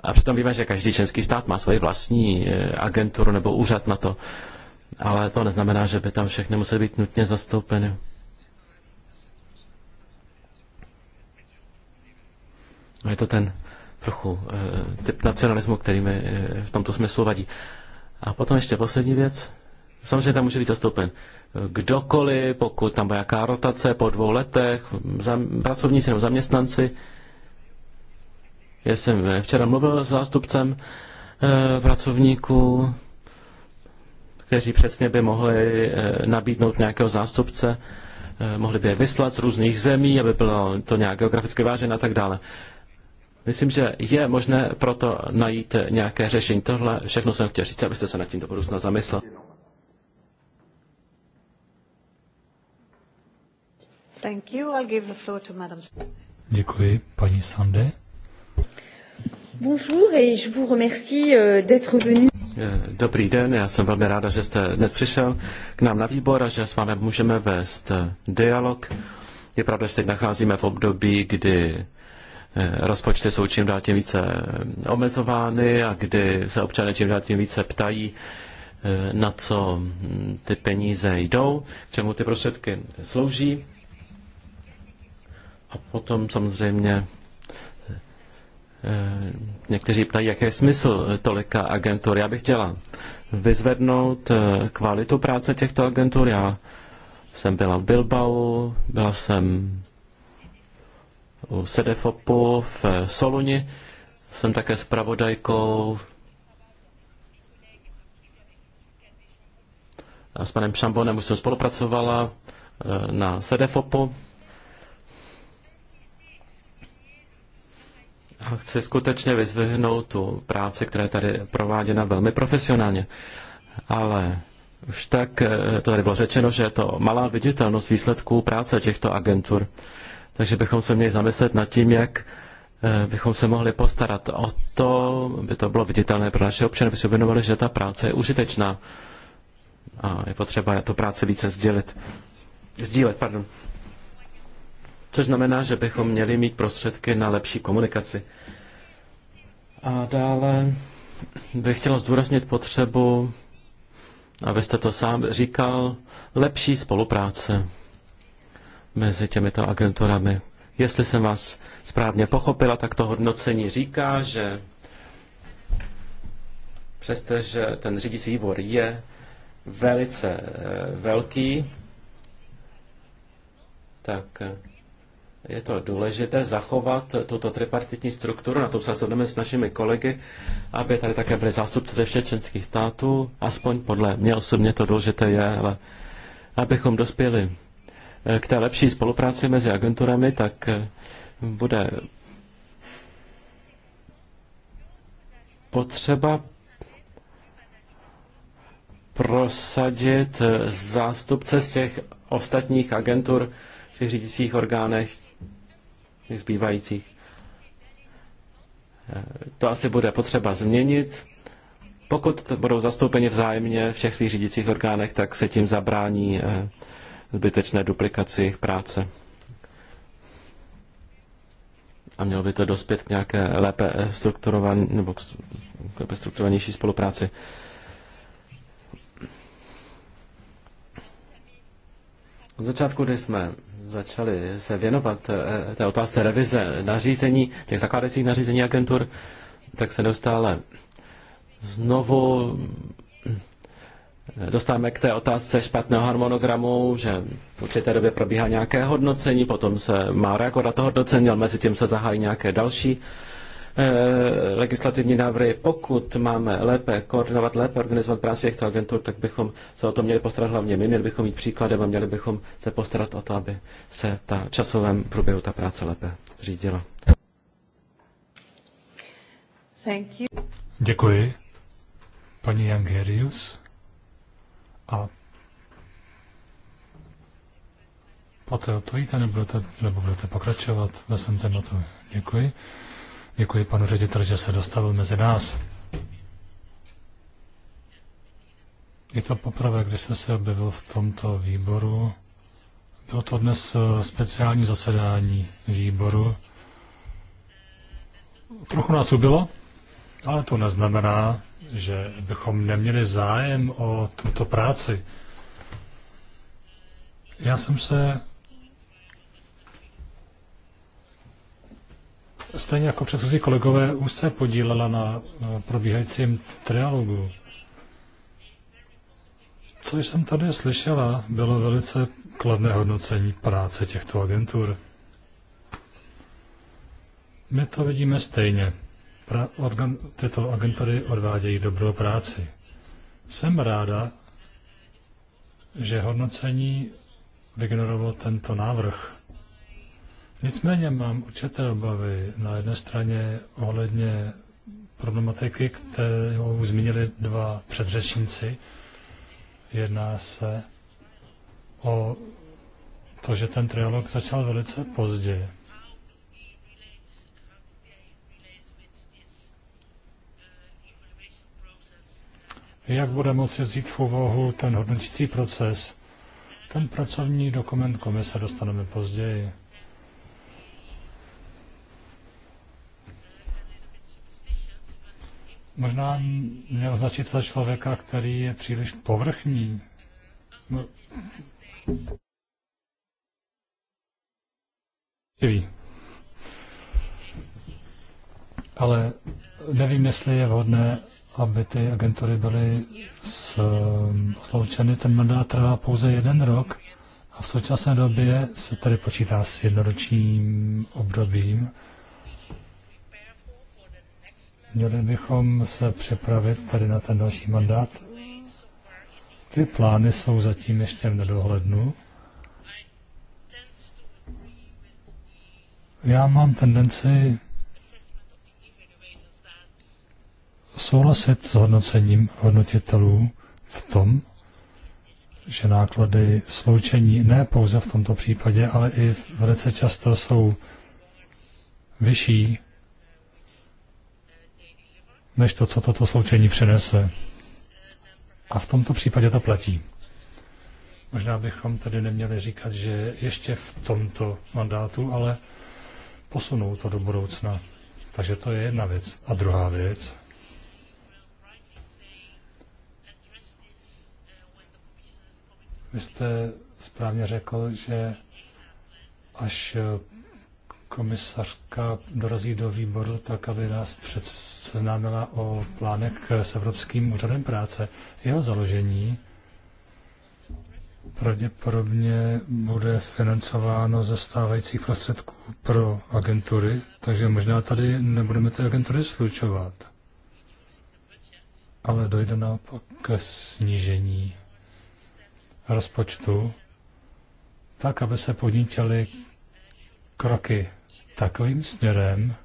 a přitom víme, že každý členský stát má svoji vlastní eh, agenturu nebo úřad na to. Ale to neznamená, že by tam všechny musely být nutně zastoupeny. No, je to ten trochu eh, typ nacionalismu, který mi eh, v tomto smyslu vadí. A potom ještě poslední věc. Samozřejmě tam může být zastoupen kdokoliv, pokud tam bude nějaká rotace po dvou letech, pracovníci nebo zaměstnanci, já jsem eh, včera mluvil s zástupcem eh, pracovníků, kteří přesně by mohli eh, nabídnout nějakého zástupce, mohli by je vyslat z různých zemí, aby bylo to nějak geograficky vážené a tak dále. Myslím, že je možné proto najít nějaké řešení. Tohle všechno jsem chtěl říct, abyste se nad tím do budoucna zamyslel. Thank you. I'll give the floor to Madam. Děkuji, paní Sande. Bonjour et je vous remercie euh, d'être venu. Eh, dobrý den, já jsem velmi ráda, že jste dnes přišel k nám na výbor a že s vámi můžeme vést eh, dialog. Je pravda, že teď nacházíme v období, kdy eh, rozpočty jsou čím dál tím více omezovány a kdy se občané čím dál tím více ptají, na co hm, ty peníze jdou, k čemu ty prostředky slouží. A potom samozřejmě Eh, někteří ptají, jaký je smysl eh, tolika agentur. Já bych chtěla vyzvednout eh, kvalitu práce těchto agentur. Já jsem byla v Bilbao, byla jsem u Sedefopu v Soluni, jsem také zpravodajkou a s panem Šambonem už jsem spolupracovala na Sedefopu. chci skutečně vyzvihnout tu práci, která je tady prováděna velmi profesionálně. Ale už tak eh, to tady bylo řečeno, že je to malá viditelnost výsledků práce těchto agentur. Takže bychom se měli zamyslet nad tím, jak eh, bychom se mohli postarat o to, by to bylo viditelné pro naše občany, aby si že ta práce je užitečná a je potřeba tu práci více sdělit. Sdílet, pardon což znamená, že bychom měli mít prostředky na lepší komunikaci. A dále bych chtěl zdůraznit potřebu, a to sám říkal, lepší spolupráce mezi těmito agenturami. Jestli jsem vás správně pochopila, tak to hodnocení říká, že přestože ten řídící výbor je velice eh, velký, tak je to důležité zachovat tuto tripartitní strukturu, na to se shodneme s našimi kolegy, aby tady také byly zástupci ze všech členských států, aspoň podle mě osobně to důležité je, ale abychom dospěli eh, k té lepší spolupráci mezi agenturami, tak eh, bude potřeba prosadit eh, zástupce z těch ostatních agentur v těch řídících orgánech těch zbývajících. To asi bude potřeba změnit. Pokud budou zastoupeni vzájemně v všech svých řídících orgánech, tak se tím zabrání eh, zbytečné duplikaci jejich práce. A mělo by to dospět k nějaké lépe eh, strukturované nebo k lépe strukturovanější spolupráci. Od začátku, kdy jsme začali se věnovat eh, té otázce revize nařízení, těch zakládajících nařízení agentur, tak se neustále znovu eh, dostáváme k té otázce špatného harmonogramu, že v určité době probíhá nějaké hodnocení, potom se má reagovat na to hodnocení, ale mezi tím se zahájí nějaké další Eh, legislativní návrhy. Pokud máme lépe koordinovat, lépe organizovat práci těchto agentů, tak bychom se o to měli postarat hlavně my, měli bychom mít příkladem a měli bychom se postarat o to, aby se ta časovém průběhu ta práce lépe řídila. Thank you. Děkuji. Paní Jangerius a poté odtojíte, nebudete, nebo budete pokračovat ve svém tématu. Děkuji. Děkuji panu ředitel, že se dostavil mezi nás. Je to poprvé, kdy jste se objevil v tomto výboru. Bylo to dnes eh, speciální zasedání výboru. Trochu nás ubylo, ale to neznamená, že bychom neměli zájem o tuto práci. Já jsem se stejně jako předchozí kolegové úzce podílela na probíhajícím trialogu. Co jsem tady slyšela, bylo velice kladné hodnocení práce těchto agentur. My to vidíme stejně. Pra, organ, tyto agentury odvádějí dobrou práci. Jsem ráda, že hodnocení vygenerovalo tento návrh. Nicméně mám určité obavy na jedné straně ohledně problematiky, kterou zmínili dva předřečníci. Jedná se o to, že ten trialog začal velice pozdě. Jak bude moci vzít v úvahu ten hodnotící proces? Ten pracovní dokument komise dostaneme později. možná neoznačit za člověka, který je příliš povrchní. No. Ale nevím, jestli je vhodné, aby ty agentury byly um, sloučeny. Ten mandát trvá pouze jeden rok a v současné době se tady počítá s jednoročním obdobím. Měli bychom se připravit tady na ten další mandát. Ty plány jsou zatím ještě v nedohlednu. Já mám tendenci souhlasit s hodnocením hodnotitelů v tom, že náklady sloučení ne pouze v tomto případě, ale i velice často jsou vyšší než to, co toto sloučení přinese. A v tomto případě to platí. Možná bychom tedy neměli říkat, že ještě v tomto mandátu, ale posunou to do budoucna. Takže to je jedna věc. A druhá věc, Vy jste správně řekl, že až komisařka dorazí do výboru, tak aby nás před, seznámila o plánech s Evropským úřadem práce. Jeho založení pravděpodobně bude financováno ze stávajících prostředků pro agentury, takže možná tady nebudeme ty agentury slučovat. Ale dojde naopak k snížení rozpočtu, tak, aby se podnítěly kroky takovým směrem,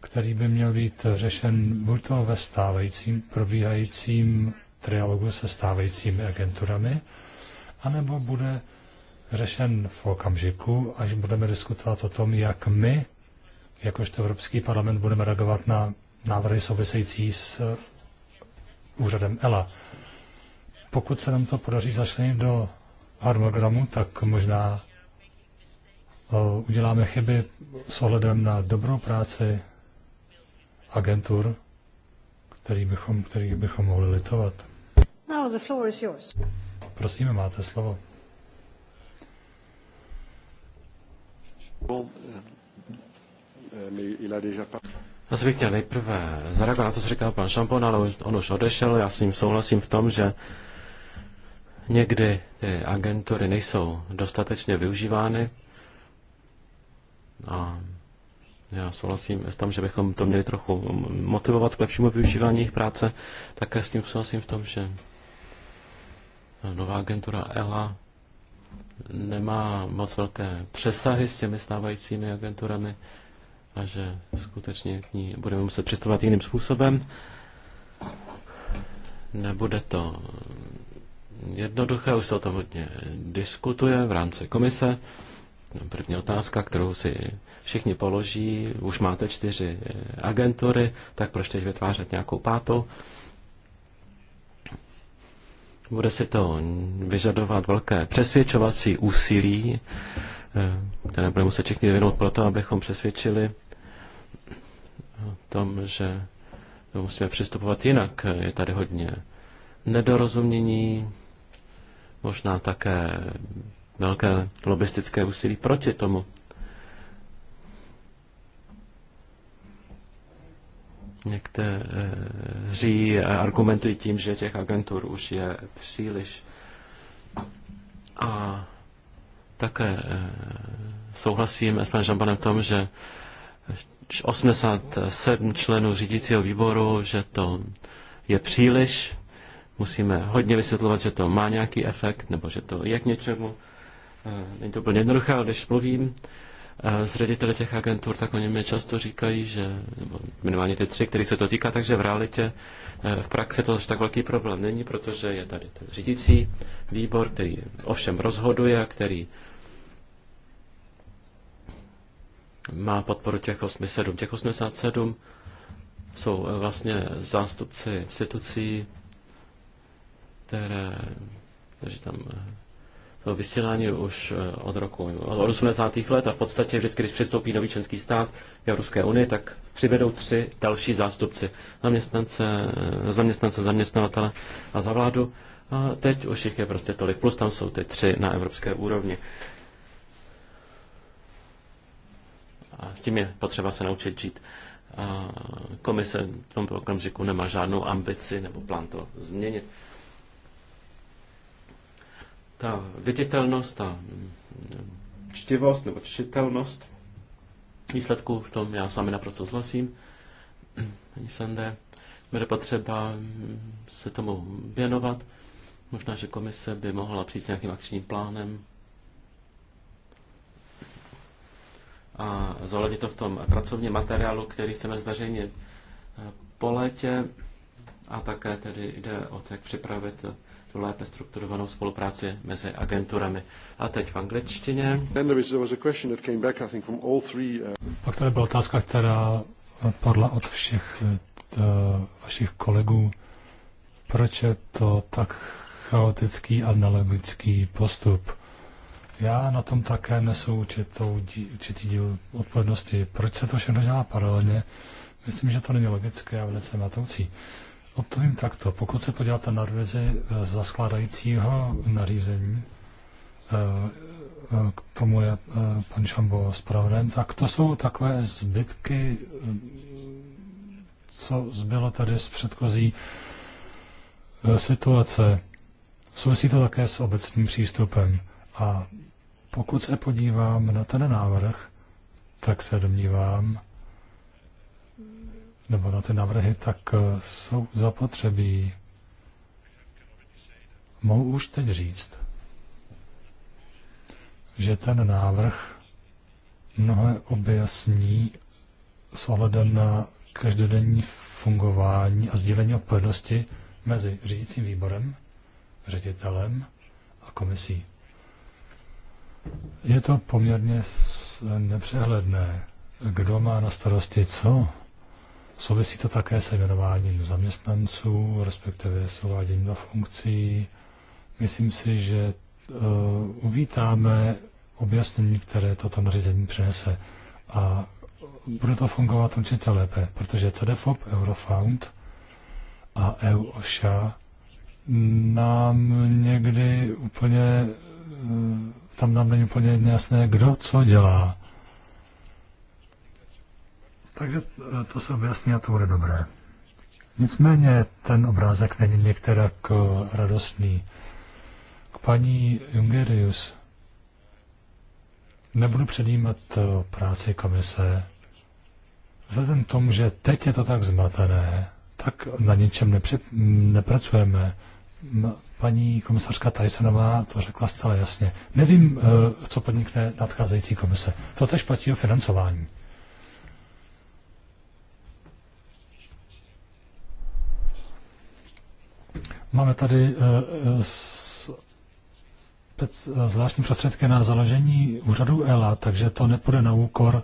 který by měl být řešen buď to ve stávajícím, probíhajícím trialogu se stávajícími agenturami, anebo bude řešen v okamžiku, až budeme diskutovat o tom, jak my, jakožto Evropský parlament, budeme reagovat na návrhy související s eh, úřadem ELA. Pokud se nám to podaří začlenit do harmonogramu, tak možná uděláme chyby s ohledem na dobrou práci agentur, který bychom, kterých bychom mohli litovat. Now the floor is yours. Prosím, máte slovo. Eh, eh, Já jsem chtěl nejprve zareagovat na to, co říkal pan Šampon, ale on už odešel. Já s ním souhlasím v tom, že někdy ty agentury nejsou dostatečně využívány a já souhlasím v tom, že bychom to měli trochu motivovat k lepšímu využívání jejich práce. Také s tím souhlasím v tom, že nová agentura ELA nemá moc velké přesahy s těmi stávajícími agenturami a že skutečně k ní budeme muset přistupovat jiným způsobem. Nebude to jednoduché, už se o tom hodně diskutuje v rámci komise. No, první otázka, kterou si všichni položí, už máte čtyři eh, agentury, tak proč teď vytvářet nějakou pátou? Bude si to vyžadovat velké přesvědčovací úsilí, eh, které budeme muset všichni vyvinout proto, abychom přesvědčili o tom, že musíme přistupovat jinak. Je tady hodně nedorozumění, možná také velké lobistické úsilí proti tomu. Někteří eh, argumentují tím, že těch agentur už je příliš. A také eh, souhlasím s panem Žambanem v tom, že 87 členů řídícího výboru, že to je příliš. Musíme hodně vysvětlovat, že to má nějaký efekt, nebo že to je k něčemu. Eh, není to úplně jednoduché, ale když mluvím s eh, řediteli těch agentur, tak oni mi často říkají, že minimálně ty tři, kterých se to týká, takže v realitě, eh, v praxi to tak velký problém není, protože je tady ten řídící výbor, který ovšem rozhoduje a který má podporu těch 87. Těch 87 jsou vlastně zástupci institucí, které, takže tam to no, vysílání už eh, od roku od 80. let a v podstatě vždycky, když přistoupí nový členský stát v Evropské unii, tak přivedou tři další zástupci zaměstnance, eh, zaměstnance, zaměstnavatele a za vládu. A teď už jich je prostě tolik, plus tam jsou ty tři na evropské úrovni. A s tím je potřeba se naučit žít. A komise v tomto okamžiku nemá žádnou ambici nebo plán to změnit ta viditelnost, ta mm, čtivost nebo čitelnost výsledků, v tom já s vámi naprosto zhlasím. [CLEARS THROAT] paní Sande, bude potřeba mm, se tomu věnovat. Možná, že komise by mohla přijít s nějakým akčním plánem a zohlednit to v tom pracovním materiálu, který chceme zveřejnit po létě a také tedy jde o to, jak připravit tu lépe strukturovanou spolupráci mezi agenturami. A teď v angličtině. Uh, Pak tady byla otázka, která uh, padla od všech uh, vašich kolegů. Proč je to tak chaotický a nelogický postup? Já na tom také nesu určitou, určitý díl odpovědnosti. Proč se to všechno dělá paralelně? Myslím, že to není logické a velice matoucí odpovím takto. Pokud se podíváte na revizi eh, zaskládajícího nařízení, eh, eh, k tomu je pan Šambo zpravodajem, tak to jsou takové zbytky, co zbylo tady z předchozí situace. Souvisí to také s obecným přístupem. A pokud se podívám na ten návrh, tak se domnívám, nebo na ty návrhy, tak eh, jsou zapotřebí. Mohu už teď říct, že ten návrh mnohé objasní s ohledem na každodenní fungování a sdílení odpovědnosti mezi řídícím výborem, ředitelem a komisí. Je to poměrně nepřehledné, kdo má na starosti co Souvisí to také se věnováním zaměstnanců, respektive s uváděním do funkcí. Myslím si, že e, uvítáme objasnění, které toto nařízení přinese. A bude to fungovat určitě lépe, protože CDFOP, Eurofound a EUOSHA nám někdy úplně, e, tam nám není úplně jasné, kdo co dělá. Takže e, to jsem vyjasnil, to bude dobré. Nicméně ten obrázek není některak e, radostný. K paní Jungerius nebudu předjímat e, práci komise. Vzhledem k tomu, že teď je to tak zmatené, tak na ničem nepři, nepracujeme. Paní komisařka Tysonová to řekla stále jasně. Nevím, co podnikne nadcházející komise. To tež platí o financování. Máme tady eh, eh, zvláštní prostředky na založení úřadu ELA, takže to nepůjde na úkor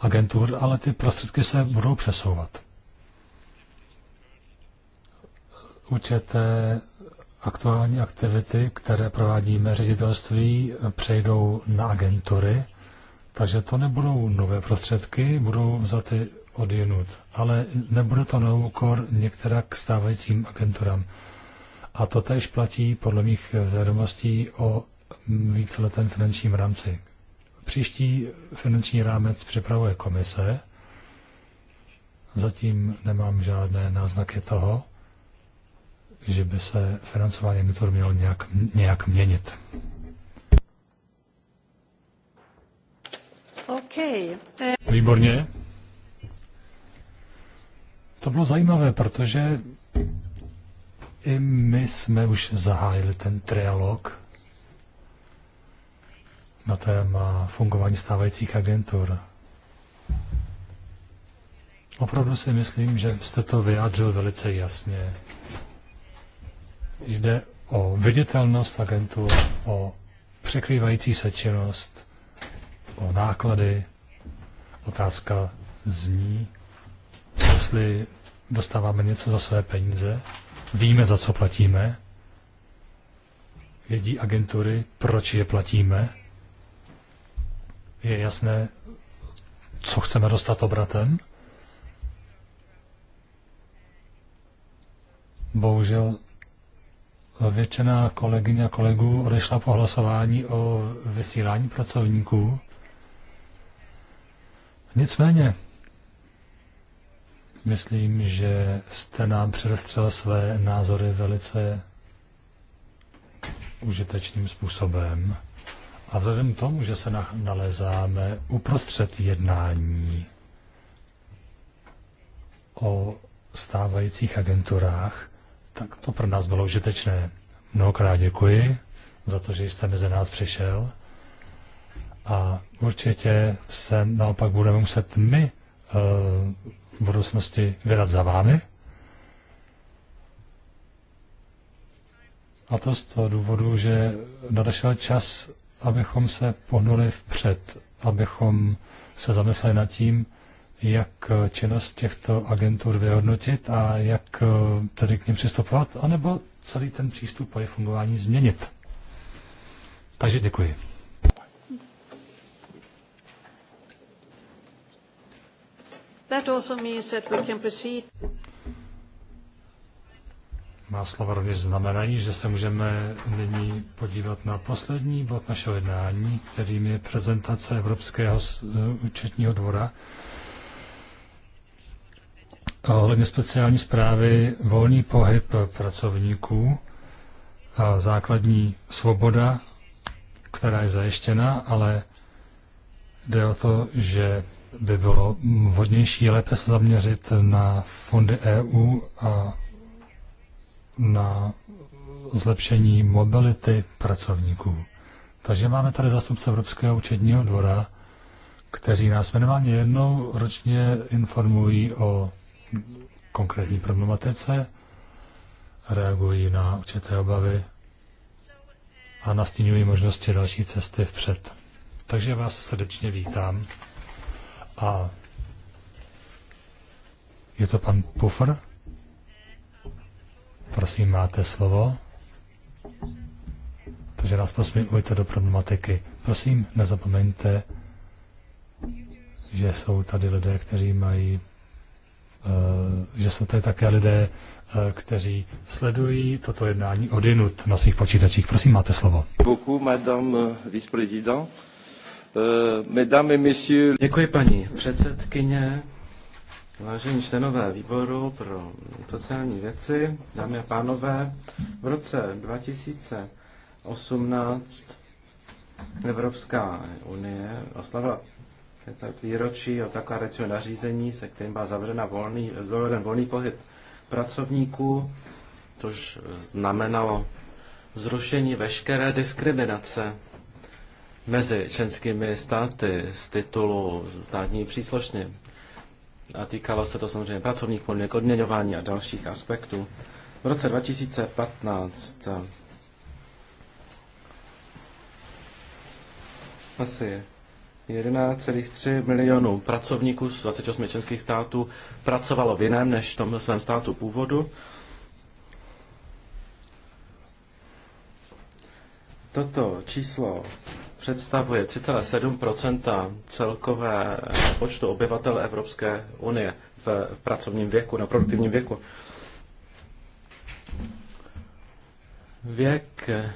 agentur, ale ty prostředky se budou přesouvat. Učete eh, aktuální aktivity, které provádíme ředitelství, přejdou na agentury, takže to nebudou nové prostředky, budou za ty odjenut, ale nebude to na úkor některá k stávajícím agenturám. A to tež platí podle mých vědomostí o víceletém finančním rámci. Příští finanční rámec připravuje komise. Zatím nemám žádné náznaky toho, že by se financování agentur mělo nějak, nějak měnit. Okay. Eh. Výborně. To bylo zajímavé, protože i my jsme už zahájili ten trialog na téma fungování stávajících agentur. Opravdu si myslím, že jste to vyjádřil velice jasně. Jde o viditelnost agentů, o překrývající se činnost, o náklady. Otázka zní, jestli dostáváme něco za své peníze, víme, za co platíme, vědí agentury, proč je platíme, je jasné, co chceme dostat obratem. Bohužel většina kolegyň a kolegů odešla po hlasování o vysílání pracovníků. Nicméně, Myslím, že jste nám předestřel své názory velice užitečným způsobem. A vzhledem k tomu, že se nalezáme uprostřed jednání o stávajících agenturách, tak to pro nás bylo užitečné. Mnohokrát děkuji za to, že jste mezi nás přišel a určitě se naopak budeme muset my eh, v budoucnosti vydat za vámi. A to z toho důvodu, že nadešel čas, abychom se pohnuli vpřed, abychom se zamysleli nad tím, jak činnost těchto agentur vyhodnotit a jak eh, tedy k ním přistupovat, anebo celý ten přístup a je fungování změnit. Takže děkuji. That also means that we can proceed. Má slova rovněž znamenají, že se můžeme nyní podívat na poslední bod našeho jednání, kterým je prezentace Evropského účetního dvora ohledně speciální zprávy volný pohyb pracovníků, základní svoboda, která je zajištěna, ale jde o to, že by bylo vhodnější lépe se zaměřit na fondy EU a na zlepšení mobility pracovníků. Takže máme tady zastupce Evropského účetního dvora, kteří nás minimálně jednou ročně informují o konkrétní problematice, reagují na určité obavy a nastínují možnosti další cesty vpřed. Takže vás srdečně vítám. A je to pan Puffer? Prosím, máte slovo. Takže nás prosím ujďte do problematiky. Prosím, nezapomeňte, že jsou tady lidé, kteří mají, eh, že jsou tady také lidé, eh, kteří sledují toto jednání odinut na svých počítačích. Prosím, máte slovo. Děkuji, madame eh, vice Eh, Děkuji paní předsedkyně, vážení členové výboru pro sociální věci, dámy a pánové. V roce 2018 Evropská unie oslavila výročí o deklaračního nařízení, se kterým byl zaveden volný, zaveden volný pohyb pracovníků, což znamenalo zrušení veškeré diskriminace mezi členskými státy z titulu státní příslušně. A týkalo se to samozřejmě pracovních podmínek, odměňování a dalších aspektů. V roce 2015 eh, asi 11,3 milionů pracovníků z 28 členských států pracovalo v jiném než v tom svém státu původu. Toto číslo představuje 3,7 celkové počtu obyvatel Evropské unie v pracovním věku, na produktivním věku. Věk eh,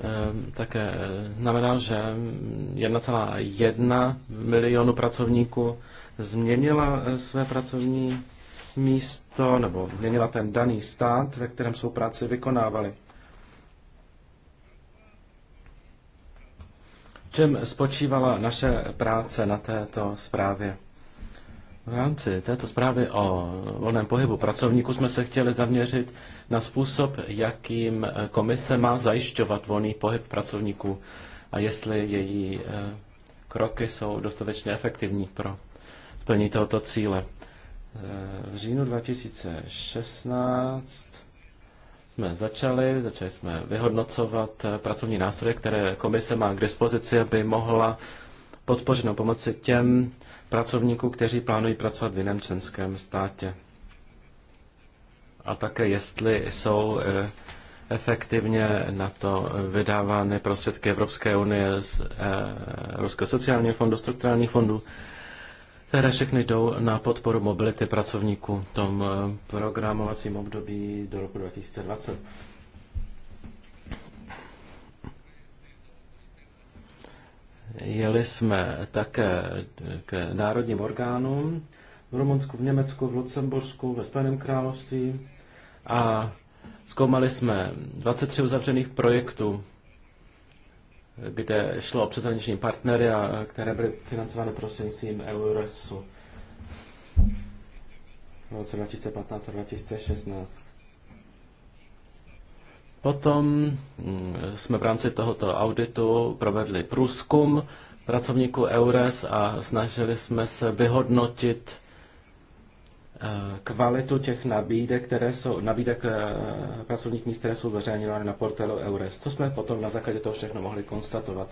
eh, také eh, znamená, že 1,1 milionu pracovníků změnila své pracovní místo to, nebo měnila ten daný stát, ve kterém svou práci vykonávali. čem spočívala naše práce na této zprávě? V rámci této zprávy o volném pohybu pracovníků jsme se chtěli zaměřit na způsob, jakým komise má zajišťovat volný pohyb pracovníků a jestli její eh, kroky jsou dostatečně efektivní pro plnění tohoto cíle. Eh, v říjnu 2016 jsme začali, začali jsme vyhodnocovat eh, pracovní nástroje, které komise má k dispozici, aby mohla podpořit na pomoci těm pracovníkům, kteří plánují pracovat v jiném členském státě. A také jestli jsou eh, efektivně na to vydávány prostředky Evropské unie z Evropského sociálního fondu, strukturálních fondů které všechny jdou na podporu mobility pracovníků v tom eh, programovacím období do roku 2020. Jeli jsme také k národním orgánům v Rumunsku, v Německu, v Lucembursku, ve Spojeném království a zkoumali jsme 23 uzavřených projektů kde šlo o přeshraniční partnery, a eh, které byly financovány prostřednictvím Euresu v roce 2015 a 2016. Potom mm, jsme v rámci tohoto auditu provedli průzkum pracovníků EURES a snažili jsme se vyhodnotit Eh, kvalitu těch nabídek, které jsou, nabídek eh, pracovních míst, které jsou zveřejňovány na portálu EURES. Co jsme potom na základě toho všechno mohli konstatovat?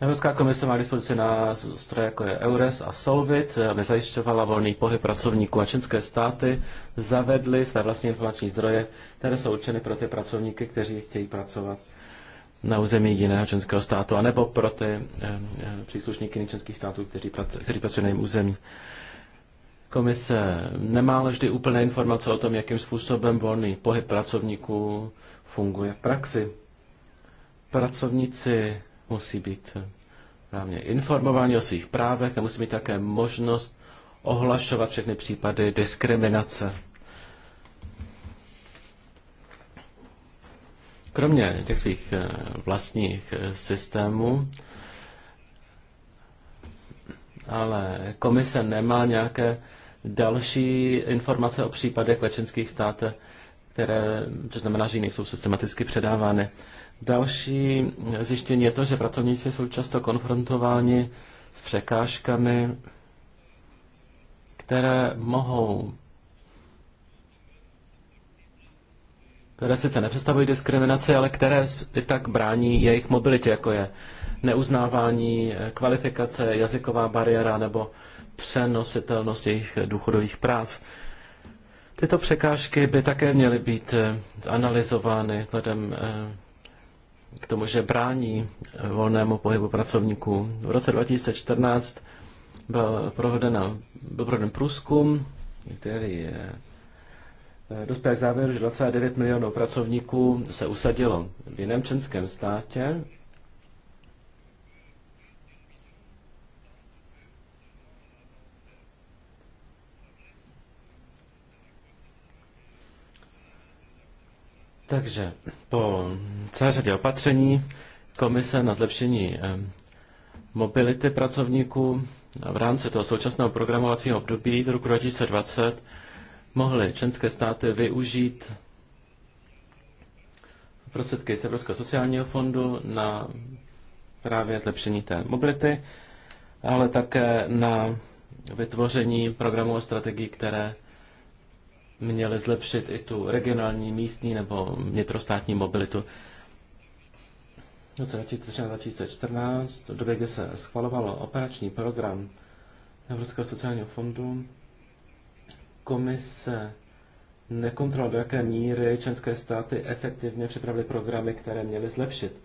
Evropská komise má dispozici na stroje jako je EURES a Solvit, aby zajišťovala volný pohyb pracovníků a členské státy zavedly své vlastní informační zdroje, které jsou určeny pro ty pracovníky, kteří chtějí pracovat na území jiného členského státu, anebo pro ty eh, eh, příslušníky jiných členských států, kteří, kteří pracují na jejím území. Komise nemá vždy úplné informace o tom, jakým způsobem volný pohyb pracovníků funguje v praxi. Pracovníci musí být eh, právně informováni o svých právech a musí mít také možnost ohlašovat všechny případy diskriminace. Kromě těch svých eh, vlastních eh, systémů, ale komise nemá nějaké další informace o případech ve členských státech, které, to znamená, že nejsou systematicky předávány. Další zjištění je to, že pracovníci jsou často konfrontováni s překážkami, které mohou které sice nepředstavují diskriminaci, ale které i tak brání jejich mobilitě, jako je neuznávání eh, kvalifikace, jazyková bariéra nebo přenositelnost jejich důchodových práv. Tyto překážky by také měly být eh, analyzovány vzhledem eh, k tomu, že brání volnému pohybu pracovníků. V roce 2014 byl, prohoden, byl proveden průzkum, který Eh, dospěl k závěru, že 29 milionů pracovníků se usadilo v jiném členském státě. Takže po celé řadě opatření Komise na zlepšení eh, mobility pracovníků v rámci toho současného programovacího období do roku 2020 mohly členské státy využít prostředky z Evropského sociálního fondu na právě zlepšení té mobility, ale také na vytvoření programů a strategií, které měly zlepšit i tu regionální, místní nebo vnitrostátní mobilitu. V roce 2014 v době, kdy se schvalovalo operační program Evropského sociálního fondu, komise nekontrolovala, do jaké míry členské státy efektivně připravily programy, které měly zlepšit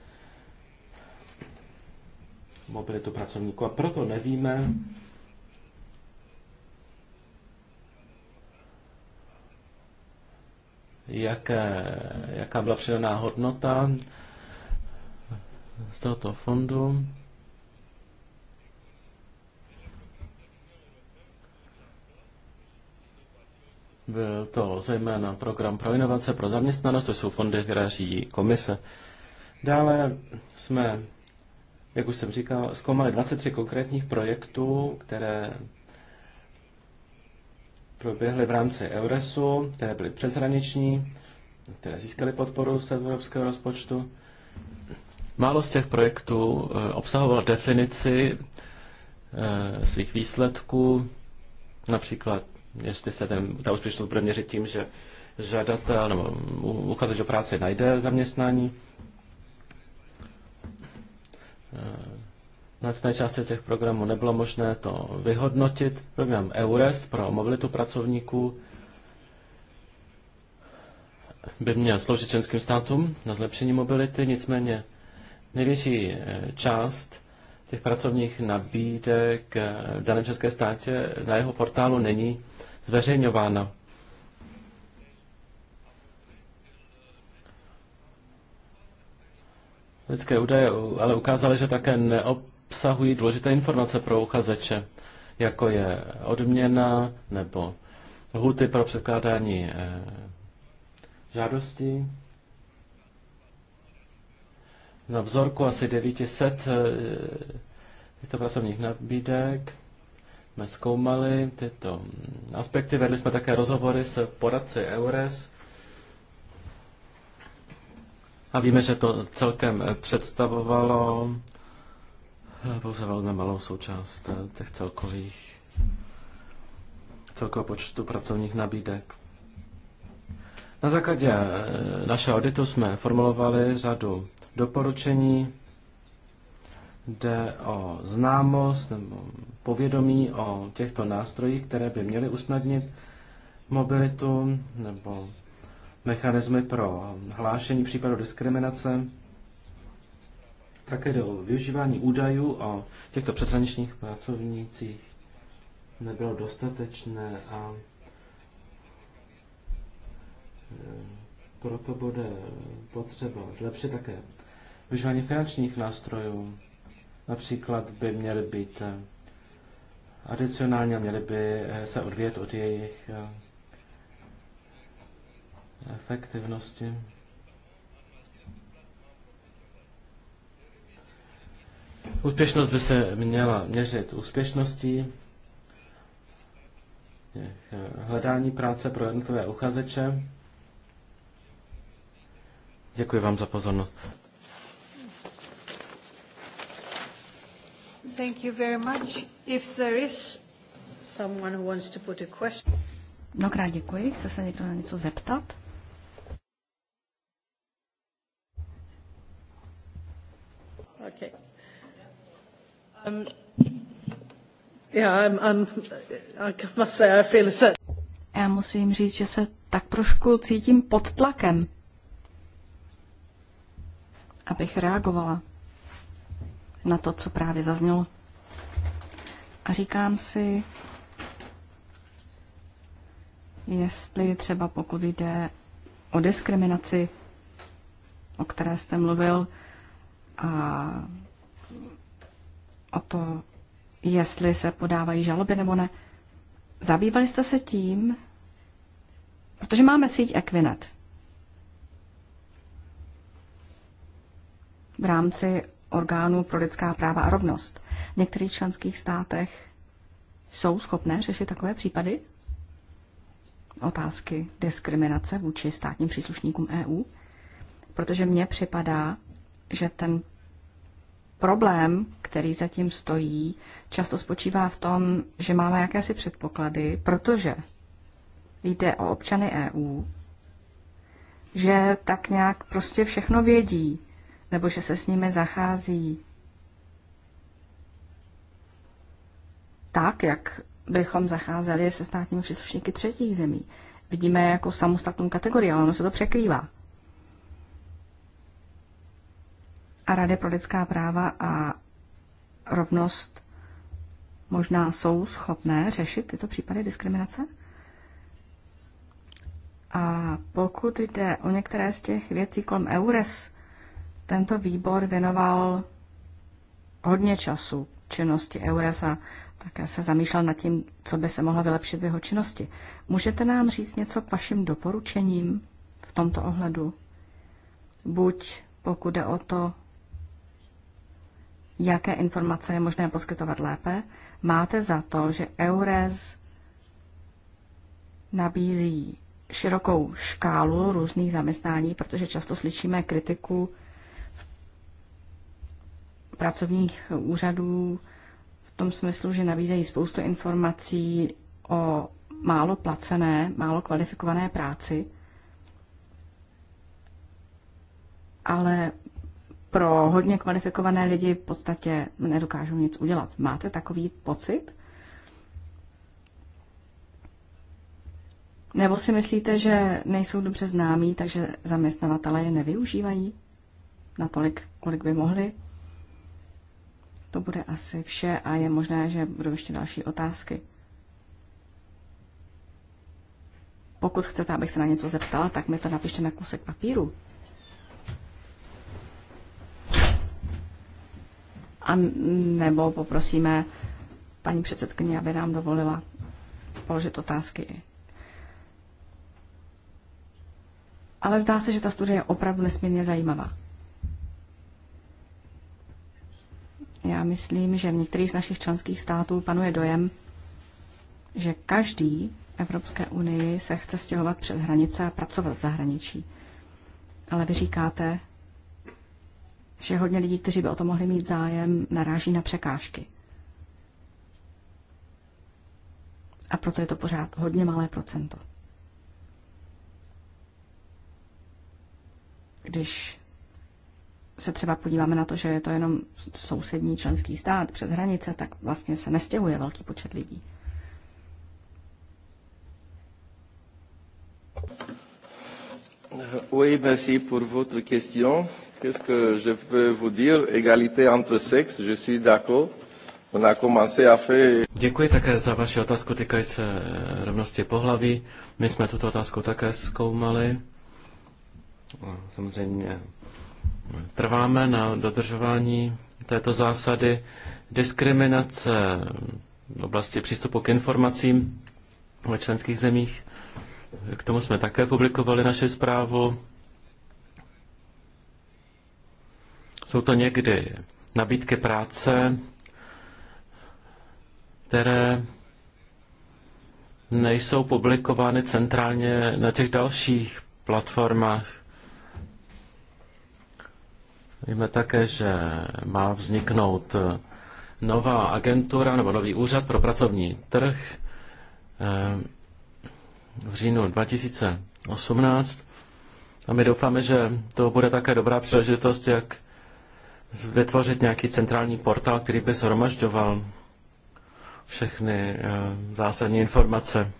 mobilitu pracovníků. A proto nevíme, jaké, jaká byla přidaná hodnota z tohoto fondu. Byl to zejména program pro inovace, pro zaměstnanost, to jsou fondy, které řídí komise. Dále jsme, jak už jsem říkal, zkoumali 23 konkrétních projektů, které proběhly v rámci Euresu, které byly přeshraniční, které získaly podporu z evropského rozpočtu. Málo z těch projektů eh, obsahovalo definici eh, svých výsledků, například jestli se ten, ta úspěšnost bude měřit tím, že žadatel nebo uchazeč o práci najde zaměstnání. Eh, na většině části těch programů nebylo možné to vyhodnotit. Program EURES pro mobilitu pracovníků by měl sloužit členským státům na zlepšení mobility, nicméně největší eh, část těch pracovních nabídek eh, v daném české státě na jeho portálu není zveřejňována. Lidské údaje ale ukázaly, že také neobsahují důležité informace pro uchazeče, jako je odměna nebo lhuty pro předkládání eh, žádostí. Na vzorku asi 900 těchto eh, pracovních nabídek jsme zkoumali tyto aspekty. Vedli jsme také rozhovory s poradci EURES a víme, že to celkem představovalo pouze velmi malou součást těch celkových celkového počtu pracovních nabídek. Na základě našeho auditu jsme formulovali řadu doporučení, jde o známost nebo povědomí o těchto nástrojích, které by měly usnadnit mobilitu nebo mechanismy pro hlášení případu diskriminace. Také jde o využívání údajů o těchto přeshraničních pracovnících nebylo dostatečné a e, proto bude potřeba zlepšit také využívání finančních nástrojů například by měly být eh, adicionálně měly by eh, se odvíjet od jejich eh, efektivnosti. Úspěšnost by se měla měřit úspěšností hledání práce pro jednotlivé uchazeče. Děkuji vám za pozornost. Thank you very much. If there is someone who wants to put a question. Mnohokrát děkuji. Chce se někdo na něco zeptat? Okay. Um, yeah, I'm, I'm, I must say I feel a Já musím říct, že se tak trošku cítím pod tlakem, abych reagovala na to, co právě zaznělo. A říkám si, jestli třeba pokud jde o diskriminaci, o které jste mluvil, a o to, jestli se podávají žaloby nebo ne. Zabývali jste se tím, protože máme síť Equinet v rámci orgánů pro lidská práva a rovnost. V některých členských státech jsou schopné řešit takové případy? Otázky diskriminace vůči státním příslušníkům EU? Protože mně připadá, že ten problém, který zatím stojí, často spočívá v tom, že máme jakési předpoklady, protože jde o občany EU, že tak nějak prostě všechno vědí nebo že se s nimi zachází tak, jak bychom zacházeli se státními příslušníky třetích zemí. Vidíme je jako samostatnou kategorii, ale ono se to překrývá. A Rady pro lidská práva a rovnost možná jsou schopné řešit tyto případy diskriminace? A pokud jde o některé z těch věcí kolem EURES, tento výbor věnoval hodně času činnosti EURES a také se zamýšlel nad tím, co by se mohlo vylepšit v jeho činnosti. Můžete nám říct něco k vašim doporučením v tomto ohledu? Buď pokud jde o to, jaké informace je možné poskytovat lépe, máte za to, že EURES nabízí širokou škálu různých zaměstnání, protože často slyšíme kritiku, pracovních úřadů v tom smyslu, že nabízejí spoustu informací o málo placené, málo kvalifikované práci, ale pro hodně kvalifikované lidi v podstatě nedokážou nic udělat. Máte takový pocit? Nebo si myslíte, že nejsou dobře známí, takže zaměstnavatele je nevyužívají natolik, kolik by mohli? To bude asi vše a je možné, že budou ještě další otázky. Pokud chcete, abych se na něco zeptala, tak mi to napište na kousek papíru. A nebo poprosíme paní předsedkyni, aby nám dovolila položit otázky. Ale zdá se, že ta studie je opravdu nesmírně zajímavá. Já myslím, že v některých z našich členských států panuje dojem, že každý Evropské unii se chce stěhovat přes hranice a pracovat v zahraničí. Ale vy říkáte, že hodně lidí, kteří by o to mohli mít zájem, naráží na překážky. A proto je to pořád hodně malé procento. Když se třeba podíváme na to, že je to jenom sousední členský stát přes hranice, tak vlastně se nestěhuje velký počet lidí. Oui, merci pour votre question. Qu'est-ce que je peux vous dire Égalité entre sexes, je suis d'accord. On a commencé à faire... Děkuji také za vaši otázku týkající se rovnosti pohlaví. My jsme tuto otázku také zkoumali. Samozřejmě trváme na dodržování této zásady diskriminace v oblasti přístupu k informacím ve členských zemích. K tomu jsme také publikovali naši zprávu. Jsou to někdy nabídky práce, které nejsou publikovány centrálně na těch dalších platformách. Víme také, že má vzniknout eh, nová agentura nebo nový úřad pro pracovní trh eh, v říjnu 2018. A my doufáme, že to bude také dobrá příležitost, jak vytvořit nějaký centrální portál, který by shromažďoval všechny eh, zásadní informace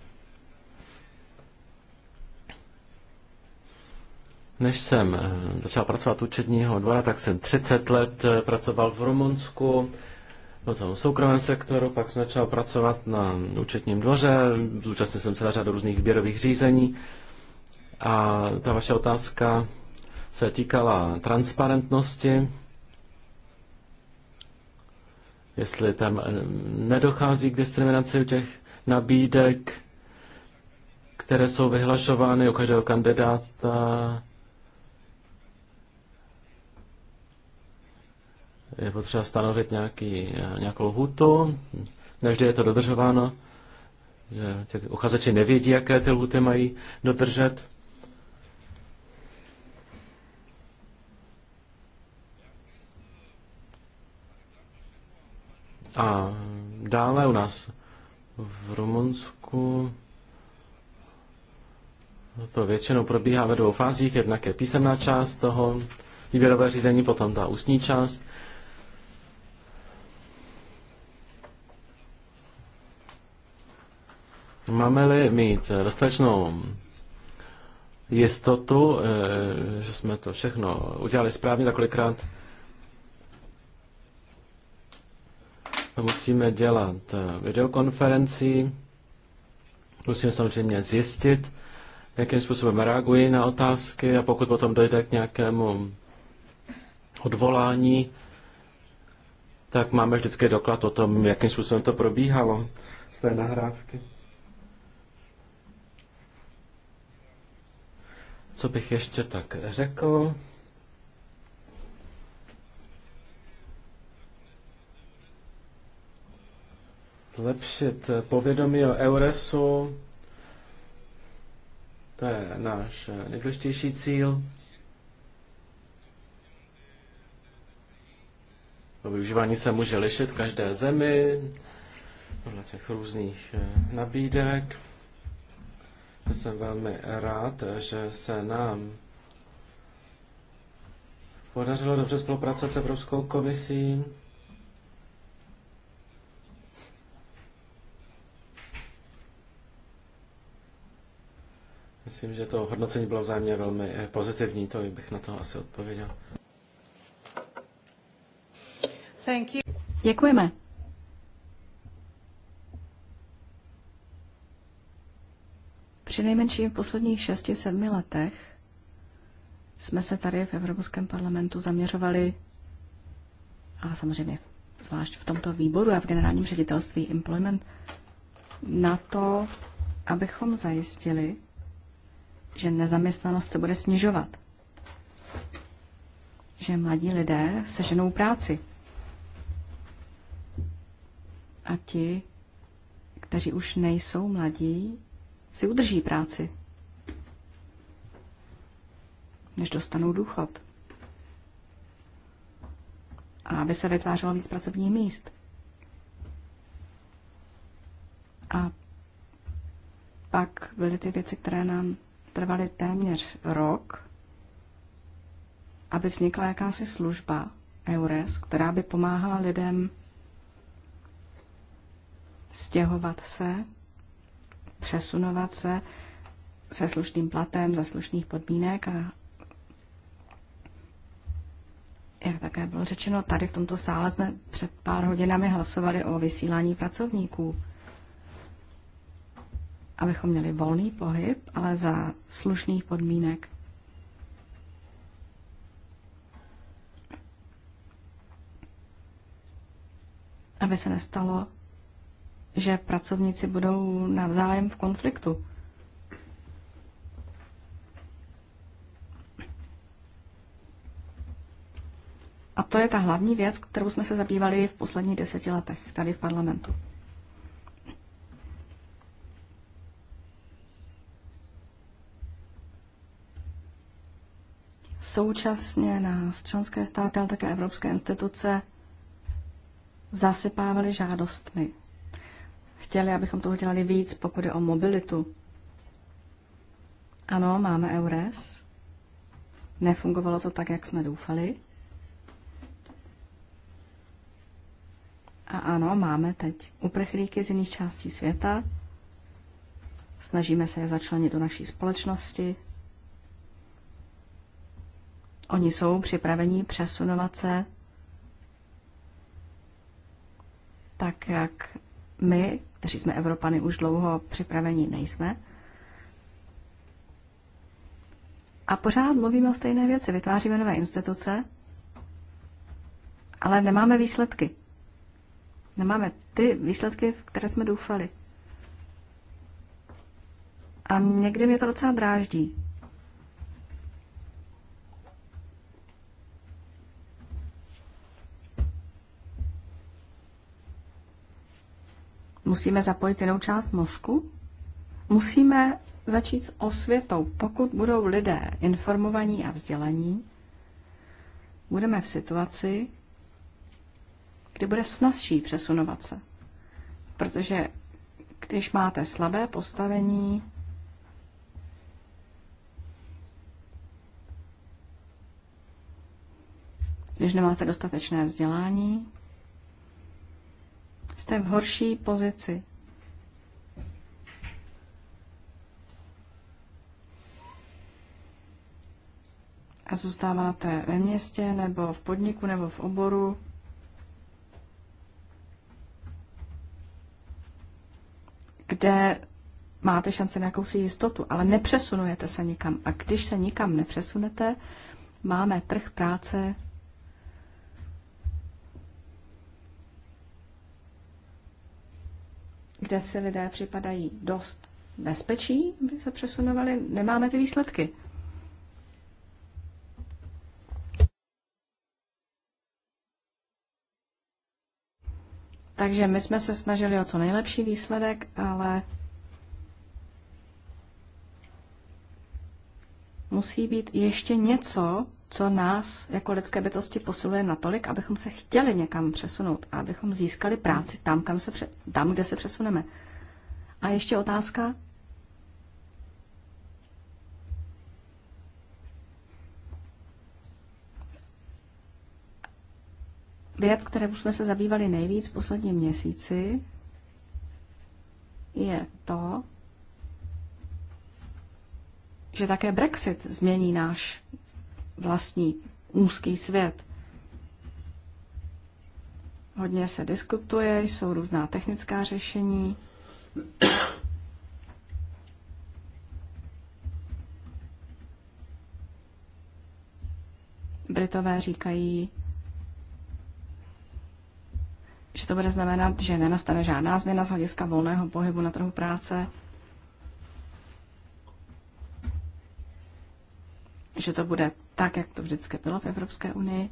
Než jsem eh, začal pracovat učedního dvora, tak jsem 30 let eh, pracoval v Rumunsku, potom v soukromém sektoru, pak jsem začal pracovat na účetním dvoře, zúčastnil jsem se na řadu různých výběrových řízení a ta vaše otázka se týkala transparentnosti, jestli tam eh, nedochází k diskriminaci u těch nabídek, které jsou vyhlašovány u každého kandidáta je potřeba stanovit nějaký, eh, nějakou hutu, nevždy je to dodržováno, že těch uchazeči nevědí, jaké ty lhuty mají dodržet. A dále u nás v Rumunsku to většinou probíhá ve dvou fázích. Jednak je písemná část toho výběrové řízení, potom ta ústní část. Máme-li mít dostatečnou jistotu, eh, že jsme to všechno udělali správně, takolikrát musíme dělat eh, videokonferenci, Musíme samozřejmě zjistit, jakým způsobem reagují na otázky a pokud potom dojde k nějakému odvolání, tak máme vždycky doklad o tom, jakým způsobem to probíhalo z té nahrávky. Co bych ještě tak řekl? Zlepšit povědomí o Euresu, to je náš nejdůležitější cíl. To využívání se může lišit v každé zemi, podle těch různých nabídek. Jsem velmi rád, že se nám podařilo dobře spolupracovat s Evropskou komisí. Myslím, že to hodnocení bylo vzájemně velmi eh, pozitivní, to bych na to asi odpověděl. Thank you. Děkujeme. Při nejmenším v posledních 6-7 letech jsme se tady v Evropském parlamentu zaměřovali, a samozřejmě zvlášť v tomto výboru a v generálním ředitelství Employment, na to, abychom zajistili, že nezaměstnanost se bude snižovat. Že mladí lidé seženou práci. A ti, kteří už nejsou mladí, si udrží práci, než dostanou důchod. A aby se vytvářelo víc pracovních míst. A pak byly ty věci, které nám trvaly téměř rok, aby vznikla jakási služba EURES, která by pomáhala lidem stěhovat se přesunovat se se slušným platem za slušných podmínek a jak také bylo řečeno, tady v tomto sále jsme před pár hodinami hlasovali o vysílání pracovníků, abychom měli volný pohyb, ale za slušných podmínek. Aby se nestalo, že pracovníci budou navzájem v konfliktu. A to je ta hlavní věc, kterou jsme se zabývali v posledních deseti letech tady v parlamentu. Současně nás členské státy, ale také evropské instituce zasypávaly žádostmi chtěli, abychom toho dělali víc, pokud je o mobilitu. Ano, máme EURES. Nefungovalo to tak, jak jsme doufali. A ano, máme teď uprchlíky z jiných částí světa. Snažíme se je začlenit do naší společnosti. Oni jsou připraveni přesunovat se tak, jak my, kteří jsme Evropany, už dlouho připraveni nejsme. A pořád mluvíme o stejné věci. Vytváříme nové instituce, ale nemáme výsledky. Nemáme ty výsledky, v které jsme doufali. A někdy mě to docela dráždí. Musíme zapojit jinou část mozku? Musíme začít s osvětou. Pokud budou lidé informovaní a vzdělaní, budeme v situaci, kdy bude snazší přesunovat se. Protože když máte slabé postavení, když nemáte dostatečné vzdělání, jste v horší pozici. A zůstáváte ve městě, nebo v podniku, nebo v oboru, kde máte šanci na jakousi jistotu, ale nepřesunujete se nikam. A když se nikam nepřesunete, máme trh práce, kde si lidé připadají dost bezpečí, by se přesunovali, nemáme ty výsledky. Takže my jsme se snažili o co nejlepší výsledek, ale musí být ještě něco, co nás jako lidské bytosti posiluje natolik, abychom se chtěli někam přesunout a abychom získali práci tam, kam se pře- tam kde se přesuneme. A ještě otázka. Věc, které jsme se zabývali nejvíc v posledním měsíci, je to, že také Brexit změní náš vlastní úzký svět. Hodně se diskutuje, jsou různá technická řešení. Britové říkají, že to bude znamenat, že nenastane žádná změna z hlediska volného pohybu na trhu práce, že to bude tak jak to vždycky bylo v Evropské unii.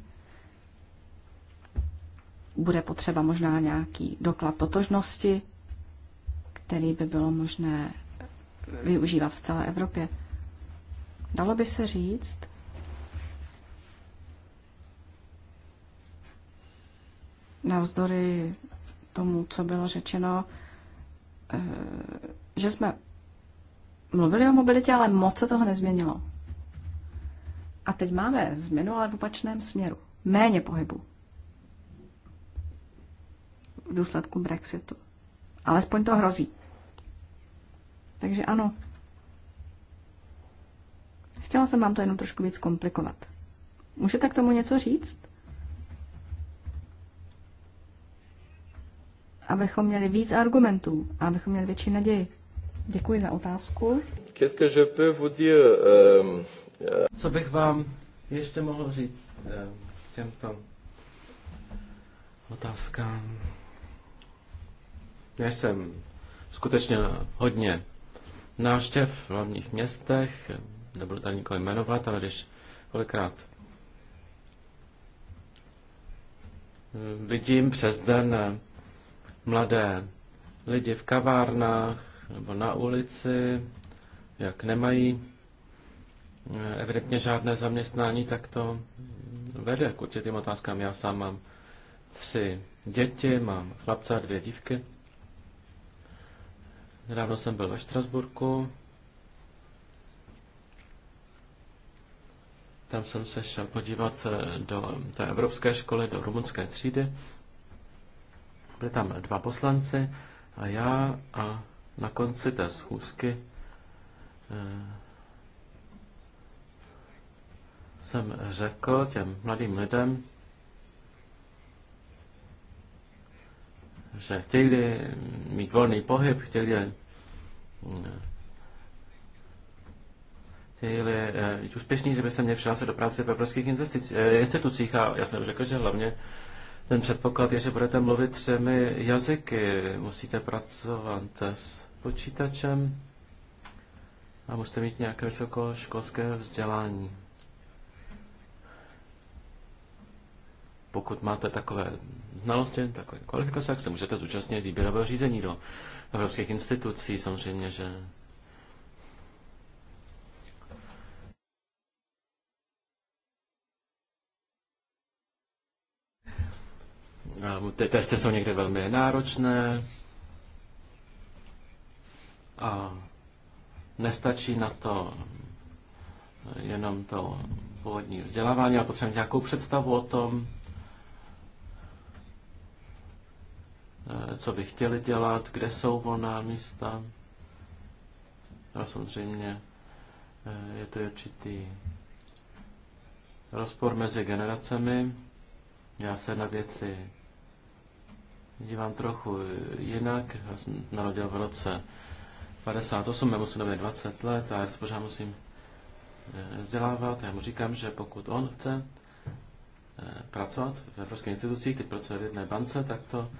Bude potřeba možná nějaký doklad totožnosti, který by bylo možné využívat v celé Evropě. Dalo by se říct, navzdory tomu, co bylo řečeno, eh, že jsme mluvili o mobilitě, ale moc se toho nezměnilo. A teď máme změnu, ale v opačném směru. Méně pohybu. V důsledku Brexitu. Alespoň to hrozí. Takže ano. Chtěla jsem vám to jenom trošku víc komplikovat. Můžete k tomu něco říct? Abychom měli víc argumentů a abychom měli větší naději. Děkuji za otázku. Qu'est-ce que je peux vous dire? Euh... Co bych vám ještě mohl říct eh, těmto otázkám? Já jsem skutečně hodně návštěv v hlavních městech, nebudu tady nikoho jmenovat, ale když kolikrát vidím přes den mladé lidi v kavárnách nebo na ulici, jak nemají evidentně žádné zaměstnání, tak to vede k určitým otázkám. Já sám mám tři děti, mám chlapce a dvě dívky. Nedávno jsem byl ve Štrasburku. Tam jsem se šel podívat eh, do té evropské školy, do rumunské třídy. Byli tam dva poslanci a já a na konci té schůzky eh, jsem řekl těm mladým lidem, že chtěli mít volný pohyb, chtěli, eh, chtěli eh, být úspěšní, že by se mě přihlásil do práce v evropských eh, institucích. A já jsem řekl, že hlavně ten předpoklad je, že budete mluvit třemi jazyky. Musíte pracovat s počítačem a musíte mít nějaké vysokoškolské vzdělání. pokud máte takové znalosti, takové kvalifikace, tak se můžete zúčastnit výběrového řízení do evropských institucí. Samozřejmě, že ehm, Ty testy jsou někde velmi náročné a nestačí na to jenom to původní vzdělávání, ale potřebujeme nějakou představu o tom, Eh, co by chtěli dělat, kde jsou volná místa. A samozřejmě eh, je to určitý rozpor mezi generacemi. Já se na věci dívám trochu jinak. Já jsem narodil v roce 58, mému synovi 20 let a já se pořád musím eh, vzdělávat. Já mu říkám, že pokud on chce pracovat v evropských institucích, ty pracuje v jedné bance, tak to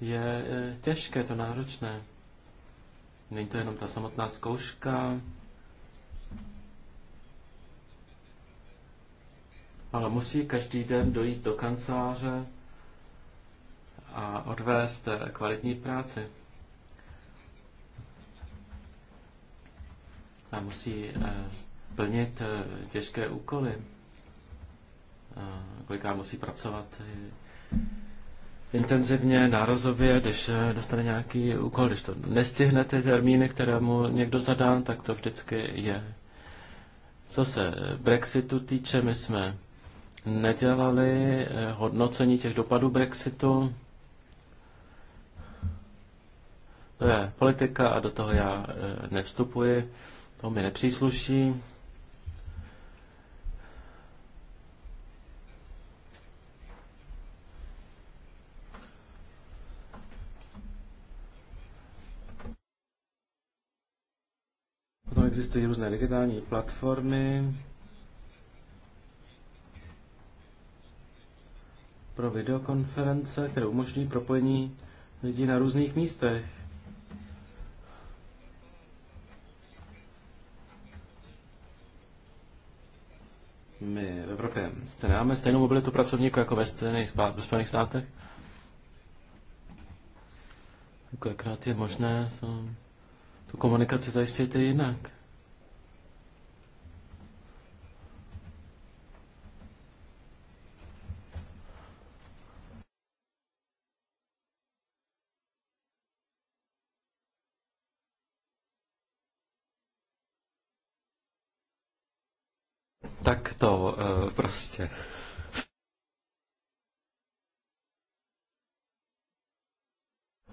je e, těžké, to náročné. Není to jenom ta samotná zkouška, ale musí každý den dojít do kanceláře a odvést e, kvalitní práci. A musí e, plnit těžké úkoly, kolikrát musí pracovat intenzivně, nárazově, když eh, dostane nějaký úkol, když to nestihne ty termíny, které mu někdo zadá, tak to vždycky je. Co se eh, Brexitu týče, my jsme nedělali eh, hodnocení těch dopadů Brexitu. To je politika a do toho já nevstupuji, to mi nepřísluší. Potom existují různé digitální platformy pro videokonference, které umožní propojení lidí na různých místech. My v Evropě máme stejnou mobilitu pracovníků jako ve Spojených státech. Kolikrát jako je možné, jsou tu komunikaci zajistějte jinak. Tak to eh, prostě.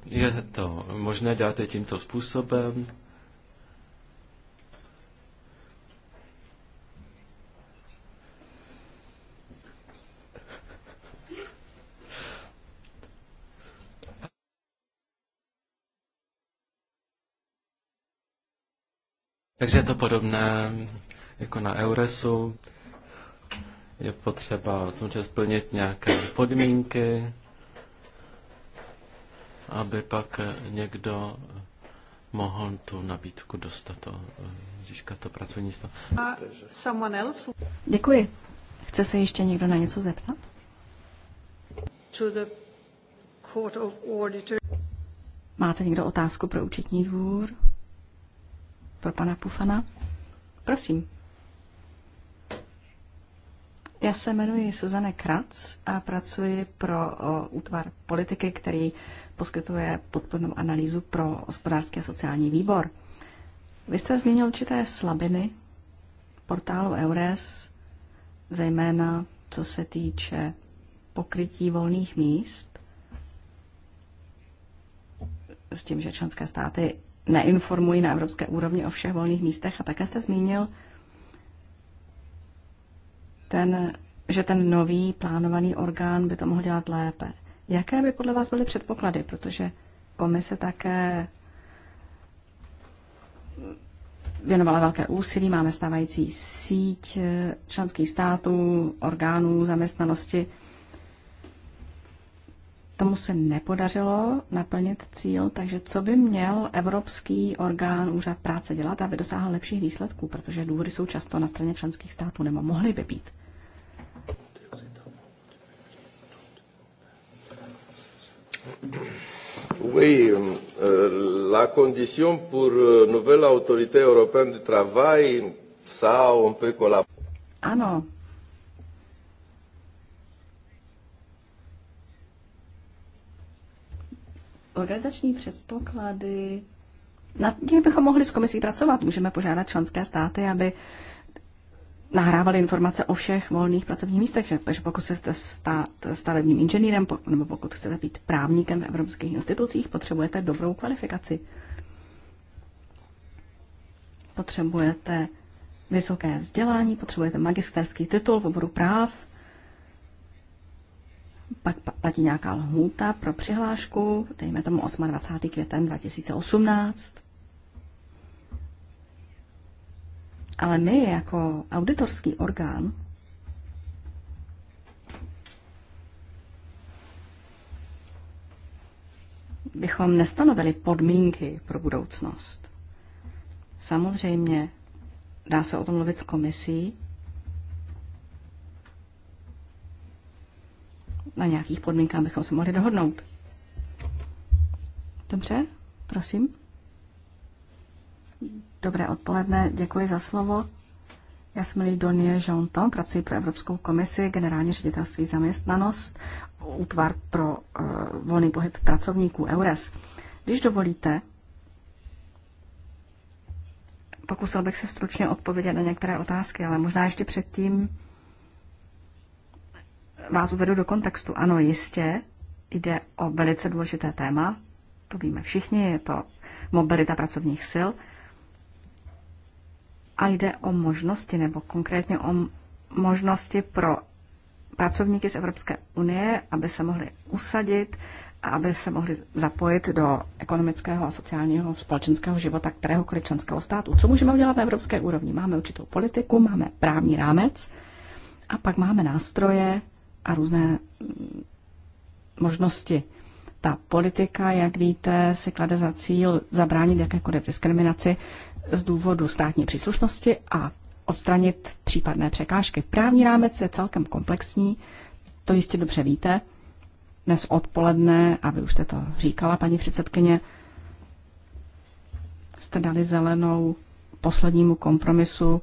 Je to možné dělat je tímto způsobem. Takže je to podobné jako na Euresu. Je potřeba samozřejmě splnit nějaké podmínky, aby pak někdo mohl tu nabídku dostat, to, získat to pracovní stav. Děkuji. Chce se ještě někdo na něco zeptat? Máte někdo otázku pro účetní dvůr? Pro pana Pufana? Prosím. Já se jmenuji Suzane Kratz a pracuji pro o, útvar politiky, který poskytuje podpornou analýzu pro hospodářský a sociální výbor. Vy jste zmínil určité slabiny portálu EURES, zejména co se týče pokrytí volných míst, s tím, že členské státy neinformují na evropské úrovni o všech volných místech. A také jste zmínil, ten, že ten nový plánovaný orgán by to mohl dělat lépe. Jaké by podle vás byly předpoklady? Protože komise také věnovala velké úsilí. Máme stávající síť eh, členských států, orgánů, zaměstnanosti. Tomu se nepodařilo naplnit cíl, takže co by měl Evropský orgán Úřad práce dělat, aby dosáhl lepších výsledků, protože důvody jsou často na straně členských států, nebo mohly by být. Oui, euh, la condition pour euh, nouvelle autorité européenne du travail, ça, on peut collaborer. non. Organizační předpoklady. Na těch bychom mohli s komisí pracovat. Můžeme požádat členské státy, aby uh, nahrávali informace o všech volných pracovních místech, že, že pokud chcete stát stavebním inženýrem nebo pokud chcete být právníkem v evropských institucích, potřebujete dobrou kvalifikaci. Potřebujete vysoké vzdělání, potřebujete magisterský titul v oboru práv, pak platí nějaká lhůta pro přihlášku, dejme tomu 28. květen 2018. Ale my jako auditorský orgán bychom nestanovili podmínky pro budoucnost. Samozřejmě dá se o tom mluvit s komisí na nějakých podmínkách bychom se mohli dohodnout. Dobře, prosím. Dobré odpoledne, děkuji za slovo. Já jsem Lee Donie Jonto, pracuji pro Evropskou komisi, generální ředitelství zaměstnanost, útvar pro uh, volný pohyb pracovníků EURES. Když dovolíte, pokusil bych se stručně odpovědět na některé otázky, ale možná ještě předtím vás uvedu do kontextu. Ano, jistě, jde o velice důležité téma, to víme všichni, je to mobilita pracovních sil, a jde o možnosti, nebo konkrétně o možnosti pro pracovníky z Evropské unie, aby se mohli usadit a aby se mohli zapojit do ekonomického a sociálního společenského života kteréhokoliv členského státu. Co můžeme udělat na evropské úrovni? Máme určitou politiku, máme právní rámec a pak máme nástroje a různé možnosti. Ta politika, jak víte, si klade za cíl zabránit jakékoliv diskriminaci, z důvodu státní příslušnosti a odstranit případné překážky. Právní rámec je celkem komplexní, to jistě dobře víte. Dnes odpoledne, a vy už jste to říkala, paní předsedkyně, jste dali zelenou poslednímu kompromisu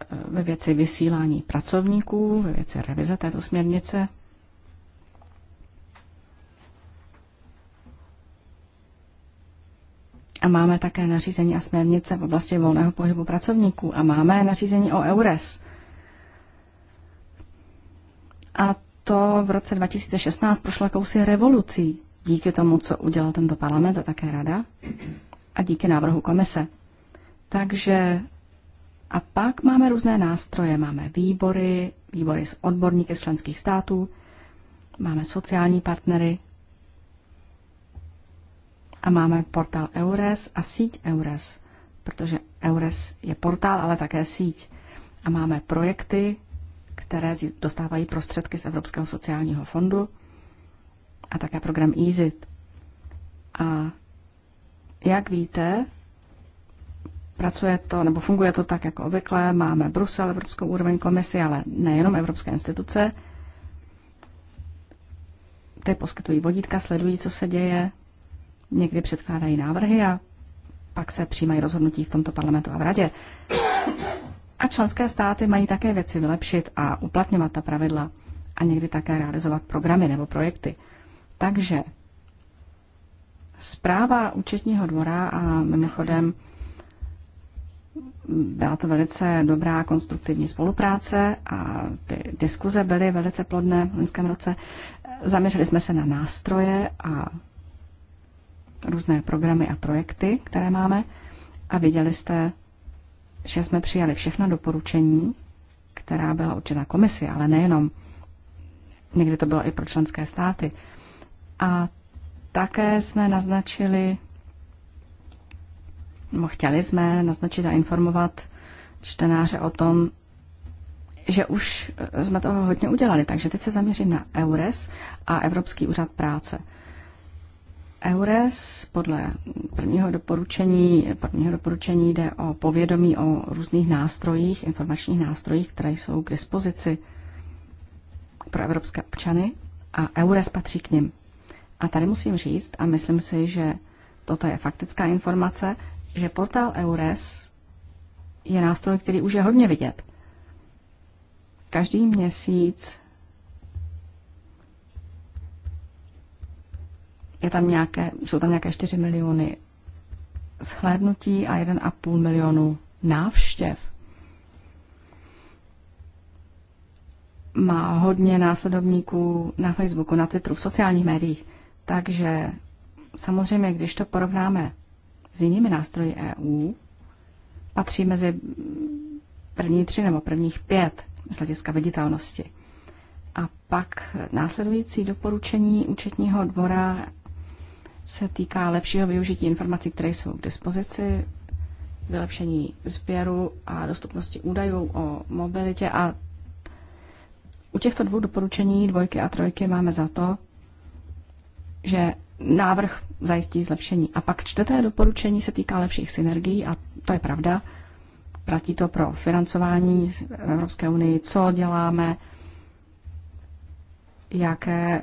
eh, ve věci vysílání pracovníků, ve věci revize této směrnice. A máme také nařízení a směrnice v oblasti volného pohybu pracovníků. A máme nařízení o EURES. A to v roce 2016 prošlo jakousi revolucí díky tomu, co udělal tento parlament a také rada a díky návrhu komise. Takže a pak máme různé nástroje. Máme výbory, výbory s odborníky z členských států, máme sociální partnery, a máme portál EURES a síť EURES, protože EURES je portál, ale také síť. A máme projekty, které dostávají prostředky z Evropského sociálního fondu a také program EASIT. A jak víte, pracuje to, nebo funguje to tak jako obvykle, máme Brusel, Evropskou úroveň komisi, ale nejenom Evropské instituce, ty poskytují vodítka, sledují, co se děje, někdy předkládají návrhy a pak se přijímají rozhodnutí v tomto parlamentu a v radě. A členské státy mají také věci vylepšit a uplatňovat ta pravidla a někdy také realizovat programy nebo projekty. Takže zpráva účetního dvora a mimochodem byla to velice dobrá konstruktivní spolupráce a ty diskuze byly velice plodné v loňském roce. Zaměřili jsme se na nástroje a různé programy a projekty, které máme a viděli jste, že jsme přijali všechna doporučení, která byla určena komisi, ale nejenom. Někdy to bylo i pro členské státy. A také jsme naznačili, nebo chtěli jsme naznačit a informovat čtenáře o tom, že už jsme toho hodně udělali, takže teď se zaměřím na EURES a Evropský úřad práce. EURES podle prvního doporučení, prvního doporučení jde o povědomí o různých nástrojích, informačních nástrojích, které jsou k dispozici pro evropské občany a EURES patří k nim. A tady musím říct, a myslím si, že toto je faktická informace, že portál EURES je nástroj, který už je hodně vidět. Každý měsíc je tam nějaké, jsou tam nějaké 4 miliony shlédnutí a 1,5 milionu návštěv. Má hodně následovníků na Facebooku, na Twitteru, v sociálních médiích. Takže samozřejmě, když to porovnáme s jinými nástroji EU, patří mezi první tři nebo prvních pět z hlediska viditelnosti. A pak následující doporučení účetního dvora se týká lepšího využití informací, které jsou k dispozici, vylepšení sběru a dostupnosti údajů o mobilitě a u těchto dvou doporučení, dvojky a trojky, máme za to, že návrh zajistí zlepšení. A pak čtvrté doporučení se týká lepších synergií a to je pravda. Platí to pro financování v Evropské unii, co děláme, jaké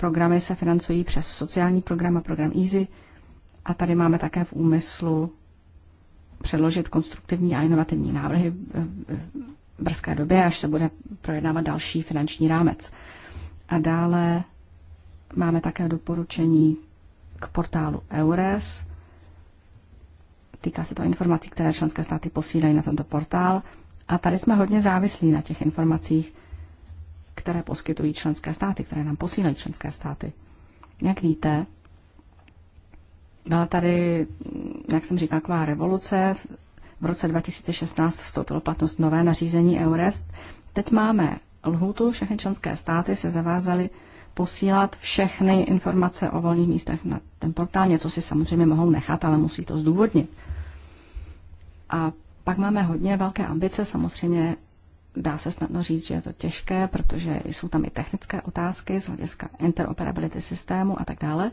Programy se financují přes sociální program a program EASY a tady máme také v úmyslu předložit konstruktivní a inovativní návrhy v brzké době, až se bude projednávat další finanční rámec. A dále máme také doporučení k portálu EURES. Týká se to informací, které členské státy posílají na tento portál. A tady jsme hodně závislí na těch informacích, které poskytují členské státy, které nám posílají členské státy. Jak víte, byla tady, jak jsem říkal, taková revoluce. V roce 2016 vstoupilo platnost nové nařízení EURES. Teď máme lhutu, všechny členské státy se zavázaly posílat všechny informace o volných místech na ten portál. Něco si samozřejmě mohou nechat, ale musí to zdůvodnit. A pak máme hodně velké ambice samozřejmě Dá se snadno říct, že je to těžké, protože jsou tam i technické otázky z hlediska interoperability systému a tak dále.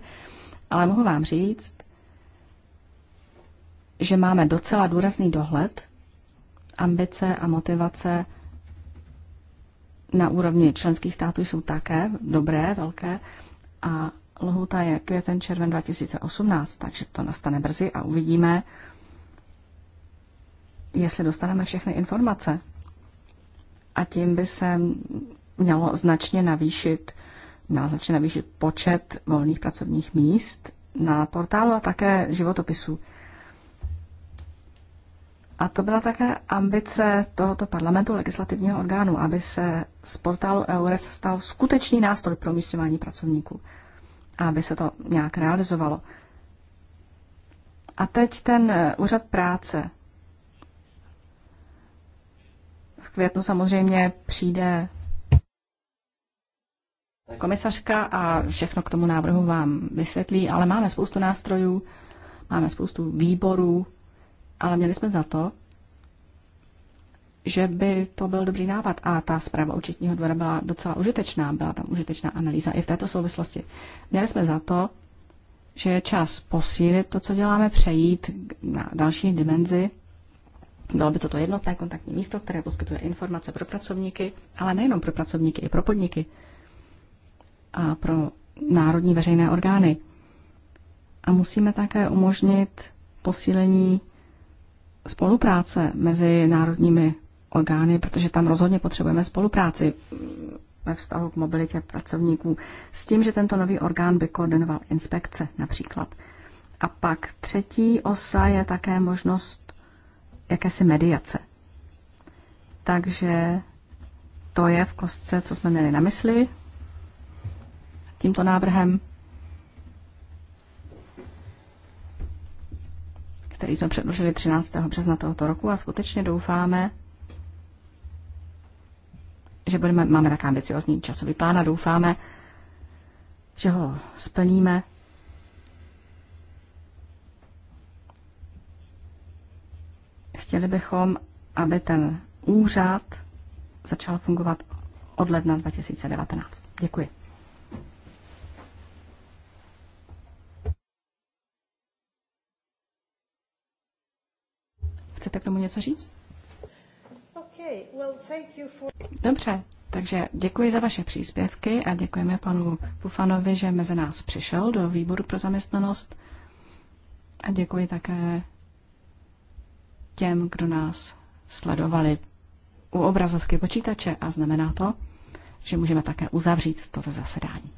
Ale mohu vám říct, že máme docela důrazný dohled, ambice a motivace na úrovni členských států jsou také dobré, velké a lhůta je květen červen 2018, takže to nastane brzy a uvidíme, jestli dostaneme všechny informace a tím by se mělo značně navýšit, mělo značně navýšit počet volných pracovních míst na portálu a také životopisů. A to byla také ambice tohoto parlamentu legislativního orgánu, aby se z portálu EURES stal skutečný nástroj pro umístěvání pracovníků. A aby se to nějak realizovalo. A teď ten eh, úřad práce. květnu samozřejmě přijde komisařka a všechno k tomu návrhu vám vysvětlí, ale máme spoustu nástrojů, máme spoustu výborů, ale měli jsme za to, že by to byl dobrý nápad. A ta zpráva účetního dvora byla docela užitečná, byla tam užitečná analýza i v této souvislosti. Měli jsme za to, že je čas posílit to, co děláme, přejít na další dimenzi bylo by toto jednotné kontaktní místo, které poskytuje informace pro pracovníky, ale nejenom pro pracovníky, i pro podniky a pro národní veřejné orgány. A musíme také umožnit posílení spolupráce mezi národními orgány, protože tam rozhodně potřebujeme spolupráci ve vztahu k mobilitě pracovníků, s tím, že tento nový orgán by koordinoval inspekce například. A pak třetí osa je také možnost jakési mediace. Takže to je v kostce, co jsme měli na mysli tímto návrhem, který jsme předložili 13. března tohoto roku a skutečně doufáme, že budeme, máme tak ambiciozní časový plán a doufáme, že ho splníme Chtěli bychom, aby ten úřad začal fungovat od ledna 2019. Děkuji. Chcete k tomu něco říct? Dobře, takže děkuji za vaše příspěvky a děkujeme panu Pufanovi, že mezi nás přišel do výboru pro zaměstnanost. A děkuji také těm, kdo nás sledovali u obrazovky počítače a znamená to, že můžeme také uzavřít toto zasedání.